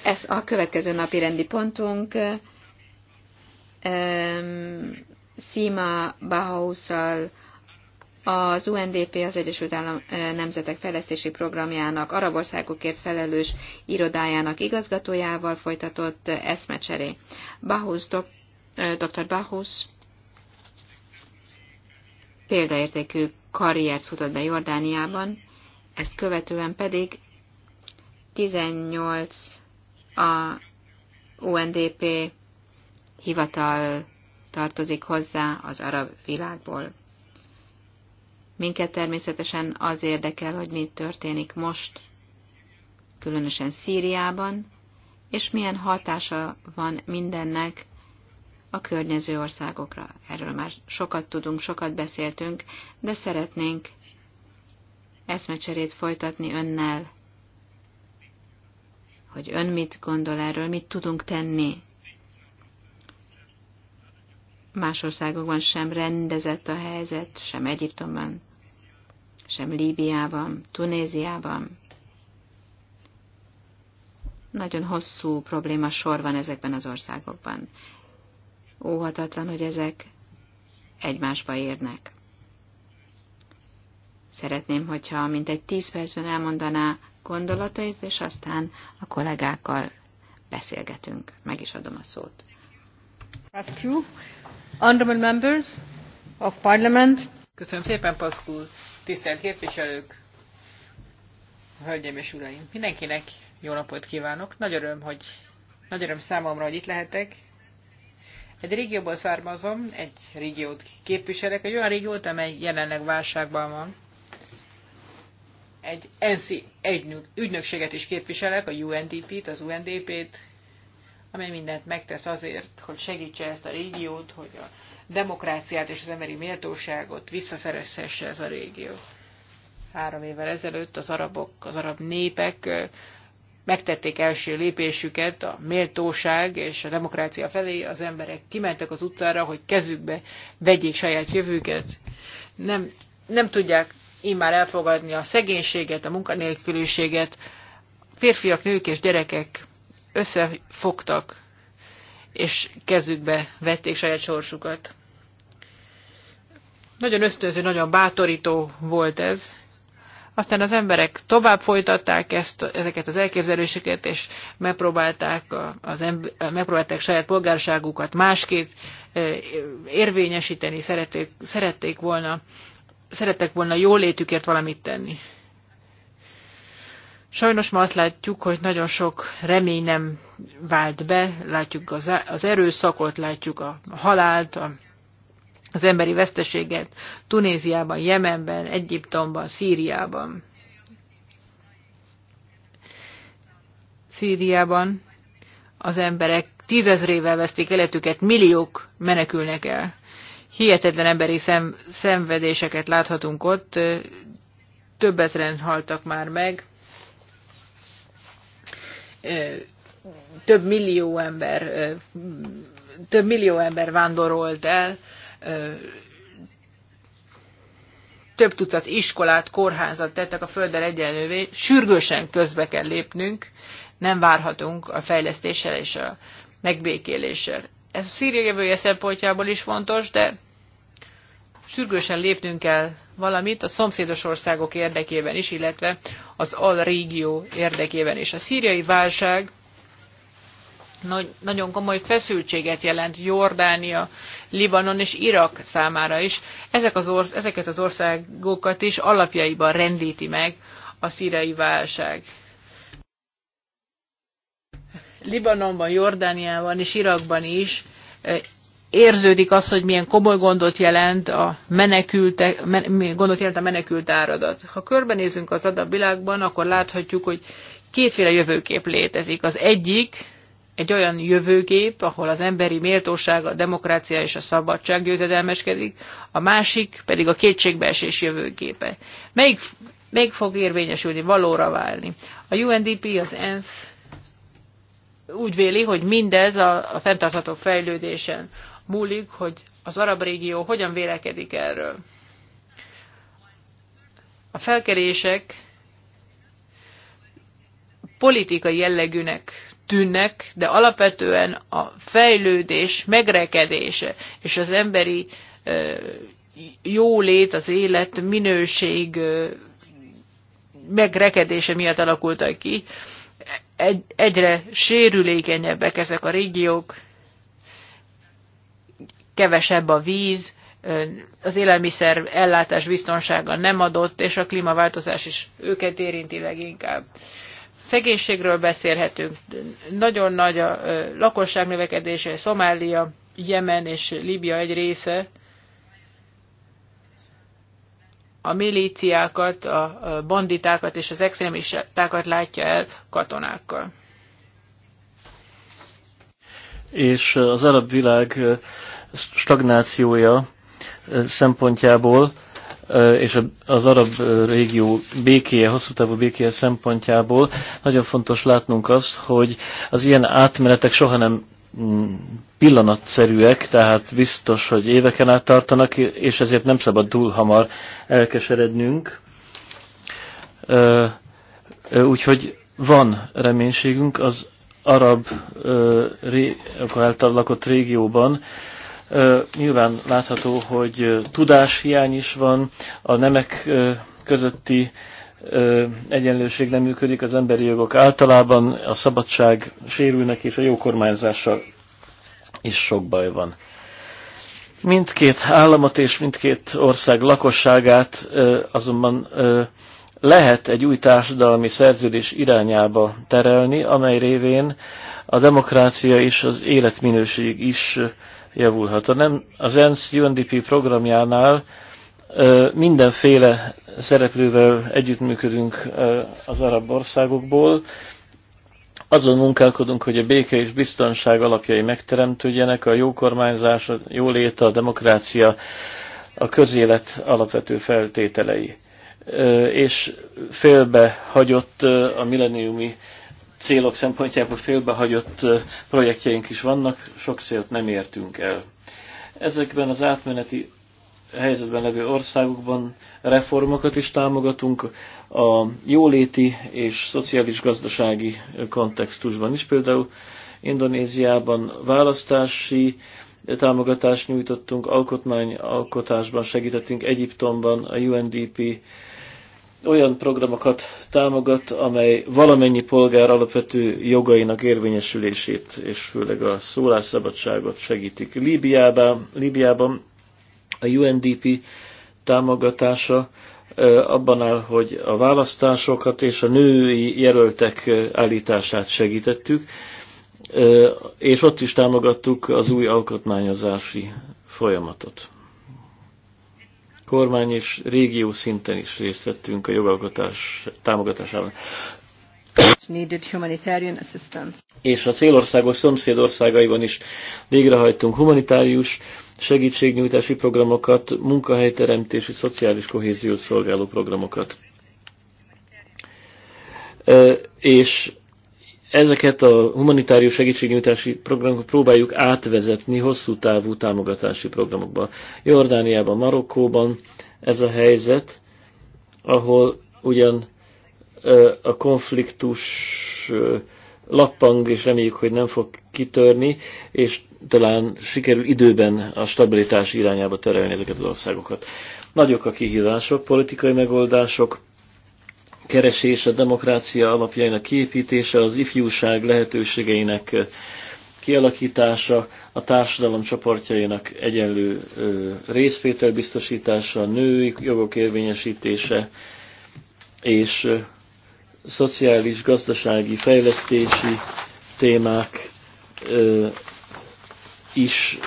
Ez a következő napi rendi pontunk. Um, Sima Bahauszal az UNDP az Egyesült Állam Nemzetek Fejlesztési Programjának Arabországokért felelős irodájának igazgatójával folytatott eszmecseré. Bahus, dok, dr. Bahus példaértékű karriert futott be Jordániában, ezt követően pedig 18 a UNDP hivatal tartozik hozzá az arab világból. Minket természetesen az érdekel, hogy mi történik most, különösen Szíriában, és milyen hatása van mindennek a környező országokra. Erről már sokat tudunk, sokat beszéltünk, de szeretnénk eszmecserét folytatni önnel, hogy ön mit gondol erről, mit tudunk tenni. Más országokban sem rendezett a helyzet, sem Egyiptomban, sem Líbiában, Tunéziában. Nagyon hosszú probléma sor van ezekben az országokban. Óhatatlan, hogy ezek egymásba érnek. Szeretném, hogyha mintegy tíz percben elmondaná gondolatait, és aztán a kollégákkal beszélgetünk. Meg is adom a szót. Pascu, honorable members of parliament. Köszönöm szépen, Pascu, tisztelt képviselők, hölgyeim és uraim. Mindenkinek jó napot kívánok. Nagy öröm, hogy nagy öröm számomra, hogy itt lehetek. Egy régióból származom, egy régiót képviselek, egy olyan régiót, amely jelenleg válságban van egy ENSZI egy ügynökséget is képviselek, a UNDP-t, az UNDP-t, amely mindent megtesz azért, hogy segítse ezt a régiót, hogy a demokráciát és az emberi méltóságot visszaszerezhesse ez a régió. Három évvel ezelőtt az arabok, az arab népek megtették első lépésüket a méltóság és a demokrácia felé, az emberek kimentek az utcára, hogy kezükbe vegyék saját jövőket. Nem, nem tudják immár elfogadni a szegénységet, a munkanélküliséget. Férfiak, nők és gyerekek összefogtak, és kezükbe vették saját sorsukat. Nagyon ösztönző, nagyon bátorító volt ez. Aztán az emberek tovább folytatták ezt, ezeket az elképzeléseket, és megpróbálták, az ember, megpróbálták saját polgárságukat másképp eh, érvényesíteni, szerették, szerették volna szerettek volna jólétükért valamit tenni. Sajnos ma azt látjuk, hogy nagyon sok remény nem vált be, látjuk az, az erőszakot, látjuk a halált, a, az emberi veszteséget Tunéziában, Jemenben, Egyiptomban, Szíriában. Szíriában az emberek tízezrével vesztik életüket, milliók menekülnek el hihetetlen emberi szem, szenvedéseket láthatunk ott, több ezeren haltak már meg, több millió ember, több millió ember vándorolt el, több tucat iskolát, kórházat tettek a földdel egyenlővé, sürgősen közbe kell lépnünk, nem várhatunk a fejlesztéssel és a megbékéléssel. Ez a szíriai jövője szempontjából is fontos, de sürgősen lépnünk kell valamit a szomszédos országok érdekében is, illetve az alrégió érdekében is. A szíriai válság nagy, nagyon komoly feszültséget jelent Jordánia, Libanon és Irak számára is. Ezek az orsz, ezeket az országokat is alapjaiban rendíti meg a szíriai válság. Libanonban, Jordániában és Irakban is eh, érződik az, hogy milyen komoly gondot jelent a menekültek, men, gondot jelent a menekült áradat. Ha körbenézünk az adat világban, akkor láthatjuk, hogy kétféle jövőkép létezik. Az egyik egy olyan jövőkép, ahol az emberi méltóság, a demokrácia és a szabadság győzedelmeskedik, a másik pedig a kétségbeesés jövőképe. Melyik, melyik fog érvényesülni, valóra válni? A UNDP, az ENSZ úgy véli, hogy mindez a, a fenntartható fejlődésen múlik, hogy az arab régió hogyan vélekedik erről. A felkerések politikai jellegűnek tűnnek, de alapvetően a fejlődés megrekedése és az emberi jólét, az élet minőség megrekedése miatt alakultak ki. egyre sérülékenyebbek ezek a régiók, kevesebb a víz, az élelmiszer ellátás biztonsága nem adott, és a klímaváltozás is őket érinti leginkább. Szegénységről beszélhetünk. Nagyon nagy a lakosság növekedése, Szomália, Jemen és Líbia egy része. A milíciákat, a banditákat és az extrémistákat látja el katonákkal. És az arab világ stagnációja szempontjából és az arab régió békéje, hosszú távú békéje szempontjából nagyon fontos látnunk azt, hogy az ilyen átmenetek soha nem mm, pillanatszerűek, tehát biztos, hogy éveken át tartanak, és ezért nem szabad túl hamar elkeserednünk. Úgyhogy van reménységünk az arab által lakott régióban, Nyilván látható, hogy tudáshiány is van, a nemek közötti egyenlőség nem működik, az emberi jogok általában, a szabadság sérülnek, és a jó kormányzással is sok baj van. Mindkét államot és mindkét ország lakosságát azonban lehet egy új társadalmi szerződés irányába terelni, amely révén a demokrácia és az életminőség is javulhat. A nem, az ENSZ UNDP programjánál mindenféle szereplővel együttműködünk az arab országokból. Azon munkálkodunk, hogy a béke és biztonság alapjai megteremtődjenek, a jó kormányzás, a jólét, a demokrácia, a közélet alapvető feltételei. És félbe hagyott a milleniumi célok szempontjából félbehagyott projektjeink is vannak, sok célt nem értünk el. Ezekben az átmeneti helyzetben levő országokban reformokat is támogatunk, a jóléti és szociális-gazdasági kontextusban is. Például Indonéziában választási támogatást nyújtottunk, alkotmányalkotásban segítettünk, Egyiptomban a UNDP olyan programokat támogat, amely valamennyi polgár alapvető jogainak érvényesülését és főleg a szólásszabadságot segítik. Líbiában, Líbiában a UNDP támogatása abban áll, hogy a választásokat és a női jelöltek állítását segítettük, és ott is támogattuk az új alkotmányozási folyamatot kormány és régió szinten is részt vettünk a jogalkotás támogatásában. És a célországok szomszédországaiban is végrehajtunk humanitárius segítségnyújtási programokat, munkahelyteremtési, szociális kohéziót szolgáló programokat. És ezeket a humanitárius segítségnyújtási programokat próbáljuk átvezetni hosszú távú támogatási programokba. Jordániában, Marokkóban ez a helyzet, ahol ugyan a konfliktus lappang, és reméljük, hogy nem fog kitörni, és talán sikerül időben a stabilitás irányába terelni ezeket az országokat. Nagyok a kihívások, politikai megoldások, keresés, a demokrácia alapjainak kiépítése, az ifjúság lehetőségeinek kialakítása, a társadalom csoportjainak egyenlő részvétel biztosítása, a női jogok érvényesítése és szociális, gazdasági, fejlesztési témák is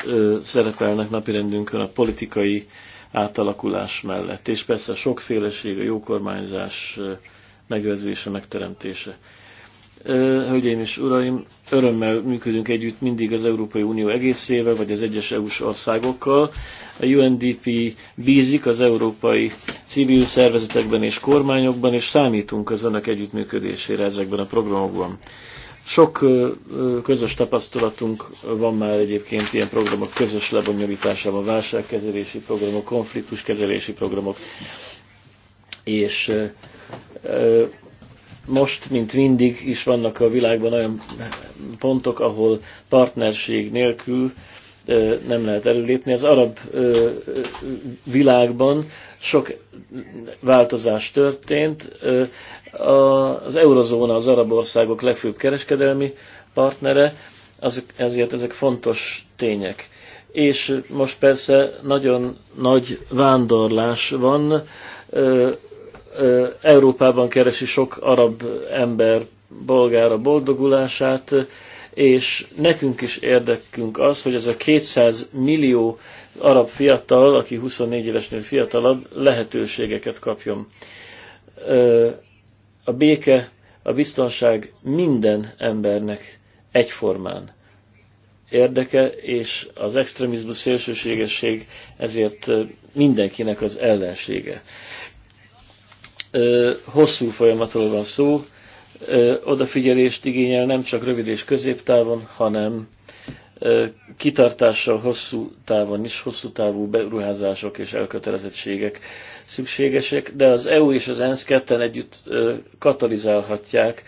szerepelnek napirendünkön, a politikai átalakulás mellett. És persze a sokféleség, a jó kormányzás megőrzése, megteremtése. Hölgyeim és uraim, örömmel működünk együtt mindig az Európai Unió egészével, vagy az egyes EU-s országokkal. A UNDP bízik az európai civil szervezetekben és kormányokban, és számítunk az önök együttműködésére ezekben a programokban. Sok közös tapasztalatunk van már egyébként ilyen programok közös lebonyolításában, válságkezelési programok, konfliktuskezelési programok, és most, mint mindig is vannak a világban olyan pontok, ahol partnerség nélkül nem lehet előlépni. Az arab világban sok változás történt. Az eurozóna az arab országok legfőbb kereskedelmi partnere, ezért ezek fontos tények. És most persze nagyon nagy vándorlás van. Európában keresi sok arab ember bolgára boldogulását, és nekünk is érdekünk az, hogy ez a 200 millió arab fiatal, aki 24 évesnél fiatalabb, lehetőségeket kapjon. A béke, a biztonság minden embernek egyformán érdeke, és az extremizmus szélsőségesség ezért mindenkinek az ellensége. Hosszú folyamatról van szó, odafigyelést igényel nem csak rövid és középtávon, hanem kitartással hosszú távon is, hosszú távú beruházások és elkötelezettségek szükségesek, de az EU és az ENSZ ketten együtt katalizálhatják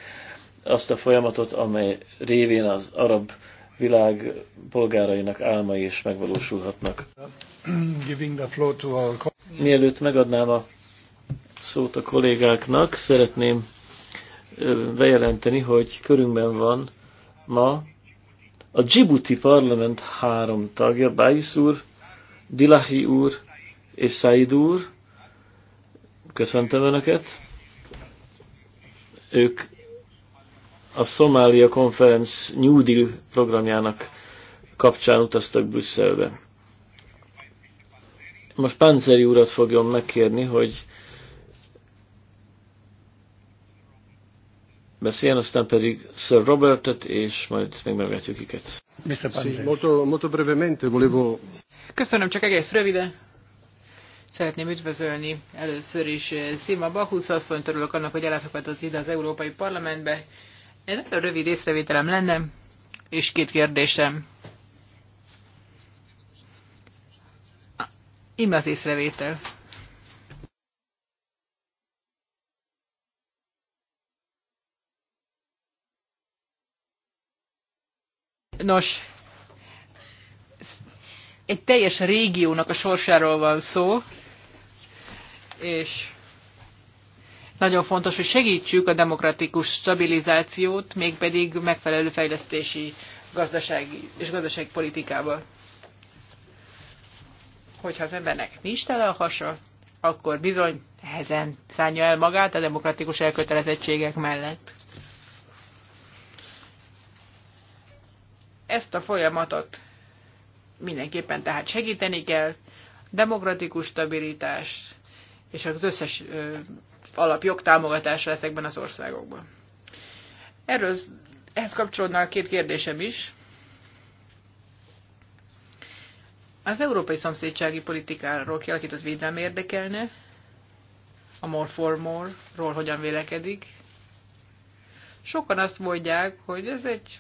azt a folyamatot, amely révén az arab világ polgárainak álmai is megvalósulhatnak. Mielőtt megadnám a szót a kollégáknak, szeretném bejelenteni, hogy körünkben van ma a Djibouti parlament három tagja, Bajsz úr, Dilahi úr és Said úr. Köszöntöm Önöket. Ők a Szomália Konferenc New Deal programjának kapcsán utaztak Brüsszelbe. Most Panzeri urat fogom megkérni, hogy beszéljen, aztán pedig Sir Robertet, és majd még meglátjuk kiket. Köszönöm, csak egész röviden. Szeretném üdvözölni először is eh, Szima Bakusz asszonyt, örülök annak, hogy ellátogatott ide az Európai Parlamentbe. Egy nagyon rövid észrevételem lenne, és két kérdésem. Ime az észrevétel. Nos, egy teljes régiónak a sorsáról van szó, és nagyon fontos, hogy segítsük a demokratikus stabilizációt, mégpedig megfelelő fejlesztési gazdasági és gazdaságpolitikával. Hogyha az embernek nincs tele a hasa, akkor bizony hezen szánja el magát a demokratikus elkötelezettségek mellett. Ezt a folyamatot mindenképpen tehát segíteni kell, demokratikus stabilitás és az összes alapjog támogatása ezekben az országokban. Erről, ehhez kapcsolódna a két kérdésem is. Az európai szomszédsági politikáról kialakított védelem érdekelne, a More for More-ról hogyan vélekedik. Sokan azt mondják, hogy ez egy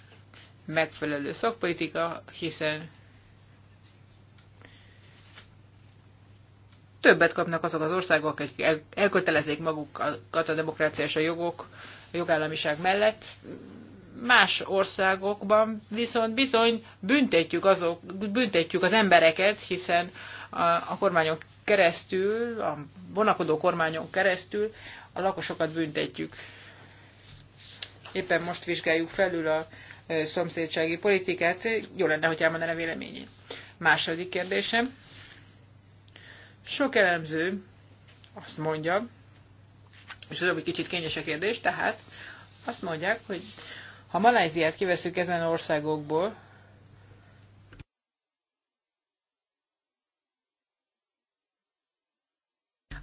megfelelő szakpolitika, hiszen többet kapnak azok az országok, akik elkötelezik magukat a demokrácia és a jogok, a jogállamiság mellett. Más országokban viszont bizony büntetjük, azok, büntetjük az embereket, hiszen a, a kormányok keresztül, a vonakodó kormányon keresztül a lakosokat büntetjük. Éppen most vizsgáljuk felül a szomszédsági politikát. Jó lenne, hogy elmondaná véleményét. Második kérdésem. Sok elemző azt mondja, és az egy kicsit kényes a kérdés, tehát azt mondják, hogy ha Maláziát kiveszük ezen országokból,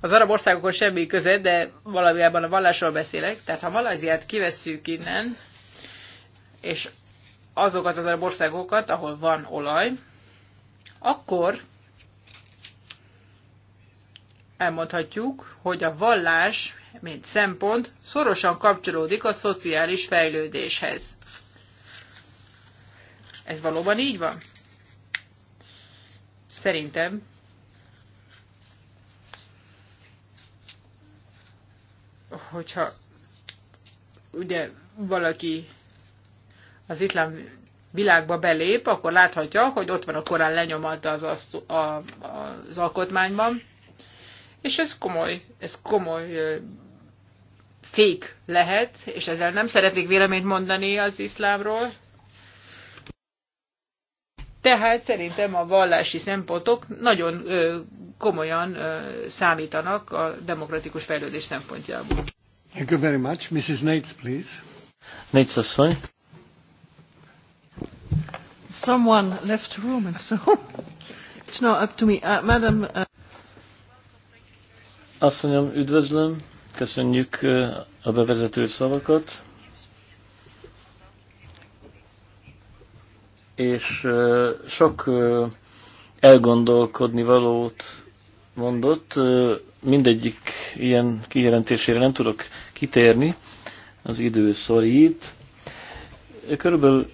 az arab országokon semmi köze, de valójában a vallásról beszélek, tehát ha Malajziát kivesszük innen, és azokat az arab országokat, ahol van olaj, akkor elmondhatjuk, hogy a vallás, mint szempont, szorosan kapcsolódik a szociális fejlődéshez. Ez valóban így van? Szerintem hogyha ugye valaki az iszlám világba belép, akkor láthatja, hogy ott van a korán lenyomalta az, az, az alkotmányban, és ez komoly, ez komoly fék lehet, és ezzel nem szeretnék véleményt mondani az iszlámról. Tehát szerintem a vallási szempontok nagyon ö, komolyan ö, számítanak a demokratikus fejlődés szempontjából. Thank you very much. Mrs. Nates, please. Nates asszony. Someone left the room, and so it's not up to me. Uh, Madam. Uh... Asszonyom, üdvözlöm, köszönjük uh, a bevezető szavakat. És uh, sok uh, elgondolkodni valót mondott, mindegyik ilyen kijelentésére nem tudok kitérni, az idő szorít. Körülbelül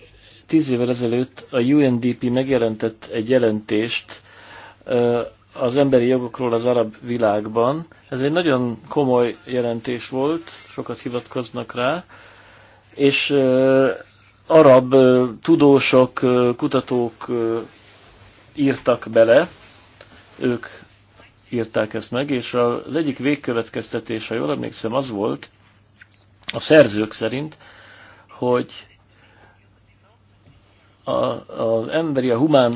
tíz évvel ezelőtt a UNDP megjelentett egy jelentést az emberi jogokról az arab világban. Ez egy nagyon komoly jelentés volt, sokat hivatkoznak rá, és arab tudósok, kutatók írtak bele, ők írták ezt meg, és az egyik végkövetkeztetés, ha jól emlékszem, az volt, a szerzők szerint, hogy a, az emberi, a humán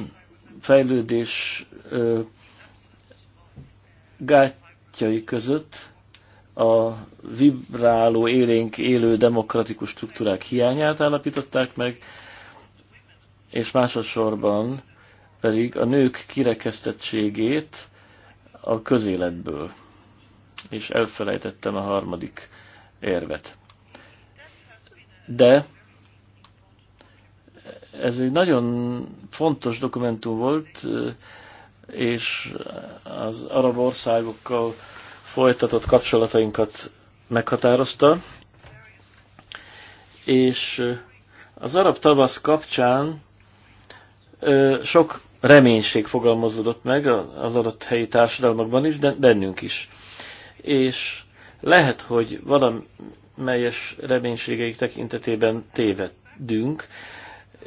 fejlődés ö, gátjai között a vibráló, élénk, élő demokratikus struktúrák hiányát állapították meg, és másodszorban pedig a nők kirekesztettségét a közéletből. És elfelejtettem a harmadik érvet. De ez egy nagyon fontos dokumentum volt, és az arab országokkal folytatott kapcsolatainkat meghatározta. És az arab tavasz kapcsán sok reménység fogalmazódott meg az adott helyi társadalmakban is, de bennünk is. És lehet, hogy valamelyes reménységeik tekintetében tévedünk,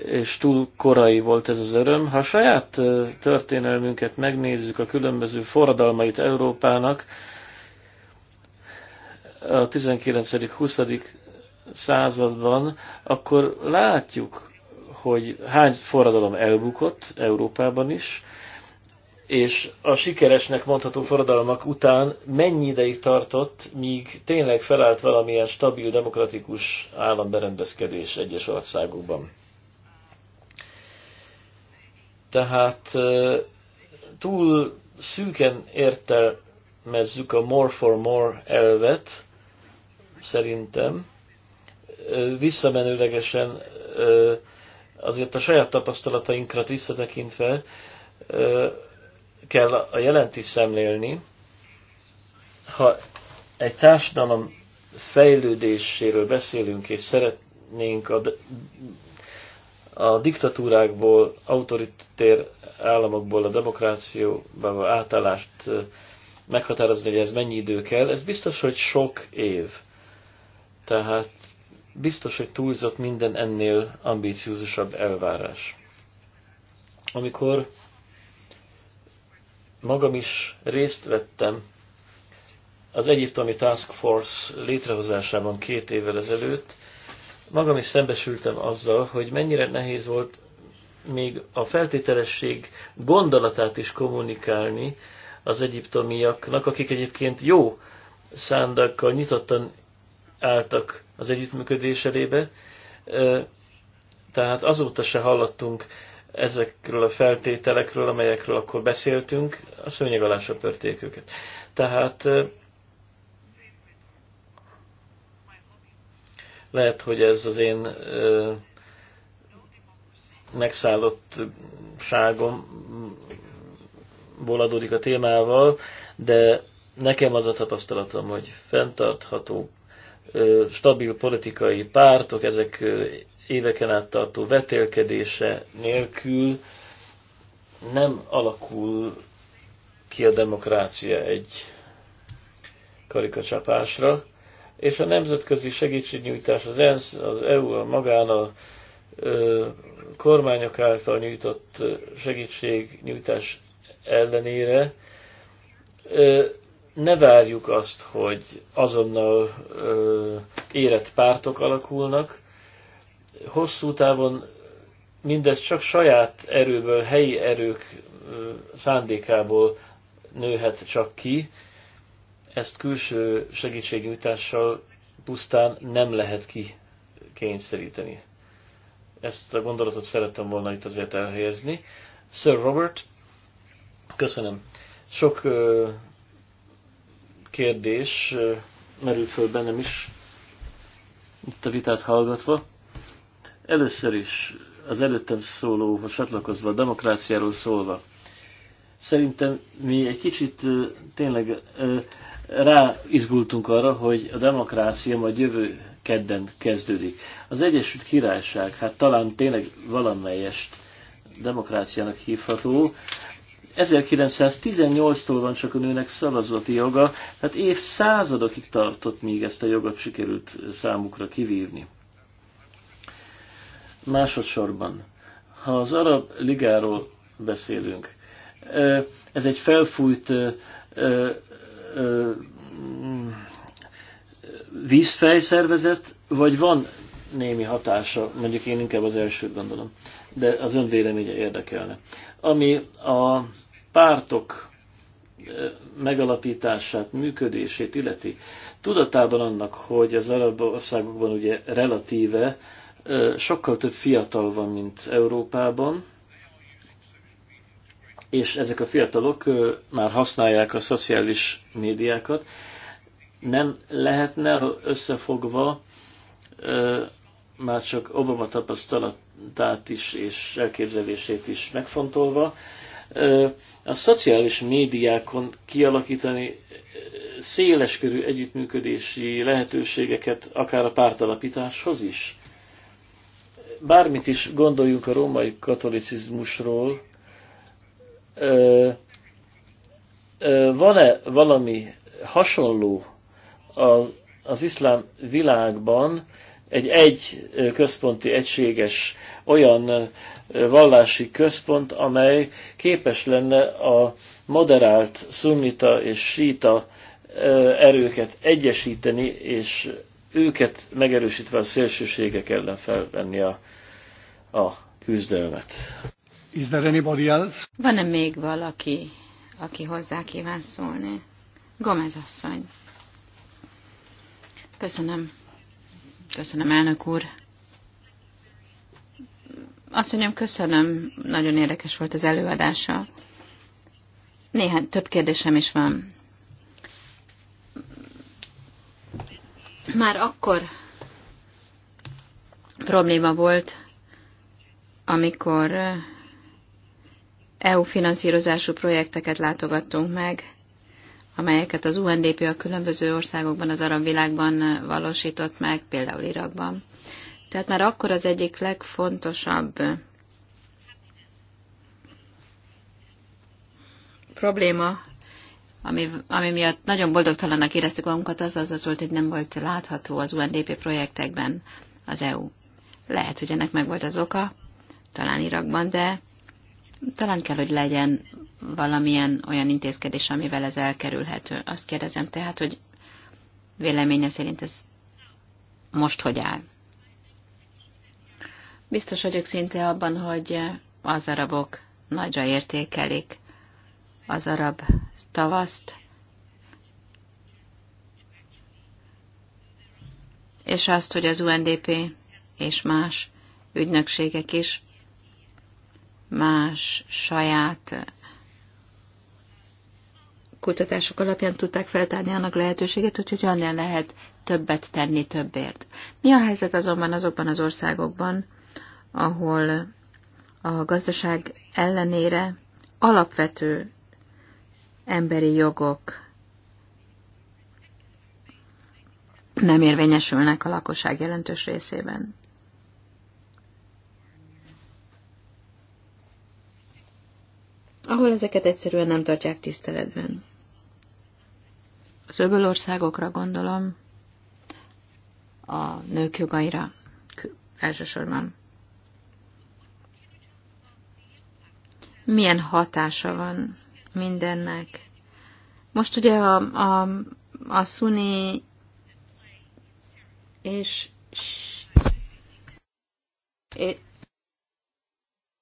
és túl korai volt ez az öröm. Ha a saját történelmünket megnézzük, a különböző forradalmait Európának, a 19.-20. században, akkor látjuk, hogy hány forradalom elbukott Európában is, és a sikeresnek mondható forradalmak után mennyi ideig tartott, míg tényleg felállt valamilyen stabil, demokratikus államberendezkedés egyes országokban. Tehát túl szűken értelmezzük a more for more elvet, szerintem. Visszamenőlegesen azért a saját tapasztalatainkra visszatekintve kell a jelentés szemlélni. Ha egy társadalom fejlődéséről beszélünk, és szeretnénk a a diktatúrákból, autoritér államokból a demokrációba átállást meghatározni, hogy ez mennyi idő kell, ez biztos, hogy sok év. Tehát biztos, hogy túlzott minden ennél ambíciózusabb elvárás. Amikor magam is részt vettem az egyiptomi Task Force létrehozásában két évvel ezelőtt, magam is szembesültem azzal, hogy mennyire nehéz volt még a feltételesség gondolatát is kommunikálni az egyiptomiaknak, akik egyébként jó szándakkal nyitottan álltak az együttműködés elébe. Tehát azóta se hallottunk ezekről a feltételekről, amelyekről akkor beszéltünk, a szőnyeg alá söpörték őket. Tehát Lehet, hogy ez az én ö, megszállottságomból adódik a témával, de nekem az a tapasztalatom, hogy fenntartható, ö, stabil politikai pártok, ezek ö, éveken át tartó vetélkedése nélkül nem alakul ki a demokrácia egy karikacsapásra és a nemzetközi segítségnyújtás, az ENSZ, az EU, a magán a ö, kormányok által nyújtott segítségnyújtás ellenére ö, ne várjuk azt, hogy azonnal ö, érett pártok alakulnak. Hosszú távon mindez csak saját erőből, helyi erők ö, szándékából nőhet csak ki, ezt külső segítségnyújtással pusztán nem lehet kikényszeríteni. Ezt a gondolatot szerettem volna itt azért elhelyezni. Sir Robert, köszönöm. Sok kérdés merült föl bennem is, itt a vitát hallgatva. Először is az előttem szólóhoz csatlakozva, a demokráciáról szólva. Szerintem mi egy kicsit tényleg ráizgultunk arra, hogy a demokrácia majd jövő kedden kezdődik. Az Egyesült Királyság, hát talán tényleg valamelyest demokráciának hívható, 1918-tól van csak a nőnek szavazati joga, tehát évszázadokig tartott, míg ezt a jogot sikerült számukra kivívni. Másodszorban, ha az Arab Ligáról beszélünk, ez egy felfújt vízfejszervezet, vagy van némi hatása, mondjuk én inkább az elsőt gondolom, de az ön véleménye érdekelne. Ami a pártok megalapítását, működését illeti, tudatában annak, hogy az arab országokban ugye relatíve sokkal több fiatal van, mint Európában, és ezek a fiatalok már használják a szociális médiákat, nem lehetne összefogva már csak Obama tapasztalatát is és elképzelését is megfontolva, a szociális médiákon kialakítani széleskörű együttműködési lehetőségeket, akár a pártalapításhoz is. Bármit is gondoljunk a római katolicizmusról, van-e valami hasonló az, az iszlám világban egy egy központi egységes olyan vallási központ, amely képes lenne a moderált szunnita és síta erőket egyesíteni, és őket megerősítve a szélsőségek ellen felvenni a, a küzdelmet. Is there anybody else? Van-e még valaki, aki hozzá kíván szólni? Gomez asszony. Köszönöm. Köszönöm, elnök úr. Azt mondjam, köszönöm, nagyon érdekes volt az előadása. Néhány több kérdésem is van. Már akkor probléma volt, amikor EU finanszírozású projekteket látogattunk meg, amelyeket az UNDP a különböző országokban, az arab világban valósított meg, például Irakban. Tehát már akkor az egyik legfontosabb probléma, ami, ami miatt nagyon boldogtalannak éreztük magunkat, az az, az volt, hogy nem volt látható az UNDP projektekben az EU. Lehet, hogy ennek meg volt az oka, talán Irakban, de talán kell, hogy legyen valamilyen olyan intézkedés, amivel ez elkerülhető. Azt kérdezem tehát, hogy véleménye szerint ez most hogy áll? Biztos vagyok szinte abban, hogy az arabok nagyra értékelik az arab tavaszt, és azt, hogy az UNDP és más ügynökségek is más saját kutatások alapján tudták feltárni annak lehetőséget, hogy hogyan lehet többet tenni többért. Mi a helyzet azonban azokban az országokban, ahol a gazdaság ellenére alapvető emberi jogok nem érvényesülnek a lakosság jelentős részében. ahol ezeket egyszerűen nem tartják tiszteletben. Az öböl országokra gondolom, a nők jogaira elsősorban. Milyen hatása van mindennek? Most ugye a, a, a szuni és, és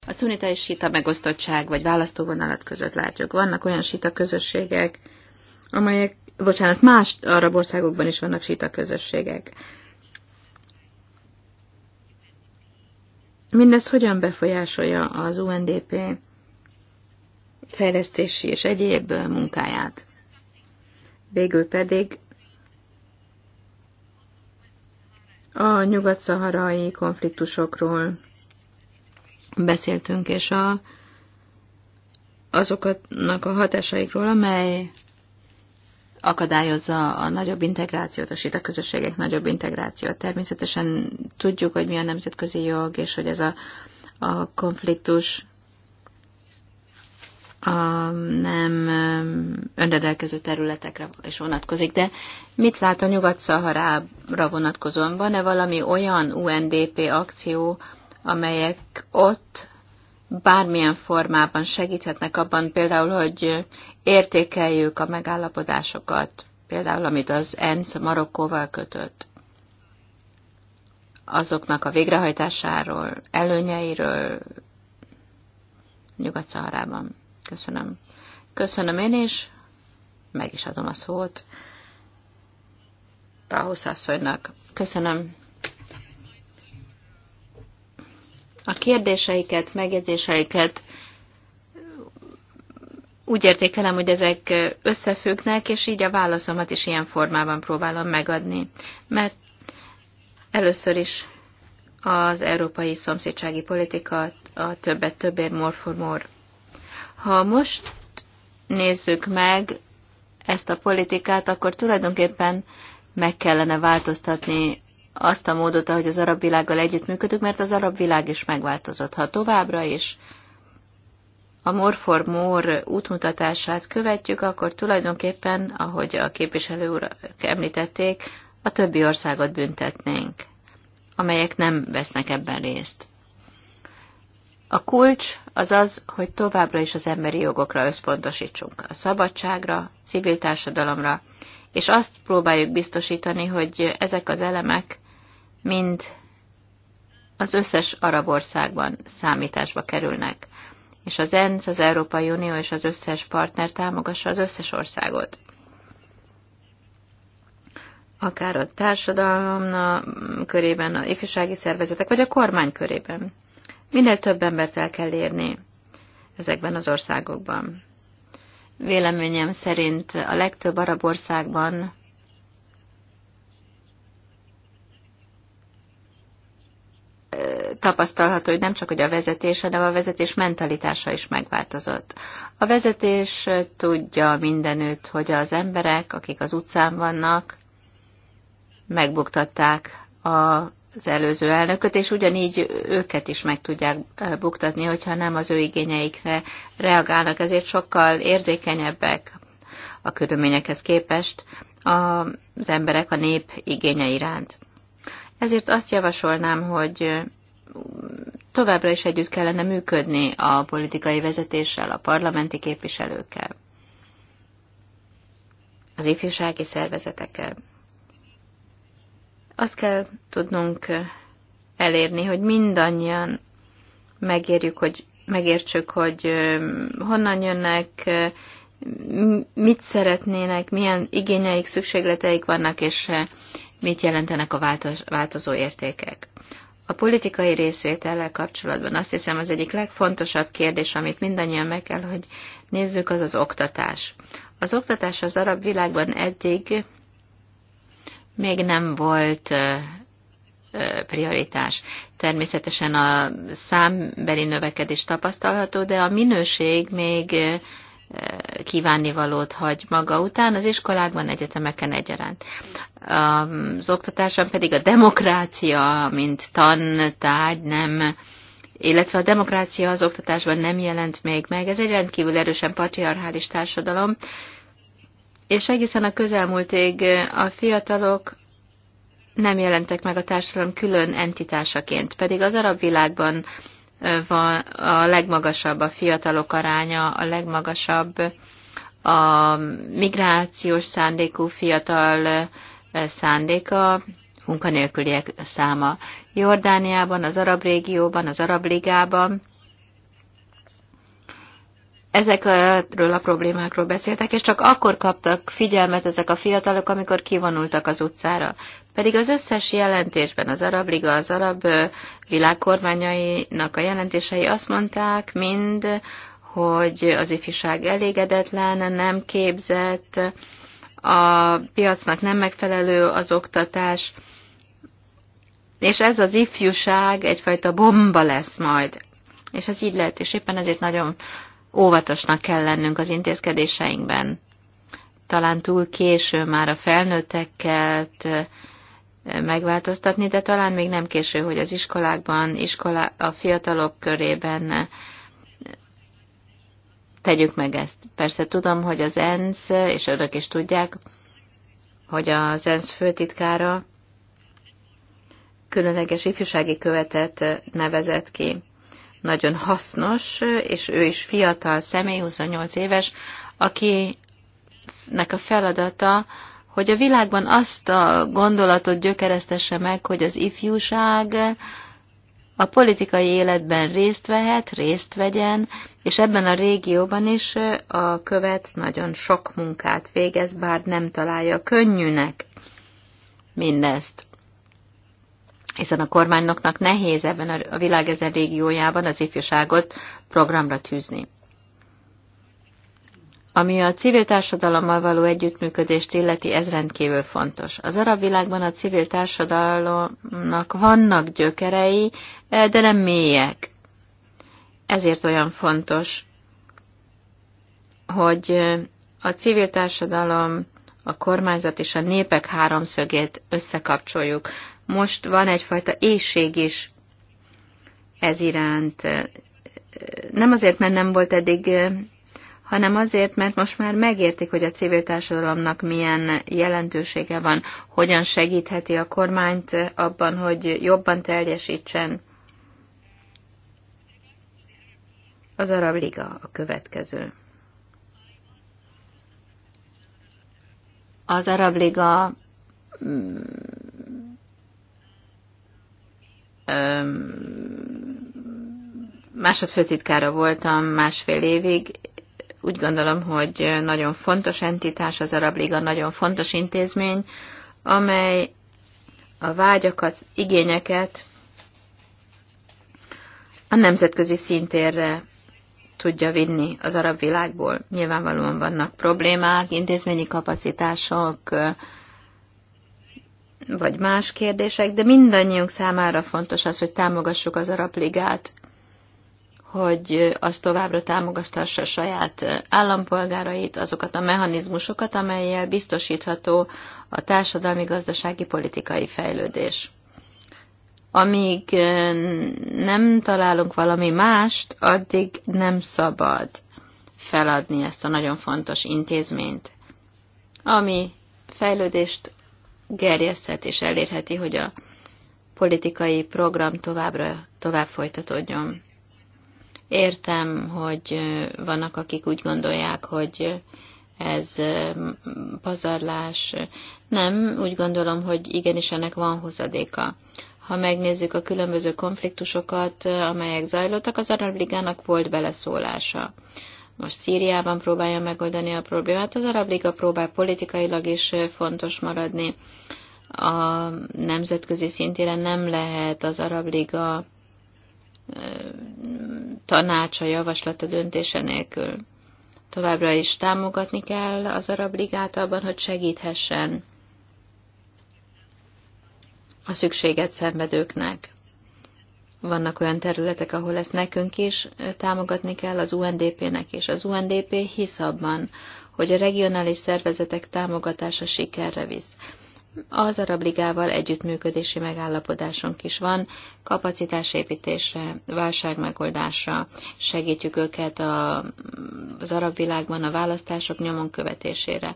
a szunita és sita megosztottság vagy választóvonalat között látjuk. Vannak olyan sita közösségek, amelyek, bocsánat, más arab országokban is vannak sita közösségek. Mindez hogyan befolyásolja az UNDP fejlesztési és egyéb munkáját? Végül pedig a nyugat-szaharai konfliktusokról beszéltünk, és a, azoknak a hatásaikról, amely akadályozza a nagyobb integrációt, a sita közösségek nagyobb integrációt. Természetesen tudjuk, hogy mi a nemzetközi jog, és hogy ez a, a konfliktus a nem um, önrendelkező területekre is vonatkozik, de mit lát a Nyugat-Szaharára vonatkozóan? Van-e valami olyan UNDP akció, amelyek ott bármilyen formában segíthetnek abban például, hogy értékeljük a megállapodásokat, például amit az ENSZ Marokkóval kötött, azoknak a végrehajtásáról, előnyeiről Nyugat-Szaharában. Köszönöm. Köszönöm én is, meg is adom a szót Ráhusz asszonynak. Köszönöm. a kérdéseiket, megjegyzéseiket. Úgy értékelem, hogy ezek összefüggnek, és így a válaszomat is ilyen formában próbálom megadni. Mert először is az európai szomszédsági politika a többet többért more for more. Ha most nézzük meg ezt a politikát, akkor tulajdonképpen meg kellene változtatni azt a módot, ahogy az arab világgal együttműködünk, mert az arab világ is megváltozott. Ha továbbra is a More for More útmutatását követjük, akkor tulajdonképpen, ahogy a képviselő úr említették, a többi országot büntetnénk, amelyek nem vesznek ebben részt. A kulcs az az, hogy továbbra is az emberi jogokra összpontosítsunk, a szabadságra, civil társadalomra és azt próbáljuk biztosítani, hogy ezek az elemek mind az összes arab országban számításba kerülnek, és az ENSZ, az Európai Unió és az összes partner támogassa az összes országot. Akár a társadalom körében, a ifjúsági szervezetek, vagy a kormány körében. Minél több embert el kell érni ezekben az országokban. Véleményem szerint a legtöbb arab országban tapasztalható, hogy nem csak hogy a vezetés, hanem a vezetés mentalitása is megváltozott. A vezetés tudja mindenütt, hogy az emberek, akik az utcán vannak, megbuktatták a az előző elnököt, és ugyanígy őket is meg tudják buktatni, hogyha nem az ő igényeikre reagálnak, ezért sokkal érzékenyebbek a körülményekhez képest az emberek a nép igénye iránt. Ezért azt javasolnám, hogy továbbra is együtt kellene működni a politikai vezetéssel, a parlamenti képviselőkkel, az ifjúsági szervezetekkel. Azt kell tudnunk elérni, hogy mindannyian megérjük, hogy megértsük, hogy honnan jönnek, mit szeretnének, milyen igényeik, szükségleteik vannak, és mit jelentenek a változó értékek. A politikai részvétellel kapcsolatban azt hiszem az egyik legfontosabb kérdés, amit mindannyian meg kell, hogy nézzük, az az oktatás. Az oktatás az arab világban eddig még nem volt prioritás. Természetesen a számbeli növekedés tapasztalható, de a minőség még kívánivalót hagy maga után az iskolákban, egyetemeken egyaránt. Az oktatásban pedig a demokrácia, mint tantárgy nem, illetve a demokrácia az oktatásban nem jelent még meg. Ez egy rendkívül erősen patriarchális társadalom, és egészen a közelmúltig a fiatalok nem jelentek meg a társadalom külön entitásaként, pedig az arab világban van a legmagasabb a fiatalok aránya, a legmagasabb a migrációs szándékú fiatal szándéka, munkanélküliek száma. Jordániában, az arab régióban, az arab ligában ezekről a problémákról beszéltek, és csak akkor kaptak figyelmet ezek a fiatalok, amikor kivonultak az utcára. Pedig az összes jelentésben az Arab Liga, az arab világkormányainak a jelentései azt mondták mind, hogy az ifjúság elégedetlen, nem képzett, a piacnak nem megfelelő az oktatás, és ez az ifjúság egyfajta bomba lesz majd. És ez így lett, és éppen ezért nagyon óvatosnak kell lennünk az intézkedéseinkben. Talán túl késő már a felnőtteket megváltoztatni, de talán még nem késő, hogy az iskolákban, iskolá, a fiatalok körében tegyük meg ezt. Persze tudom, hogy az ENSZ, és önök is tudják, hogy az ENSZ főtitkára különleges ifjúsági követet nevezett ki nagyon hasznos, és ő is fiatal személy, 28 éves, akinek a feladata, hogy a világban azt a gondolatot gyökeresztesse meg, hogy az ifjúság a politikai életben részt vehet, részt vegyen, és ebben a régióban is a követ nagyon sok munkát végez, bár nem találja könnyűnek mindezt hiszen a kormányoknak nehéz ebben a világ ezen régiójában az ifjúságot programra tűzni. Ami a civil társadalommal való együttműködést illeti, ez rendkívül fontos. Az arab világban a civil társadalomnak vannak gyökerei, de nem mélyek. Ezért olyan fontos, hogy a civil társadalom, a kormányzat és a népek háromszögét összekapcsoljuk most van egyfajta éjség is ez iránt. Nem azért, mert nem volt eddig, hanem azért, mert most már megértik, hogy a civil társadalomnak milyen jelentősége van, hogyan segítheti a kormányt abban, hogy jobban teljesítsen. Az Arab Liga a következő. Az Arab Liga mm, másodfőtitkára voltam másfél évig, úgy gondolom, hogy nagyon fontos entitás az Arab Liga, nagyon fontos intézmény, amely a vágyakat, igényeket a nemzetközi szintérre tudja vinni az arab világból. Nyilvánvalóan vannak problémák, intézményi kapacitások, vagy más kérdések, de mindannyiunk számára fontos az, hogy támogassuk az Arab Ligát, hogy az továbbra támogathassa saját állampolgárait, azokat a mechanizmusokat, amelyel biztosítható a társadalmi-gazdasági politikai fejlődés. Amíg nem találunk valami mást, addig nem szabad feladni ezt a nagyon fontos intézményt, ami fejlődést gerjeszthet és elérheti, hogy a politikai program továbbra, tovább folytatódjon. Értem, hogy vannak, akik úgy gondolják, hogy ez pazarlás. Nem, úgy gondolom, hogy igenis ennek van hozadéka. Ha megnézzük a különböző konfliktusokat, amelyek zajlottak, az Arab Ligának volt beleszólása most Szíriában próbálja megoldani a problémát. Az Arab Liga próbál politikailag is fontos maradni. A nemzetközi szintére nem lehet az Arab Liga tanácsa, javaslata döntése nélkül. Továbbra is támogatni kell az Arab Ligát abban, hogy segíthessen a szükséget szenvedőknek. Vannak olyan területek, ahol ezt nekünk is támogatni kell, az UNDP-nek és az UNDP hisz abban, hogy a regionális szervezetek támogatása sikerre visz. Az Arab Ligával együttműködési megállapodásunk is van, kapacitásépítésre, válságmegoldásra segítjük őket a, az arab világban a választások nyomon követésére.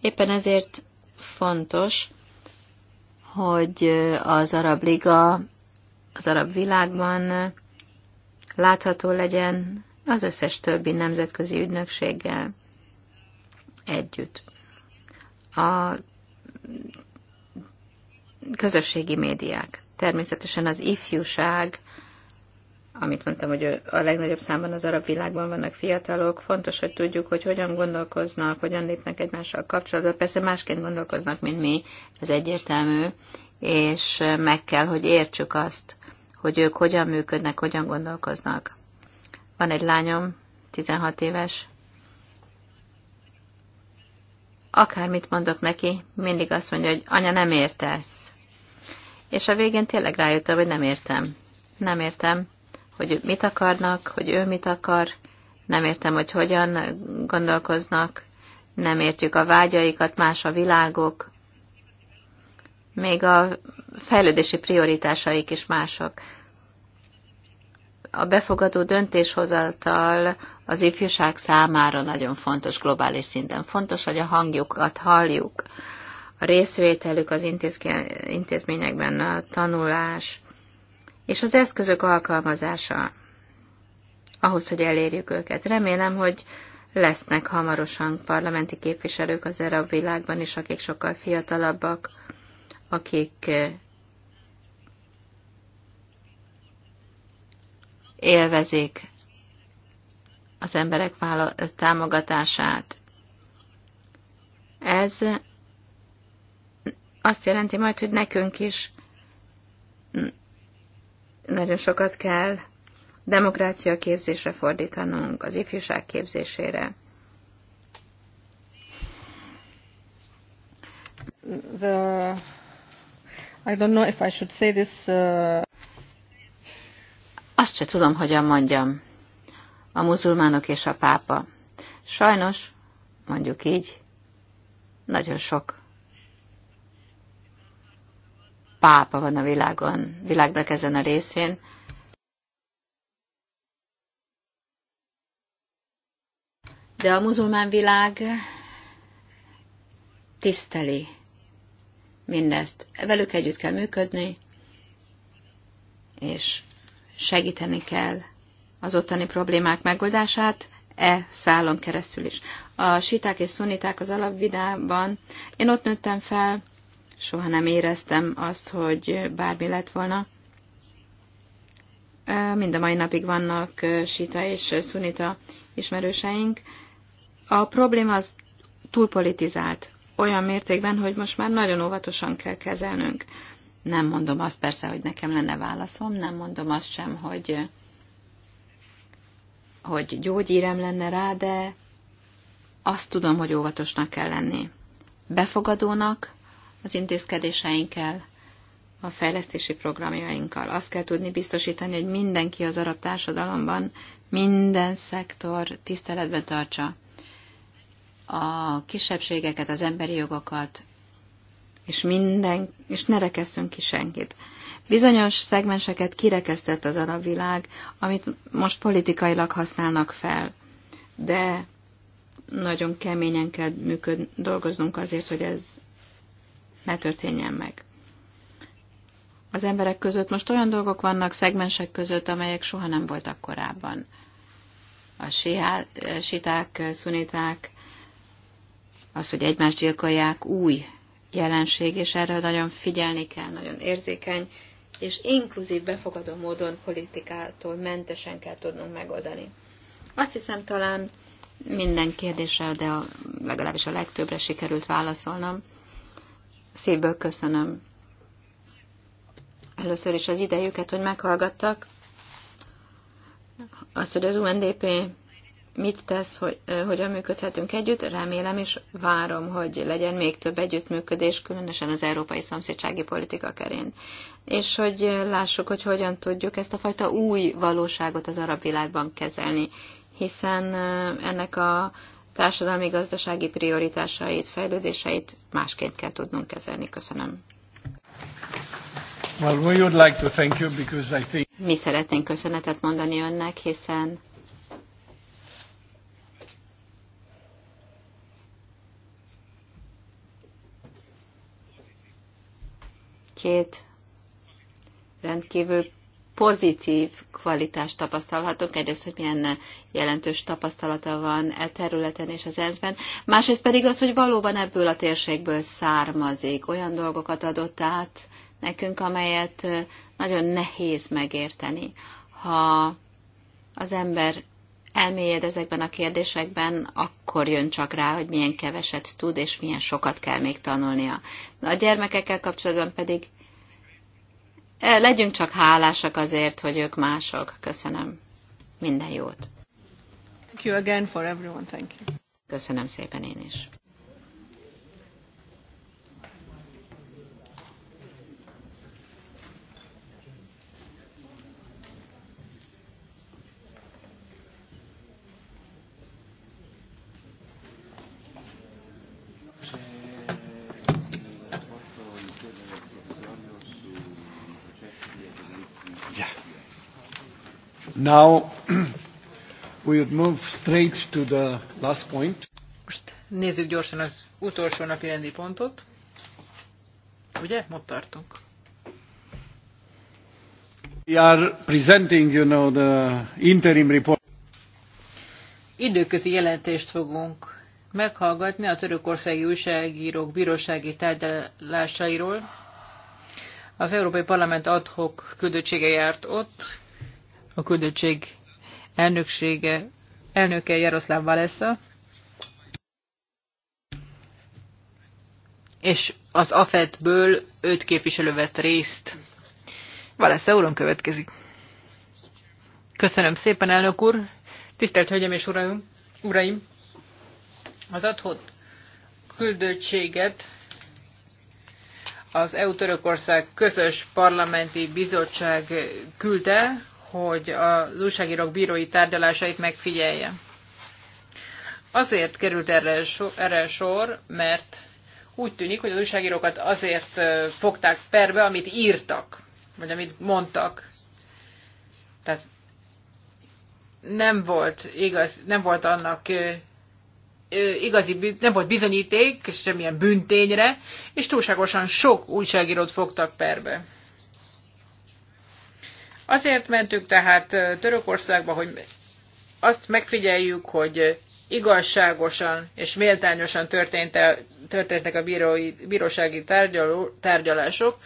Éppen ezért fontos, hogy az Arab Liga az arab világban látható legyen az összes többi nemzetközi ügynökséggel együtt. A közösségi médiák. Természetesen az ifjúság, amit mondtam, hogy a legnagyobb számban az arab világban vannak fiatalok, fontos, hogy tudjuk, hogy hogyan gondolkoznak, hogyan lépnek egymással kapcsolatba. Persze másként gondolkoznak, mint mi, ez egyértelmű, és meg kell, hogy értsük azt, hogy ők hogyan működnek, hogyan gondolkoznak. Van egy lányom, 16 éves, akármit mondok neki, mindig azt mondja, hogy anya, nem értesz. És a végén tényleg rájöttem, hogy nem értem. Nem értem, hogy mit akarnak, hogy ő mit akar, nem értem, hogy hogyan gondolkoznak, nem értjük a vágyaikat, más a világok, még a fejlődési prioritásaik is mások. A befogadó döntéshozatal az ifjúság számára nagyon fontos globális szinten. Fontos, hogy a hangjukat halljuk, a részvételük az intézményekben, a tanulás és az eszközök alkalmazása ahhoz, hogy elérjük őket. Remélem, hogy lesznek hamarosan parlamenti képviselők az erre a világban is, akik sokkal fiatalabbak, akik eh, élvezik az emberek támogatását. Ez azt jelenti majd, hogy nekünk is nagyon sokat kell demokrácia képzésre fordítanunk, az ifjúság képzésére. The I don't know if I should say this. Uh... Azt se tudom, hogyan mondjam. A muzulmánok és a pápa. Sajnos, mondjuk így, nagyon sok pápa van a világon, világnak ezen a részén, De a muzulmán világ tiszteli mindezt. Velük együtt kell működni, és segíteni kell az ottani problémák megoldását, e szálon keresztül is. A siták és szuniták az alapvidában, én ott nőttem fel, soha nem éreztem azt, hogy bármi lett volna. Mind a mai napig vannak sita és szunita ismerőseink. A probléma az túlpolitizált olyan mértékben, hogy most már nagyon óvatosan kell kezelnünk. Nem mondom azt persze, hogy nekem lenne válaszom, nem mondom azt sem, hogy, hogy gyógyírem lenne rá, de azt tudom, hogy óvatosnak kell lenni. Befogadónak az intézkedéseinkkel, a fejlesztési programjainkkal. Azt kell tudni biztosítani, hogy mindenki az arab társadalomban, minden szektor tiszteletben tartsa a kisebbségeket, az emberi jogokat, és, minden, és ne rekesszünk ki senkit. Bizonyos szegmenseket kirekesztett az arab világ, amit most politikailag használnak fel, de nagyon keményen kell működ, dolgoznunk azért, hogy ez ne történjen meg. Az emberek között most olyan dolgok vannak szegmensek között, amelyek soha nem voltak korábban. A siá, siták, szuniták, az, hogy egymást gyilkolják, új jelenség, és erre nagyon figyelni kell, nagyon érzékeny, és inkluzív, befogadó módon politikától mentesen kell tudnunk megoldani. Azt hiszem talán minden kérdésre, de a, legalábbis a legtöbbre sikerült válaszolnom. Szívből köszönöm először is az idejüket, hogy meghallgattak. Azt, hogy az UNDP mit tesz, hogy hogyan működhetünk együtt. Remélem és várom, hogy legyen még több együttműködés, különösen az európai szomszédsági politika kerén. És hogy lássuk, hogy hogyan tudjuk ezt a fajta új valóságot az arab világban kezelni, hiszen ennek a társadalmi-gazdasági prioritásait, fejlődéseit másként kell tudnunk kezelni. Köszönöm. Well, we would like to thank you because I think... Mi szeretnénk köszönetet mondani önnek, hiszen két rendkívül pozitív kvalitást tapasztalhatunk. Egyrészt, hogy milyen jelentős tapasztalata van e területen és az ENSZ-ben. Másrészt pedig az, hogy valóban ebből a térségből származik. Olyan dolgokat adott át nekünk, amelyet nagyon nehéz megérteni. Ha az ember elmélyed ezekben a kérdésekben, akkor jön csak rá, hogy milyen keveset tud, és milyen sokat kell még tanulnia. A gyermekekkel kapcsolatban pedig eh, legyünk csak hálásak azért, hogy ők mások. Köszönöm. Minden jót. Thank you again for everyone. Thank you. Köszönöm szépen én is. Now we would move straight to the last point. Most nézzük gyorsan az utolsó napi rendi pontot. Ugye? Ott tartunk. We are presenting, you know, the interim report. Időközi jelentést fogunk meghallgatni a törökországi újságírók bírósági tárgyalásairól. Az Európai Parlament adhok küldöttsége járt ott, a küldöttség elnöksége, elnöke Jaroszláv Valesza, és az AFET-ből öt képviselő vett részt. Valesza úron következik. Köszönöm szépen, elnök úr! Tisztelt Hölgyeim és Uraim! uraim. Az adhott küldöttséget az EU-Törökország közös parlamenti bizottság küldte, hogy az újságírók bírói tárgyalásait megfigyelje. Azért került erre, so, erre sor, mert úgy tűnik, hogy az újságírókat azért fogták perbe, amit írtak, vagy amit mondtak. Tehát nem volt igaz, nem volt annak igazi, nem volt bizonyíték semmilyen büntényre, és túlságosan sok újságírót fogtak perbe. Azért mentünk tehát Törökországba, hogy azt megfigyeljük, hogy igazságosan és méltányosan történtek a bírói, bírósági tárgyaló, tárgyalások,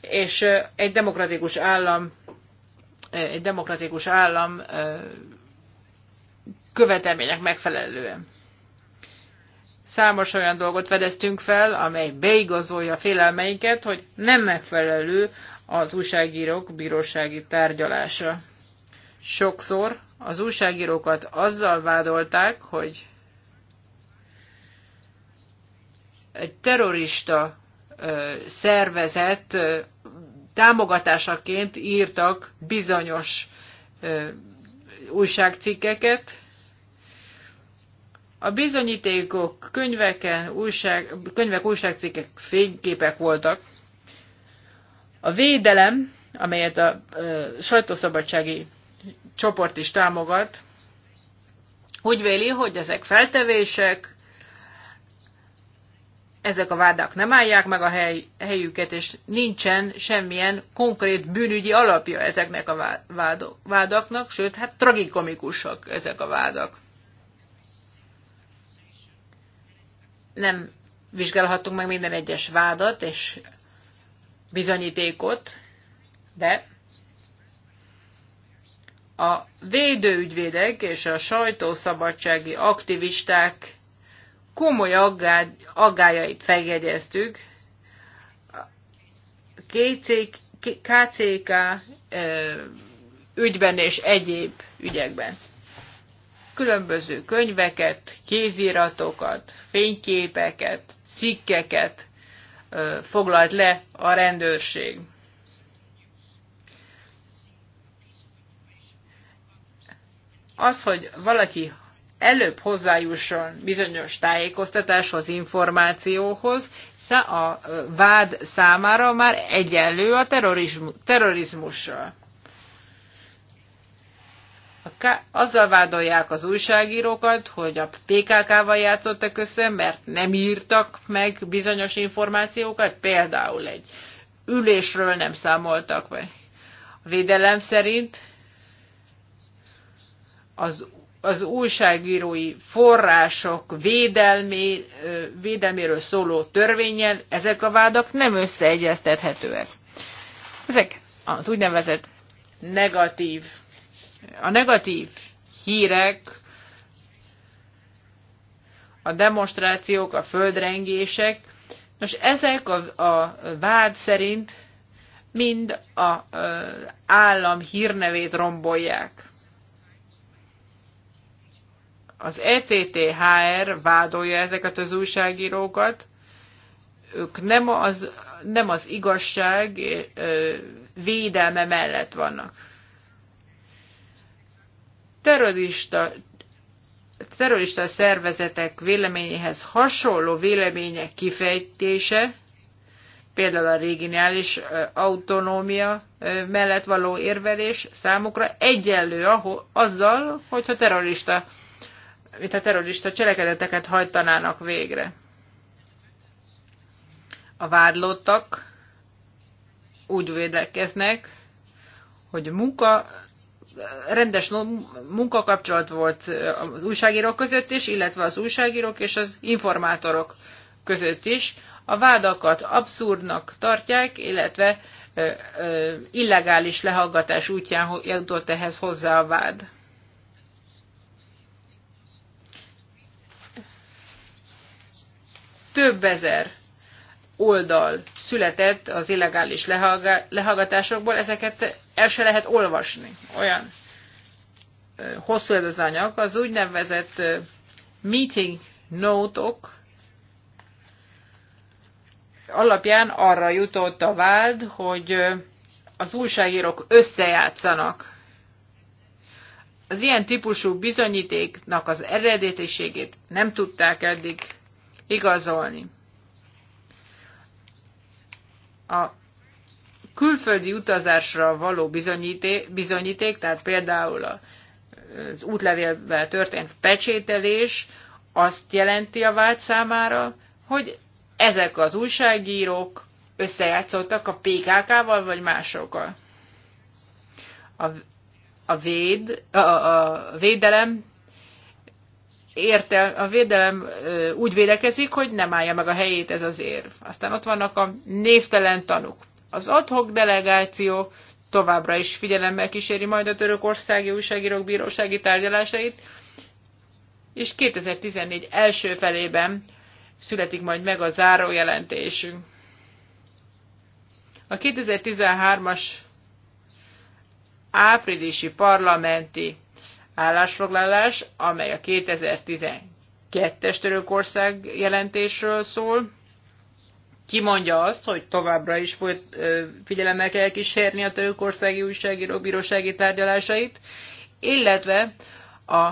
és egy demokratikus állam, egy demokratikus állam követelmények megfelelően. Számos olyan dolgot fedeztünk fel, amely beigazolja félelmeinket, hogy nem megfelelő az újságírók bírósági tárgyalása. Sokszor az újságírókat azzal vádolták, hogy egy terrorista szervezet támogatásaként írtak bizonyos újságcikkeket. A bizonyítékok könyveken, újság, könyvek, újságcikkek fényképek voltak, a védelem, amelyet a sajtószabadsági csoport is támogat, úgy véli, hogy ezek feltevések, ezek a vádak nem állják meg a hely, helyüket, és nincsen semmilyen konkrét bűnügyi alapja ezeknek a vádok, vádaknak, sőt, hát tragikomikusak ezek a vádak. Nem vizsgálhatunk meg minden egyes vádat, és bizonyítékot, de a védőügyvédek és a sajtószabadsági aktivisták komoly aggájait feljegyeztük. KCK ügyben és egyéb ügyekben. Különböző könyveket, kéziratokat, fényképeket, cikkeket foglalt le a rendőrség. Az, hogy valaki előbb hozzájusson bizonyos tájékoztatáshoz, információhoz, a vád számára már egyenlő a terrorizmussal azzal vádolják az újságírókat, hogy a PKK-val játszottak össze, mert nem írtak meg bizonyos információkat, például egy ülésről nem számoltak be. A védelem szerint az, az újságírói források védelmé, védelméről szóló törvényen ezek a vádak nem összeegyeztethetőek. Ezek az úgynevezett negatív a negatív hírek, a demonstrációk, a földrengések, nos ezek a, a vád szerint mind az állam hírnevét rombolják. Az ETTHR vádolja ezeket az újságírókat, ők nem az, nem az igazság védelme mellett vannak terrorista, terrorista szervezetek véleményéhez hasonló vélemények kifejtése, például a regionális autonómia mellett való érvelés számukra egyenlő azzal, hogyha terrorista, mint a terrorista cselekedeteket hajtanának végre. A vádlottak úgy védekeznek, hogy munka rendes munkakapcsolat volt az újságírók között is, illetve az újságírók és az informátorok között is. A vádakat abszurdnak tartják, illetve illegális lehallgatás útján jutott ehhez hozzá a vád. Több ezer oldal született az illegális lehallgatásokból, ezeket el se lehet olvasni. Olyan hosszú ez az anyag, az úgynevezett meeting notok -ok alapján arra jutott a vád, hogy az újságírók összejátszanak. Az ilyen típusú bizonyítéknak az eredetiségét nem tudták eddig igazolni a külföldi utazásra való bizonyíték, bizonyíték tehát például az útlevélben történt pecsételés, azt jelenti a vált számára, hogy ezek az újságírók összejátszottak a PKK-val vagy másokkal. A, a, véd, a, a védelem értel, a védelem úgy védekezik, hogy nem állja meg a helyét ez az érv. Aztán ott vannak a névtelen tanuk. Az adhok delegáció továbbra is figyelemmel kíséri majd a törökországi újságírók bírósági tárgyalásait, és 2014 első felében születik majd meg a záró jelentésünk. A 2013-as áprilisi parlamenti állásfoglalás, amely a 2012-es Törökország jelentésről szól, kimondja azt, hogy továbbra is folyt, figyelemmel kell kísérni a törökországi újságíró bírósági tárgyalásait, illetve a,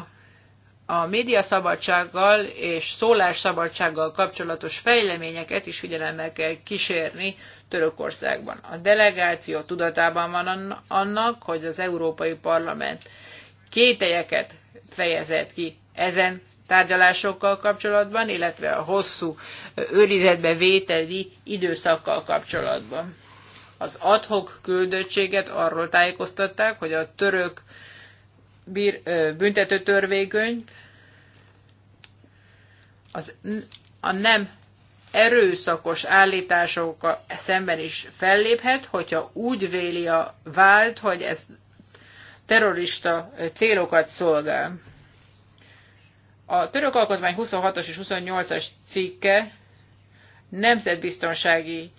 a médiaszabadsággal és szólásszabadsággal kapcsolatos fejleményeket is figyelemmel kell kísérni Törökországban. A delegáció tudatában van annak, hogy az Európai Parlament kételyeket fejezett ki ezen tárgyalásokkal kapcsolatban, illetve a hosszú őrizetbe vételi időszakkal kapcsolatban. Az adhok küldöttséget arról tájékoztatták, hogy a török bír, büntető törvénykönyv az, a nem erőszakos állításokkal szemben is felléphet, hogyha úgy véli a vált, hogy ez terrorista célokat szolgál. A török alkotmány 26 as és 28-as cikke nemzetbiztonsági,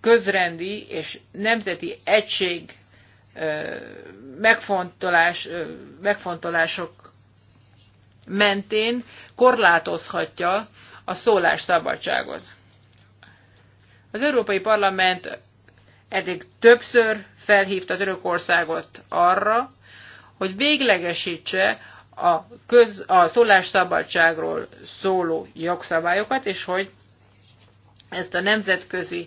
közrendi és nemzeti egység megfontolás, megfontolások mentén korlátozhatja a szólásszabadságot. Az Európai Parlament eddig többször felhívta Törökországot arra, hogy véglegesítse a, köz, a szólásszabadságról szóló jogszabályokat, és hogy ezt a nemzetközi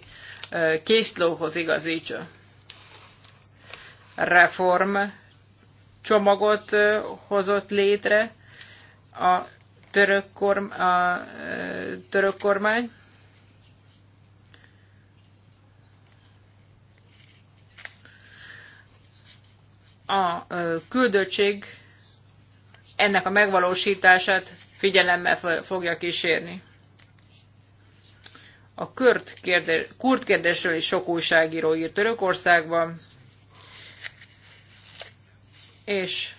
készlóhoz igazítsa. Reform csomagot hozott létre a török, korm, a török kormány, a küldöttség ennek a megvalósítását figyelemmel fogja kísérni. A kurt, kérdés, kurt kérdésről is sok újságíró írt Törökországban, és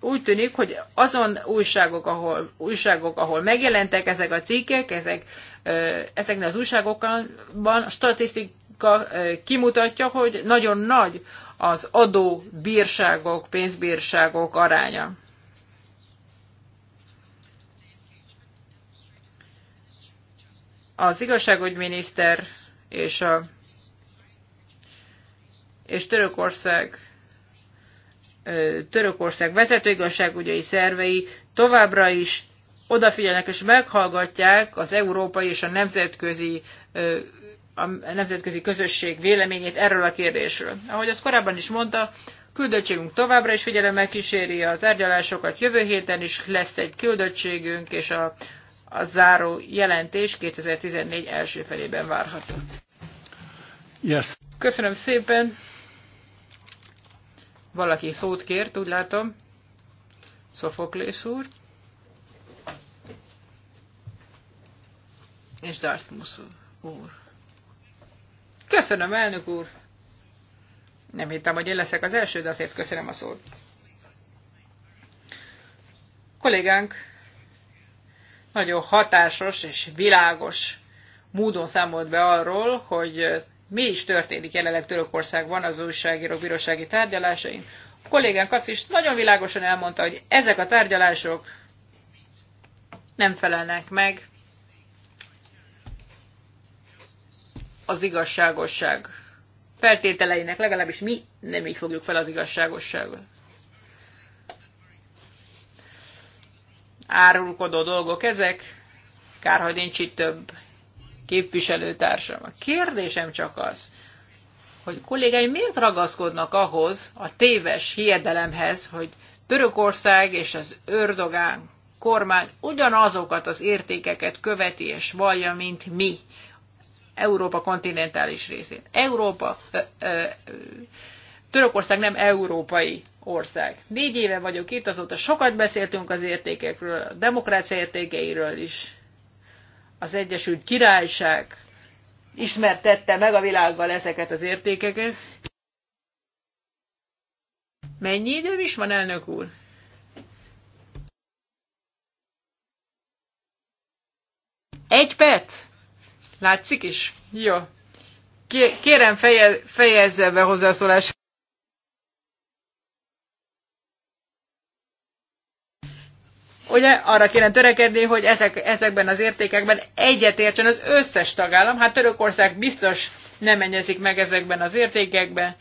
úgy tűnik, hogy azon újságok, ahol, újságok, ahol megjelentek ezek a cikkek, ezek, ezeknek az újságokban a statisztik, statisztika eh, kimutatja, hogy nagyon nagy az adó-bírságok, bírságok, pénzbírságok aránya. Az igazságügyminiszter és, a, és Törökország eh, Törökország vezető igazságügyi szervei továbbra is odafigyelnek és meghallgatják az európai és a nemzetközi eh, a nemzetközi közösség véleményét erről a kérdésről. Ahogy azt korábban is mondta, küldöttségünk továbbra is figyelemmel kíséri a tárgyalásokat. Jövő héten is lesz egy küldöttségünk, és a, a záró jelentés 2014 első felében várható. Yes. Köszönöm szépen. Valaki szót kért, úgy látom. Szofoklész úr. És Dartmus úr. Köszönöm, elnök úr! Nem hittem, hogy én leszek az első, de azért köszönöm a szót. Kollégánk nagyon hatásos és világos módon számolt be arról, hogy mi is történik jelenleg Törökországban az újságírók bírósági tárgyalásain. A kollégánk azt is nagyon világosan elmondta, hogy ezek a tárgyalások nem felelnek meg az igazságosság feltételeinek, legalábbis mi nem így fogjuk fel az igazságosságot. Árulkodó dolgok ezek, kár, hogy nincs itt több képviselőtársam. A kérdésem csak az, hogy kollégáim miért ragaszkodnak ahhoz a téves hiedelemhez, hogy Törökország és az Ördogán kormány ugyanazokat az értékeket követi és vallja, mint mi. Európa kontinentális részén. Európa, ö, ö, Törökország nem európai ország. Négy éve vagyok itt, azóta sokat beszéltünk az értékekről, a demokrácia értékeiről is. Az Egyesült Királyság ismertette meg a világgal ezeket az értékeket. Mennyi időm is van, elnök úr? Egy perc? Látszik is? Jó. Kérem, feje, fejezze be hozzászólás. Ugye arra kéne törekedni, hogy ezek, ezekben az értékekben egyetértsen az összes tagállam. Hát Törökország biztos nem menyezik meg ezekben az értékekben.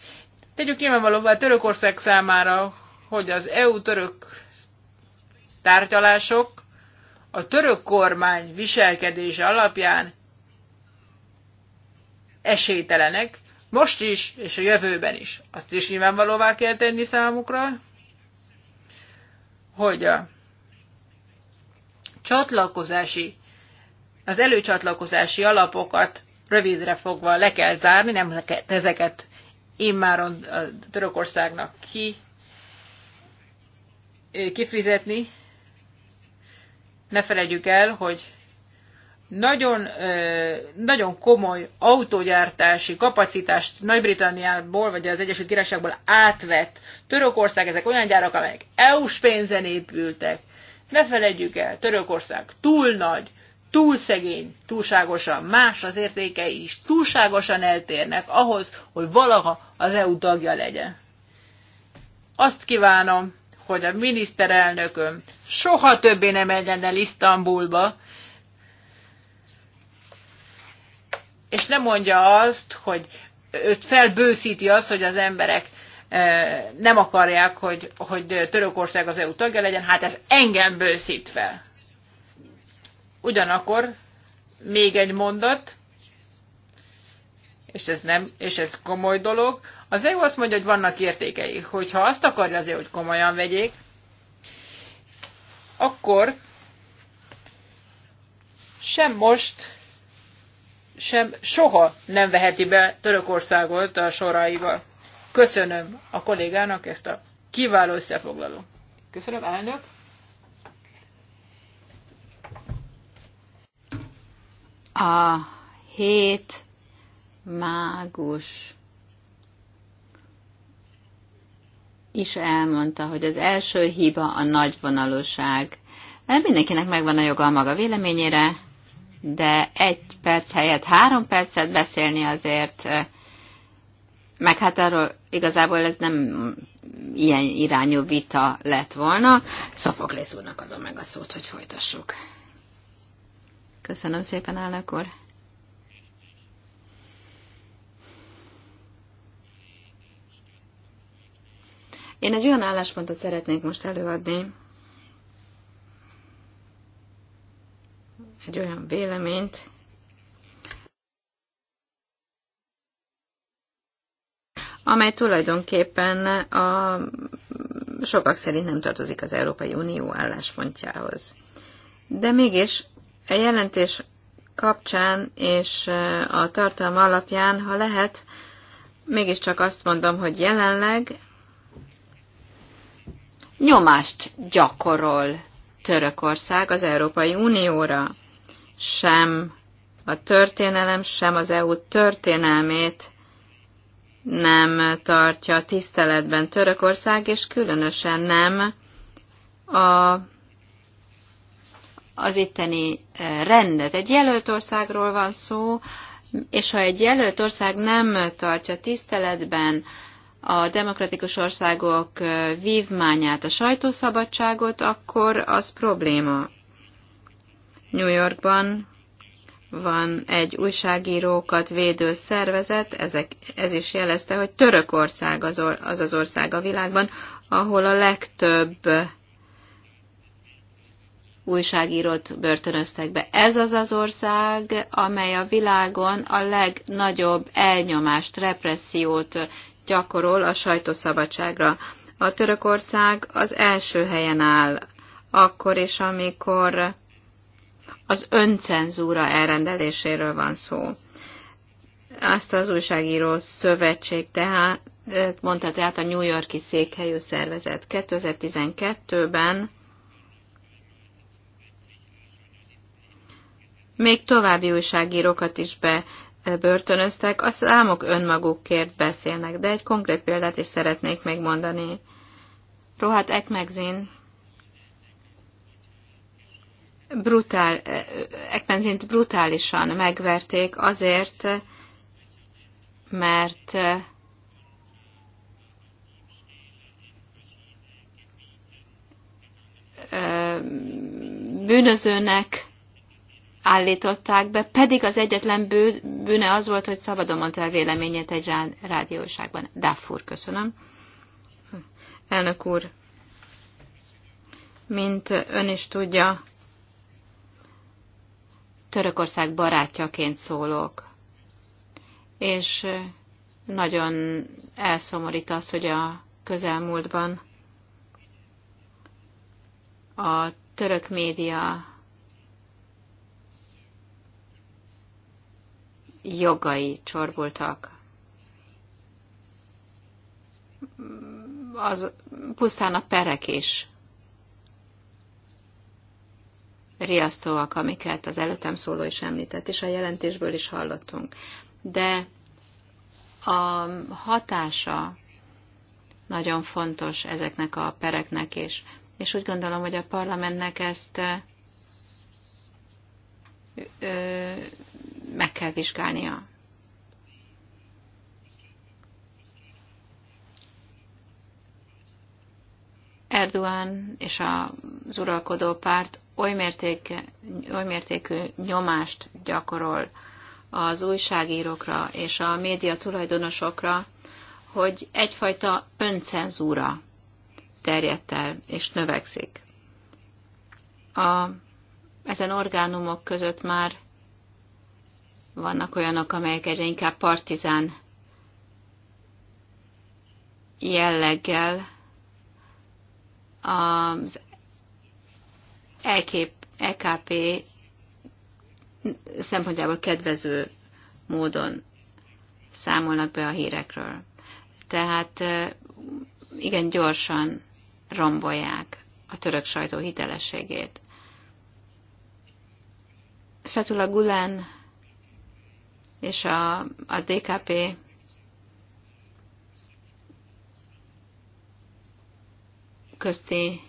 Tegyük a Törökország számára, hogy az EU-török tárgyalások a török kormány viselkedése alapján esélytelenek, most is, és a jövőben is. Azt is nyilvánvalóvá kell tenni számukra, hogy a csatlakozási, az előcsatlakozási alapokat rövidre fogva le kell zárni, nem lehet ezeket immáron a Törökországnak ki, eh, kifizetni. Ne felejtjük el, hogy nagyon, nagyon komoly autógyártási kapacitást Nagy-Britanniából vagy az Egyesült Királyságból átvett Törökország, ezek olyan gyárak, amelyek EU-s pénzen épültek. Ne felejtjük el, Törökország túl nagy, túl szegény, túlságosan más az értékei is, túlságosan eltérnek ahhoz, hogy valaha az EU tagja legyen. Azt kívánom, hogy a miniszterelnököm soha többé nem menjen el Isztambulba, és nem mondja azt, hogy őt felbőszíti azt, hogy az emberek nem akarják, hogy, hogy Törökország az EU tagja legyen, hát ez engem bőszít fel. Ugyanakkor még egy mondat, és ez, nem, és ez komoly dolog, az EU azt mondja, hogy vannak értékei. Hogyha azt akarja az EU, hogy komolyan vegyék, akkor sem most, sem soha nem veheti be Törökországot a soraiba. Köszönöm a kollégának ezt a kiváló összefoglaló. Köszönöm, elnök! A hét mágus is elmondta, hogy az első hiba a nagyvonalúság. Mindenkinek megvan a joga a maga véleményére, de egy perc helyett három percet beszélni azért, meg hát arról igazából ez nem ilyen irányú vita lett volna. Szofoklész úrnak adom meg a szót, hogy folytassuk. Köszönöm szépen, állnak úr. Én egy olyan álláspontot szeretnék most előadni, egy olyan véleményt, amely tulajdonképpen a sokak szerint nem tartozik az Európai Unió álláspontjához. De mégis a jelentés kapcsán és a tartalma alapján, ha lehet, mégiscsak azt mondom, hogy jelenleg nyomást gyakorol Törökország az Európai Unióra sem a történelem, sem az EU történelmét nem tartja tiszteletben Törökország, és különösen nem a, az itteni eh, rendet. Egy jelölt országról van szó, és ha egy jelölt ország nem tartja tiszteletben a demokratikus országok eh, vívmányát, a sajtószabadságot, akkor az probléma. New Yorkban van egy újságírókat védő szervezet, ezek, ez is jelezte, hogy Törökország az, or, az az ország a világban, ahol a legtöbb újságírót börtönöztek be. Ez az az ország, amely a világon a legnagyobb elnyomást, repressziót gyakorol a sajtószabadságra. A Törökország az első helyen áll, akkor és amikor az öncenzúra elrendeléséről van szó. Azt az újságíró szövetség tehát eh, mondta tehát a New Yorki székhelyű szervezet. 2012-ben még további újságírókat is bebörtönöztek, eh, a számok önmagukért beszélnek, de egy konkrét példát is szeretnék megmondani. Rohat Ekmegzin brutál, Ekpenzint brutálisan megverték azért, mert bűnözőnek állították be, pedig az egyetlen bűne az volt, hogy szabadon mondta a véleményét egy rádióságban. Dáfur, köszönöm. Elnök úr, mint ön is tudja, Törökország barátjaként szólok. És nagyon elszomorít az, hogy a közelmúltban a török média jogai csorbultak. Az pusztán a perek is riasztóak, amiket az előttem szóló is említett, és a jelentésből is hallottunk. De a hatása nagyon fontos ezeknek a pereknek is. És úgy gondolom, hogy a parlamentnek ezt ö, meg kell vizsgálnia. Erdogan és az uralkodó párt oly, mérték, oly mértékű nyomást gyakorol az újságírókra és a média tulajdonosokra, hogy egyfajta öncenzúra terjedt el és növekszik. A, ezen orgánumok között már vannak olyanok, amelyek egyre inkább partizán jelleggel az elkép, EKP szempontjából kedvező módon számolnak be a hírekről. Tehát igen gyorsan rombolják a török sajtó hitelességét. Fetula Gulen és a, a DKP közti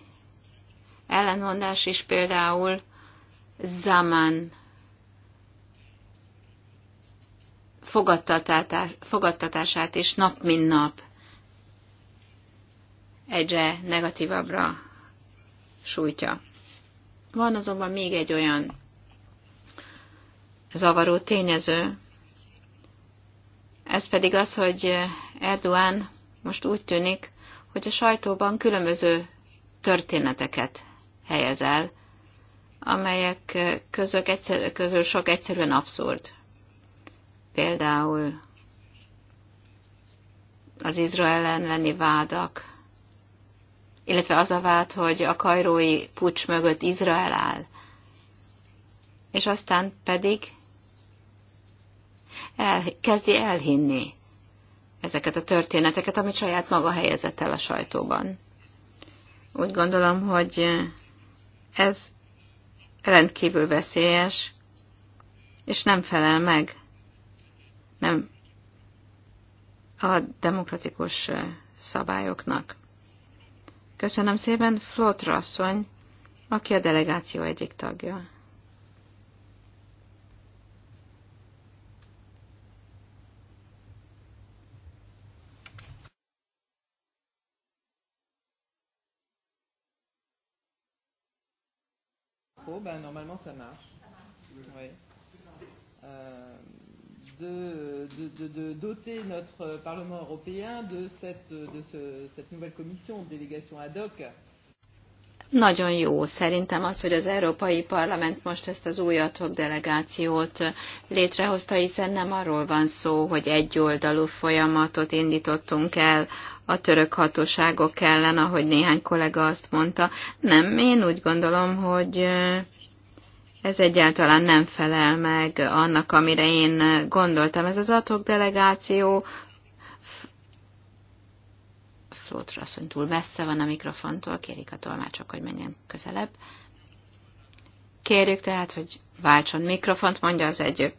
ellenmondás is például Zaman fogadtatását is nap mint nap egyre negatívabbra sújtja. Van azonban még egy olyan zavaró tényező, ez pedig az, hogy Erdogan most úgy tűnik, hogy a sajtóban különböző történeteket helyez el, amelyek közök egyszer, közül sok egyszerűen abszurd. Például az Izrael elleni vádak, illetve az a vád, hogy a kajrói pucs mögött Izrael áll, és aztán pedig el, kezdi elhinni ezeket a történeteket, amit saját maga helyezett el a sajtóban. Úgy gondolom, hogy ez rendkívül veszélyes, és nem felel meg nem a demokratikus szabályoknak. Köszönöm szépen, Flotra asszony, aki a delegáció egyik tagja. Oh, ben, normalement, ça marche. Ça marche. Oui. Euh, de, de, de, de doter notre Parlement européen de cette, de ce, cette nouvelle commission, de délégation ad hoc. Nagyon jó. Szerintem az, hogy az Európai Parlament most ezt az új atok delegációt létrehozta, hiszen nem arról van szó, hogy egy oldalú folyamatot indítottunk el a török hatóságok ellen, ahogy néhány kollega azt mondta. Nem, én úgy gondolom, hogy ez egyáltalán nem felel meg annak, amire én gondoltam. Ez az atok delegáció Flótra asszony túl messze van a mikrofontól, kérik a tolmácsok, hogy menjen közelebb. Kérjük tehát, hogy váltson mikrofont, mondja az egyik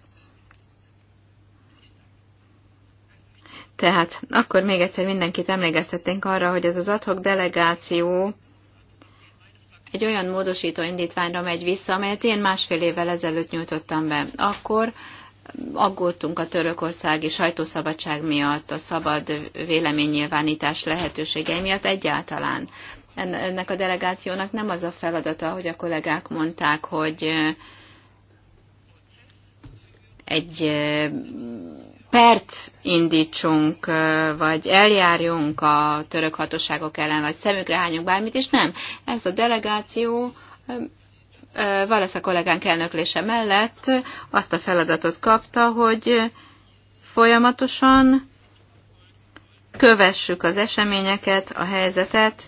Tehát akkor még egyszer mindenkit emlékeztetnénk arra, hogy ez az adhok delegáció egy olyan módosító indítványra megy vissza, amelyet én másfél évvel ezelőtt nyújtottam be. Akkor aggódtunk a törökországi sajtószabadság miatt, a szabad véleménynyilvánítás lehetőségei miatt egyáltalán. Ennek a delegációnak nem az a feladata, hogy a kollégák mondták, hogy egy pert indítsunk, vagy eljárjunk a török hatóságok ellen, vagy szemükre hányunk bármit, és nem. Ez a delegáció Valesz a kollégánk elnöklése mellett azt a feladatot kapta, hogy folyamatosan kövessük az eseményeket, a helyzetet,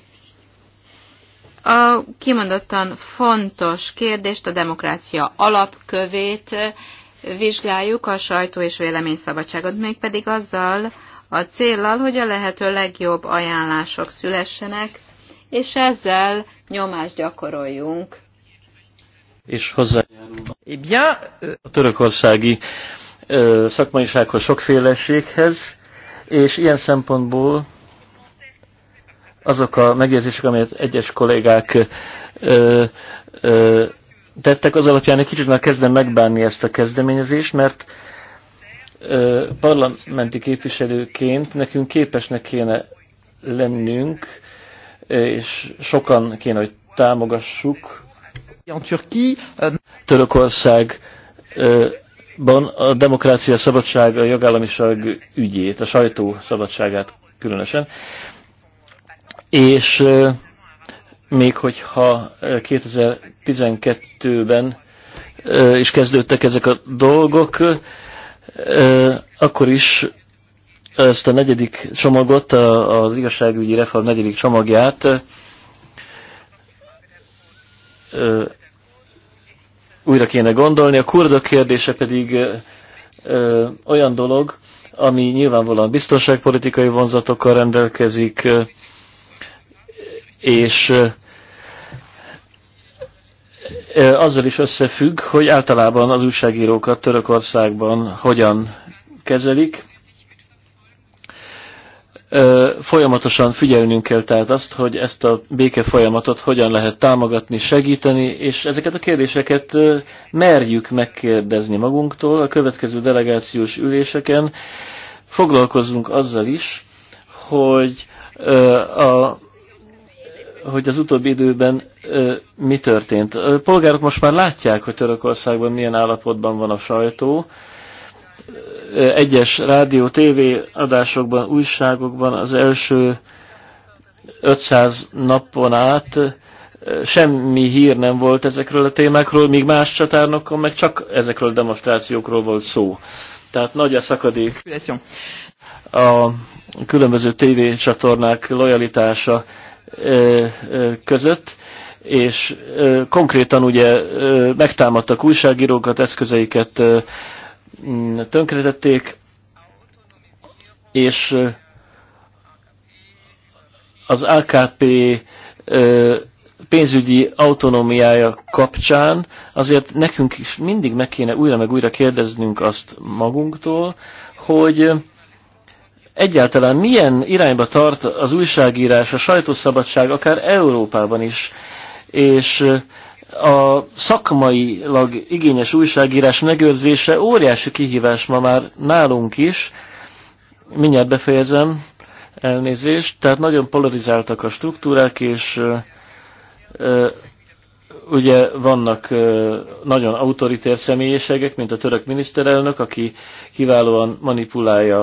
a kimondottan fontos kérdést, a demokrácia alapkövét vizsgáljuk a sajtó és véleményszabadságot, mégpedig azzal a céllal, hogy a lehető legjobb ajánlások szülessenek, és ezzel nyomást gyakoroljunk. És hozzájárulnak eh euh, a törökországi szakmaisághoz, sokféleséghez, és ilyen szempontból azok a megjegyzések, amelyet egyes kollégák ö, ö, tettek, az alapján egy kicsit már kezdem megbánni ezt a kezdeményezést, mert ö, parlamenti képviselőként nekünk képesnek kéne lennünk, és sokan kéne, hogy támogassuk. Euh, Törökországban a demokrácia szabadság, a jogállamiság ügyét, a sajtó szabadságát különösen. És még hogyha 2012-ben is kezdődtek ezek a dolgok, akkor is ezt a negyedik csomagot, az igazságügyi reform negyedik csomagját újra kéne gondolni. A kurdok kérdése pedig olyan dolog, ami nyilvánvalóan biztonságpolitikai vonzatokkal rendelkezik, és azzal is összefügg, hogy általában az újságírókat Törökországban hogyan kezelik. Folyamatosan figyelnünk kell tehát azt, hogy ezt a béke folyamatot hogyan lehet támogatni, segíteni, és ezeket a kérdéseket merjük megkérdezni magunktól a következő delegációs üléseken. Foglalkozzunk azzal is, hogy a hogy az utóbbi időben ö, mi történt. A polgárok most már látják, hogy Törökországban milyen állapotban van a sajtó. Egyes rádió, tévé adásokban, újságokban az első 500 napon át semmi hír nem volt ezekről a témákról, míg más csatárnokon meg csak ezekről a demonstrációkról volt szó. Tehát nagy a szakadék. A különböző tévécsatornák lojalitása között, és konkrétan ugye megtámadtak újságírókat, eszközeiket tönkretették, és az AKP pénzügyi autonómiája kapcsán azért nekünk is mindig meg kéne újra meg újra kérdeznünk azt magunktól, hogy egyáltalán milyen irányba tart az újságírás, a sajtószabadság, akár Európában is, és a szakmailag igényes újságírás megőrzése óriási kihívás ma már nálunk is. Mindjárt befejezem, elnézést. Tehát nagyon polarizáltak a struktúrák, és Ugye vannak nagyon autoritér személyiségek, mint a török miniszterelnök, aki kiválóan manipulálja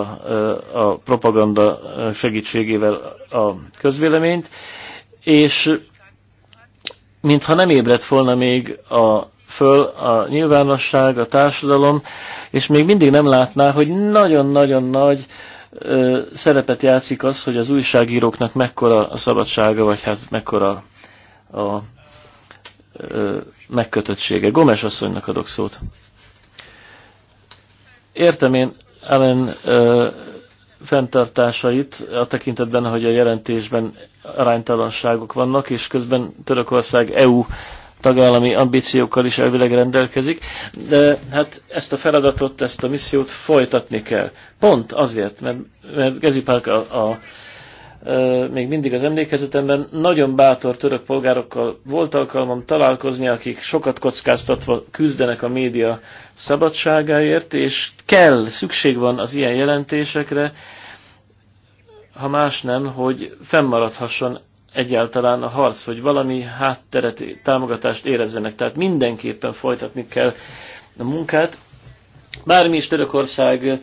a propaganda segítségével a közvéleményt, és mintha nem ébredt volna még a föl a nyilvánosság, a társadalom, és még mindig nem látná, hogy nagyon-nagyon nagy ö, szerepet játszik az, hogy az újságíróknak mekkora a szabadsága, vagy hát mekkora a megkötöttsége. Gomes asszonynak adok szót. Értem én Ellen ö, fenntartásait a tekintetben, hogy a jelentésben aránytalanságok vannak, és közben Törökország EU tagállami ambíciókkal is elvileg rendelkezik, de hát ezt a feladatot, ezt a missziót folytatni kell. Pont azért, mert, mert Gezi Park a, a még mindig az emlékezetemben, nagyon bátor török polgárokkal volt alkalmam találkozni, akik sokat kockáztatva küzdenek a média szabadságáért, és kell, szükség van az ilyen jelentésekre, ha más nem, hogy fennmaradhasson egyáltalán a harc, hogy valami hátteret, támogatást érezzenek. Tehát mindenképpen folytatni kell a munkát. Bármi is Törökország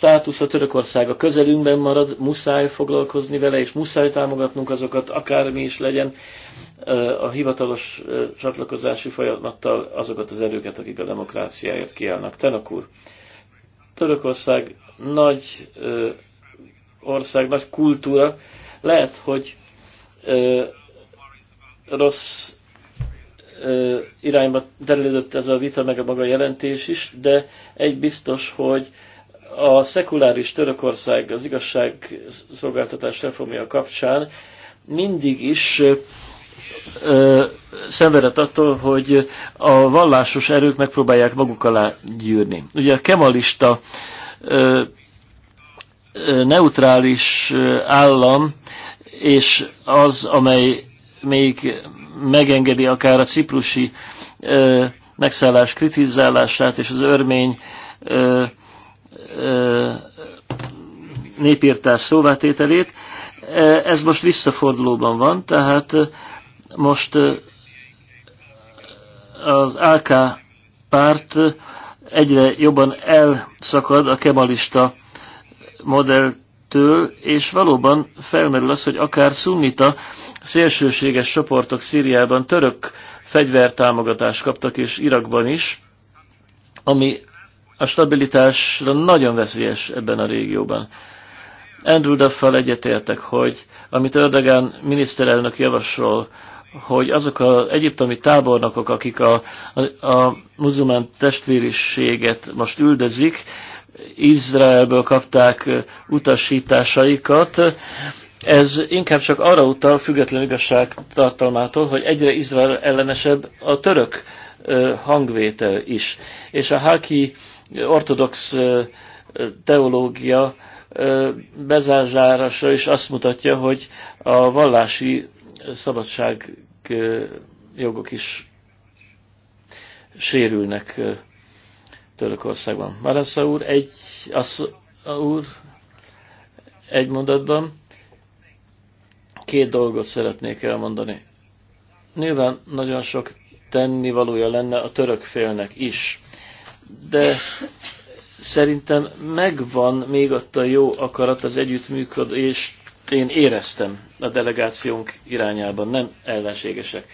a Törökország a közelünkben marad, muszáj foglalkozni vele, és muszáj támogatnunk azokat, akármi is legyen a hivatalos csatlakozási folyamattal azokat az erőket, akik a demokráciáért kiállnak. Tenok úr, Törökország nagy ország, nagy kultúra, lehet, hogy rossz irányba terülődött ez a vita, meg a maga jelentés is, de egy biztos, hogy a szekuláris Törökország az igazságszolgáltatás reformja kapcsán mindig is szenvedett attól, hogy a vallásos erők megpróbálják maguk alá gyűrni. Ugye a kemalista ö, ö, neutrális állam, és az, amely még megengedi akár a ciprusi ö, megszállás kritizálását és az örmény ö, népírtás szóvátételét. Ez most visszafordulóban van, tehát most az AK párt egyre jobban elszakad a kemalista modelltől, és valóban felmerül az, hogy akár szunnita szélsőséges csoportok Szíriában török fegyvertámogatást kaptak, és Irakban is, ami a stabilitásra nagyon veszélyes ebben a régióban. Andrew Duff-fal egyetértek, hogy amit Erdogan miniszterelnök javasol, hogy azok az egyiptomi tábornokok, akik a, a, a muzulmán testvériséget most üldözik, Izraelből kapták utasításaikat. Ez inkább csak arra utal, független igazság tartalmától, hogy egyre Izrael ellenesebb a török hangvétel is. És a Haki ortodox teológia bezárásra is azt mutatja, hogy a vallási szabadság jogok is sérülnek Törökországban. Marassa úr, egy, az, úr, egy mondatban két dolgot szeretnék elmondani. Nyilván nagyon sok tennivalója lenne a török félnek is de szerintem megvan még ott a jó akarat, az együttműködés, én éreztem a delegációnk irányában, nem ellenségesek.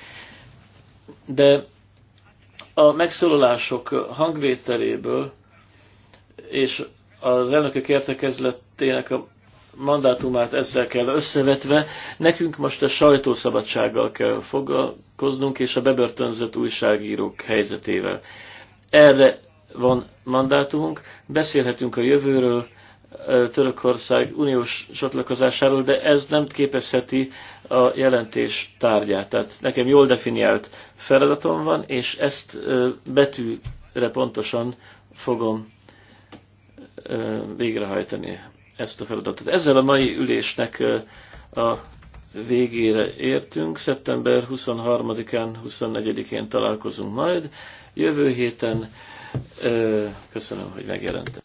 De a megszólalások hangvételéből és az elnökök értekezletének a mandátumát ezzel kell összevetve, nekünk most a sajtószabadsággal kell foglalkoznunk, és a bebörtönzött újságírók helyzetével. Erre van mandátumunk, beszélhetünk a jövőről, Törökország uniós csatlakozásáról, de ez nem képezheti a jelentés tárgyát. Tehát nekem jól definiált feladatom van, és ezt betűre pontosan fogom végrehajtani ezt a feladatot. Ezzel a mai ülésnek a végére értünk. Szeptember 23-án, 24-én találkozunk majd. Jövő héten Köszönöm, hogy megjelentek.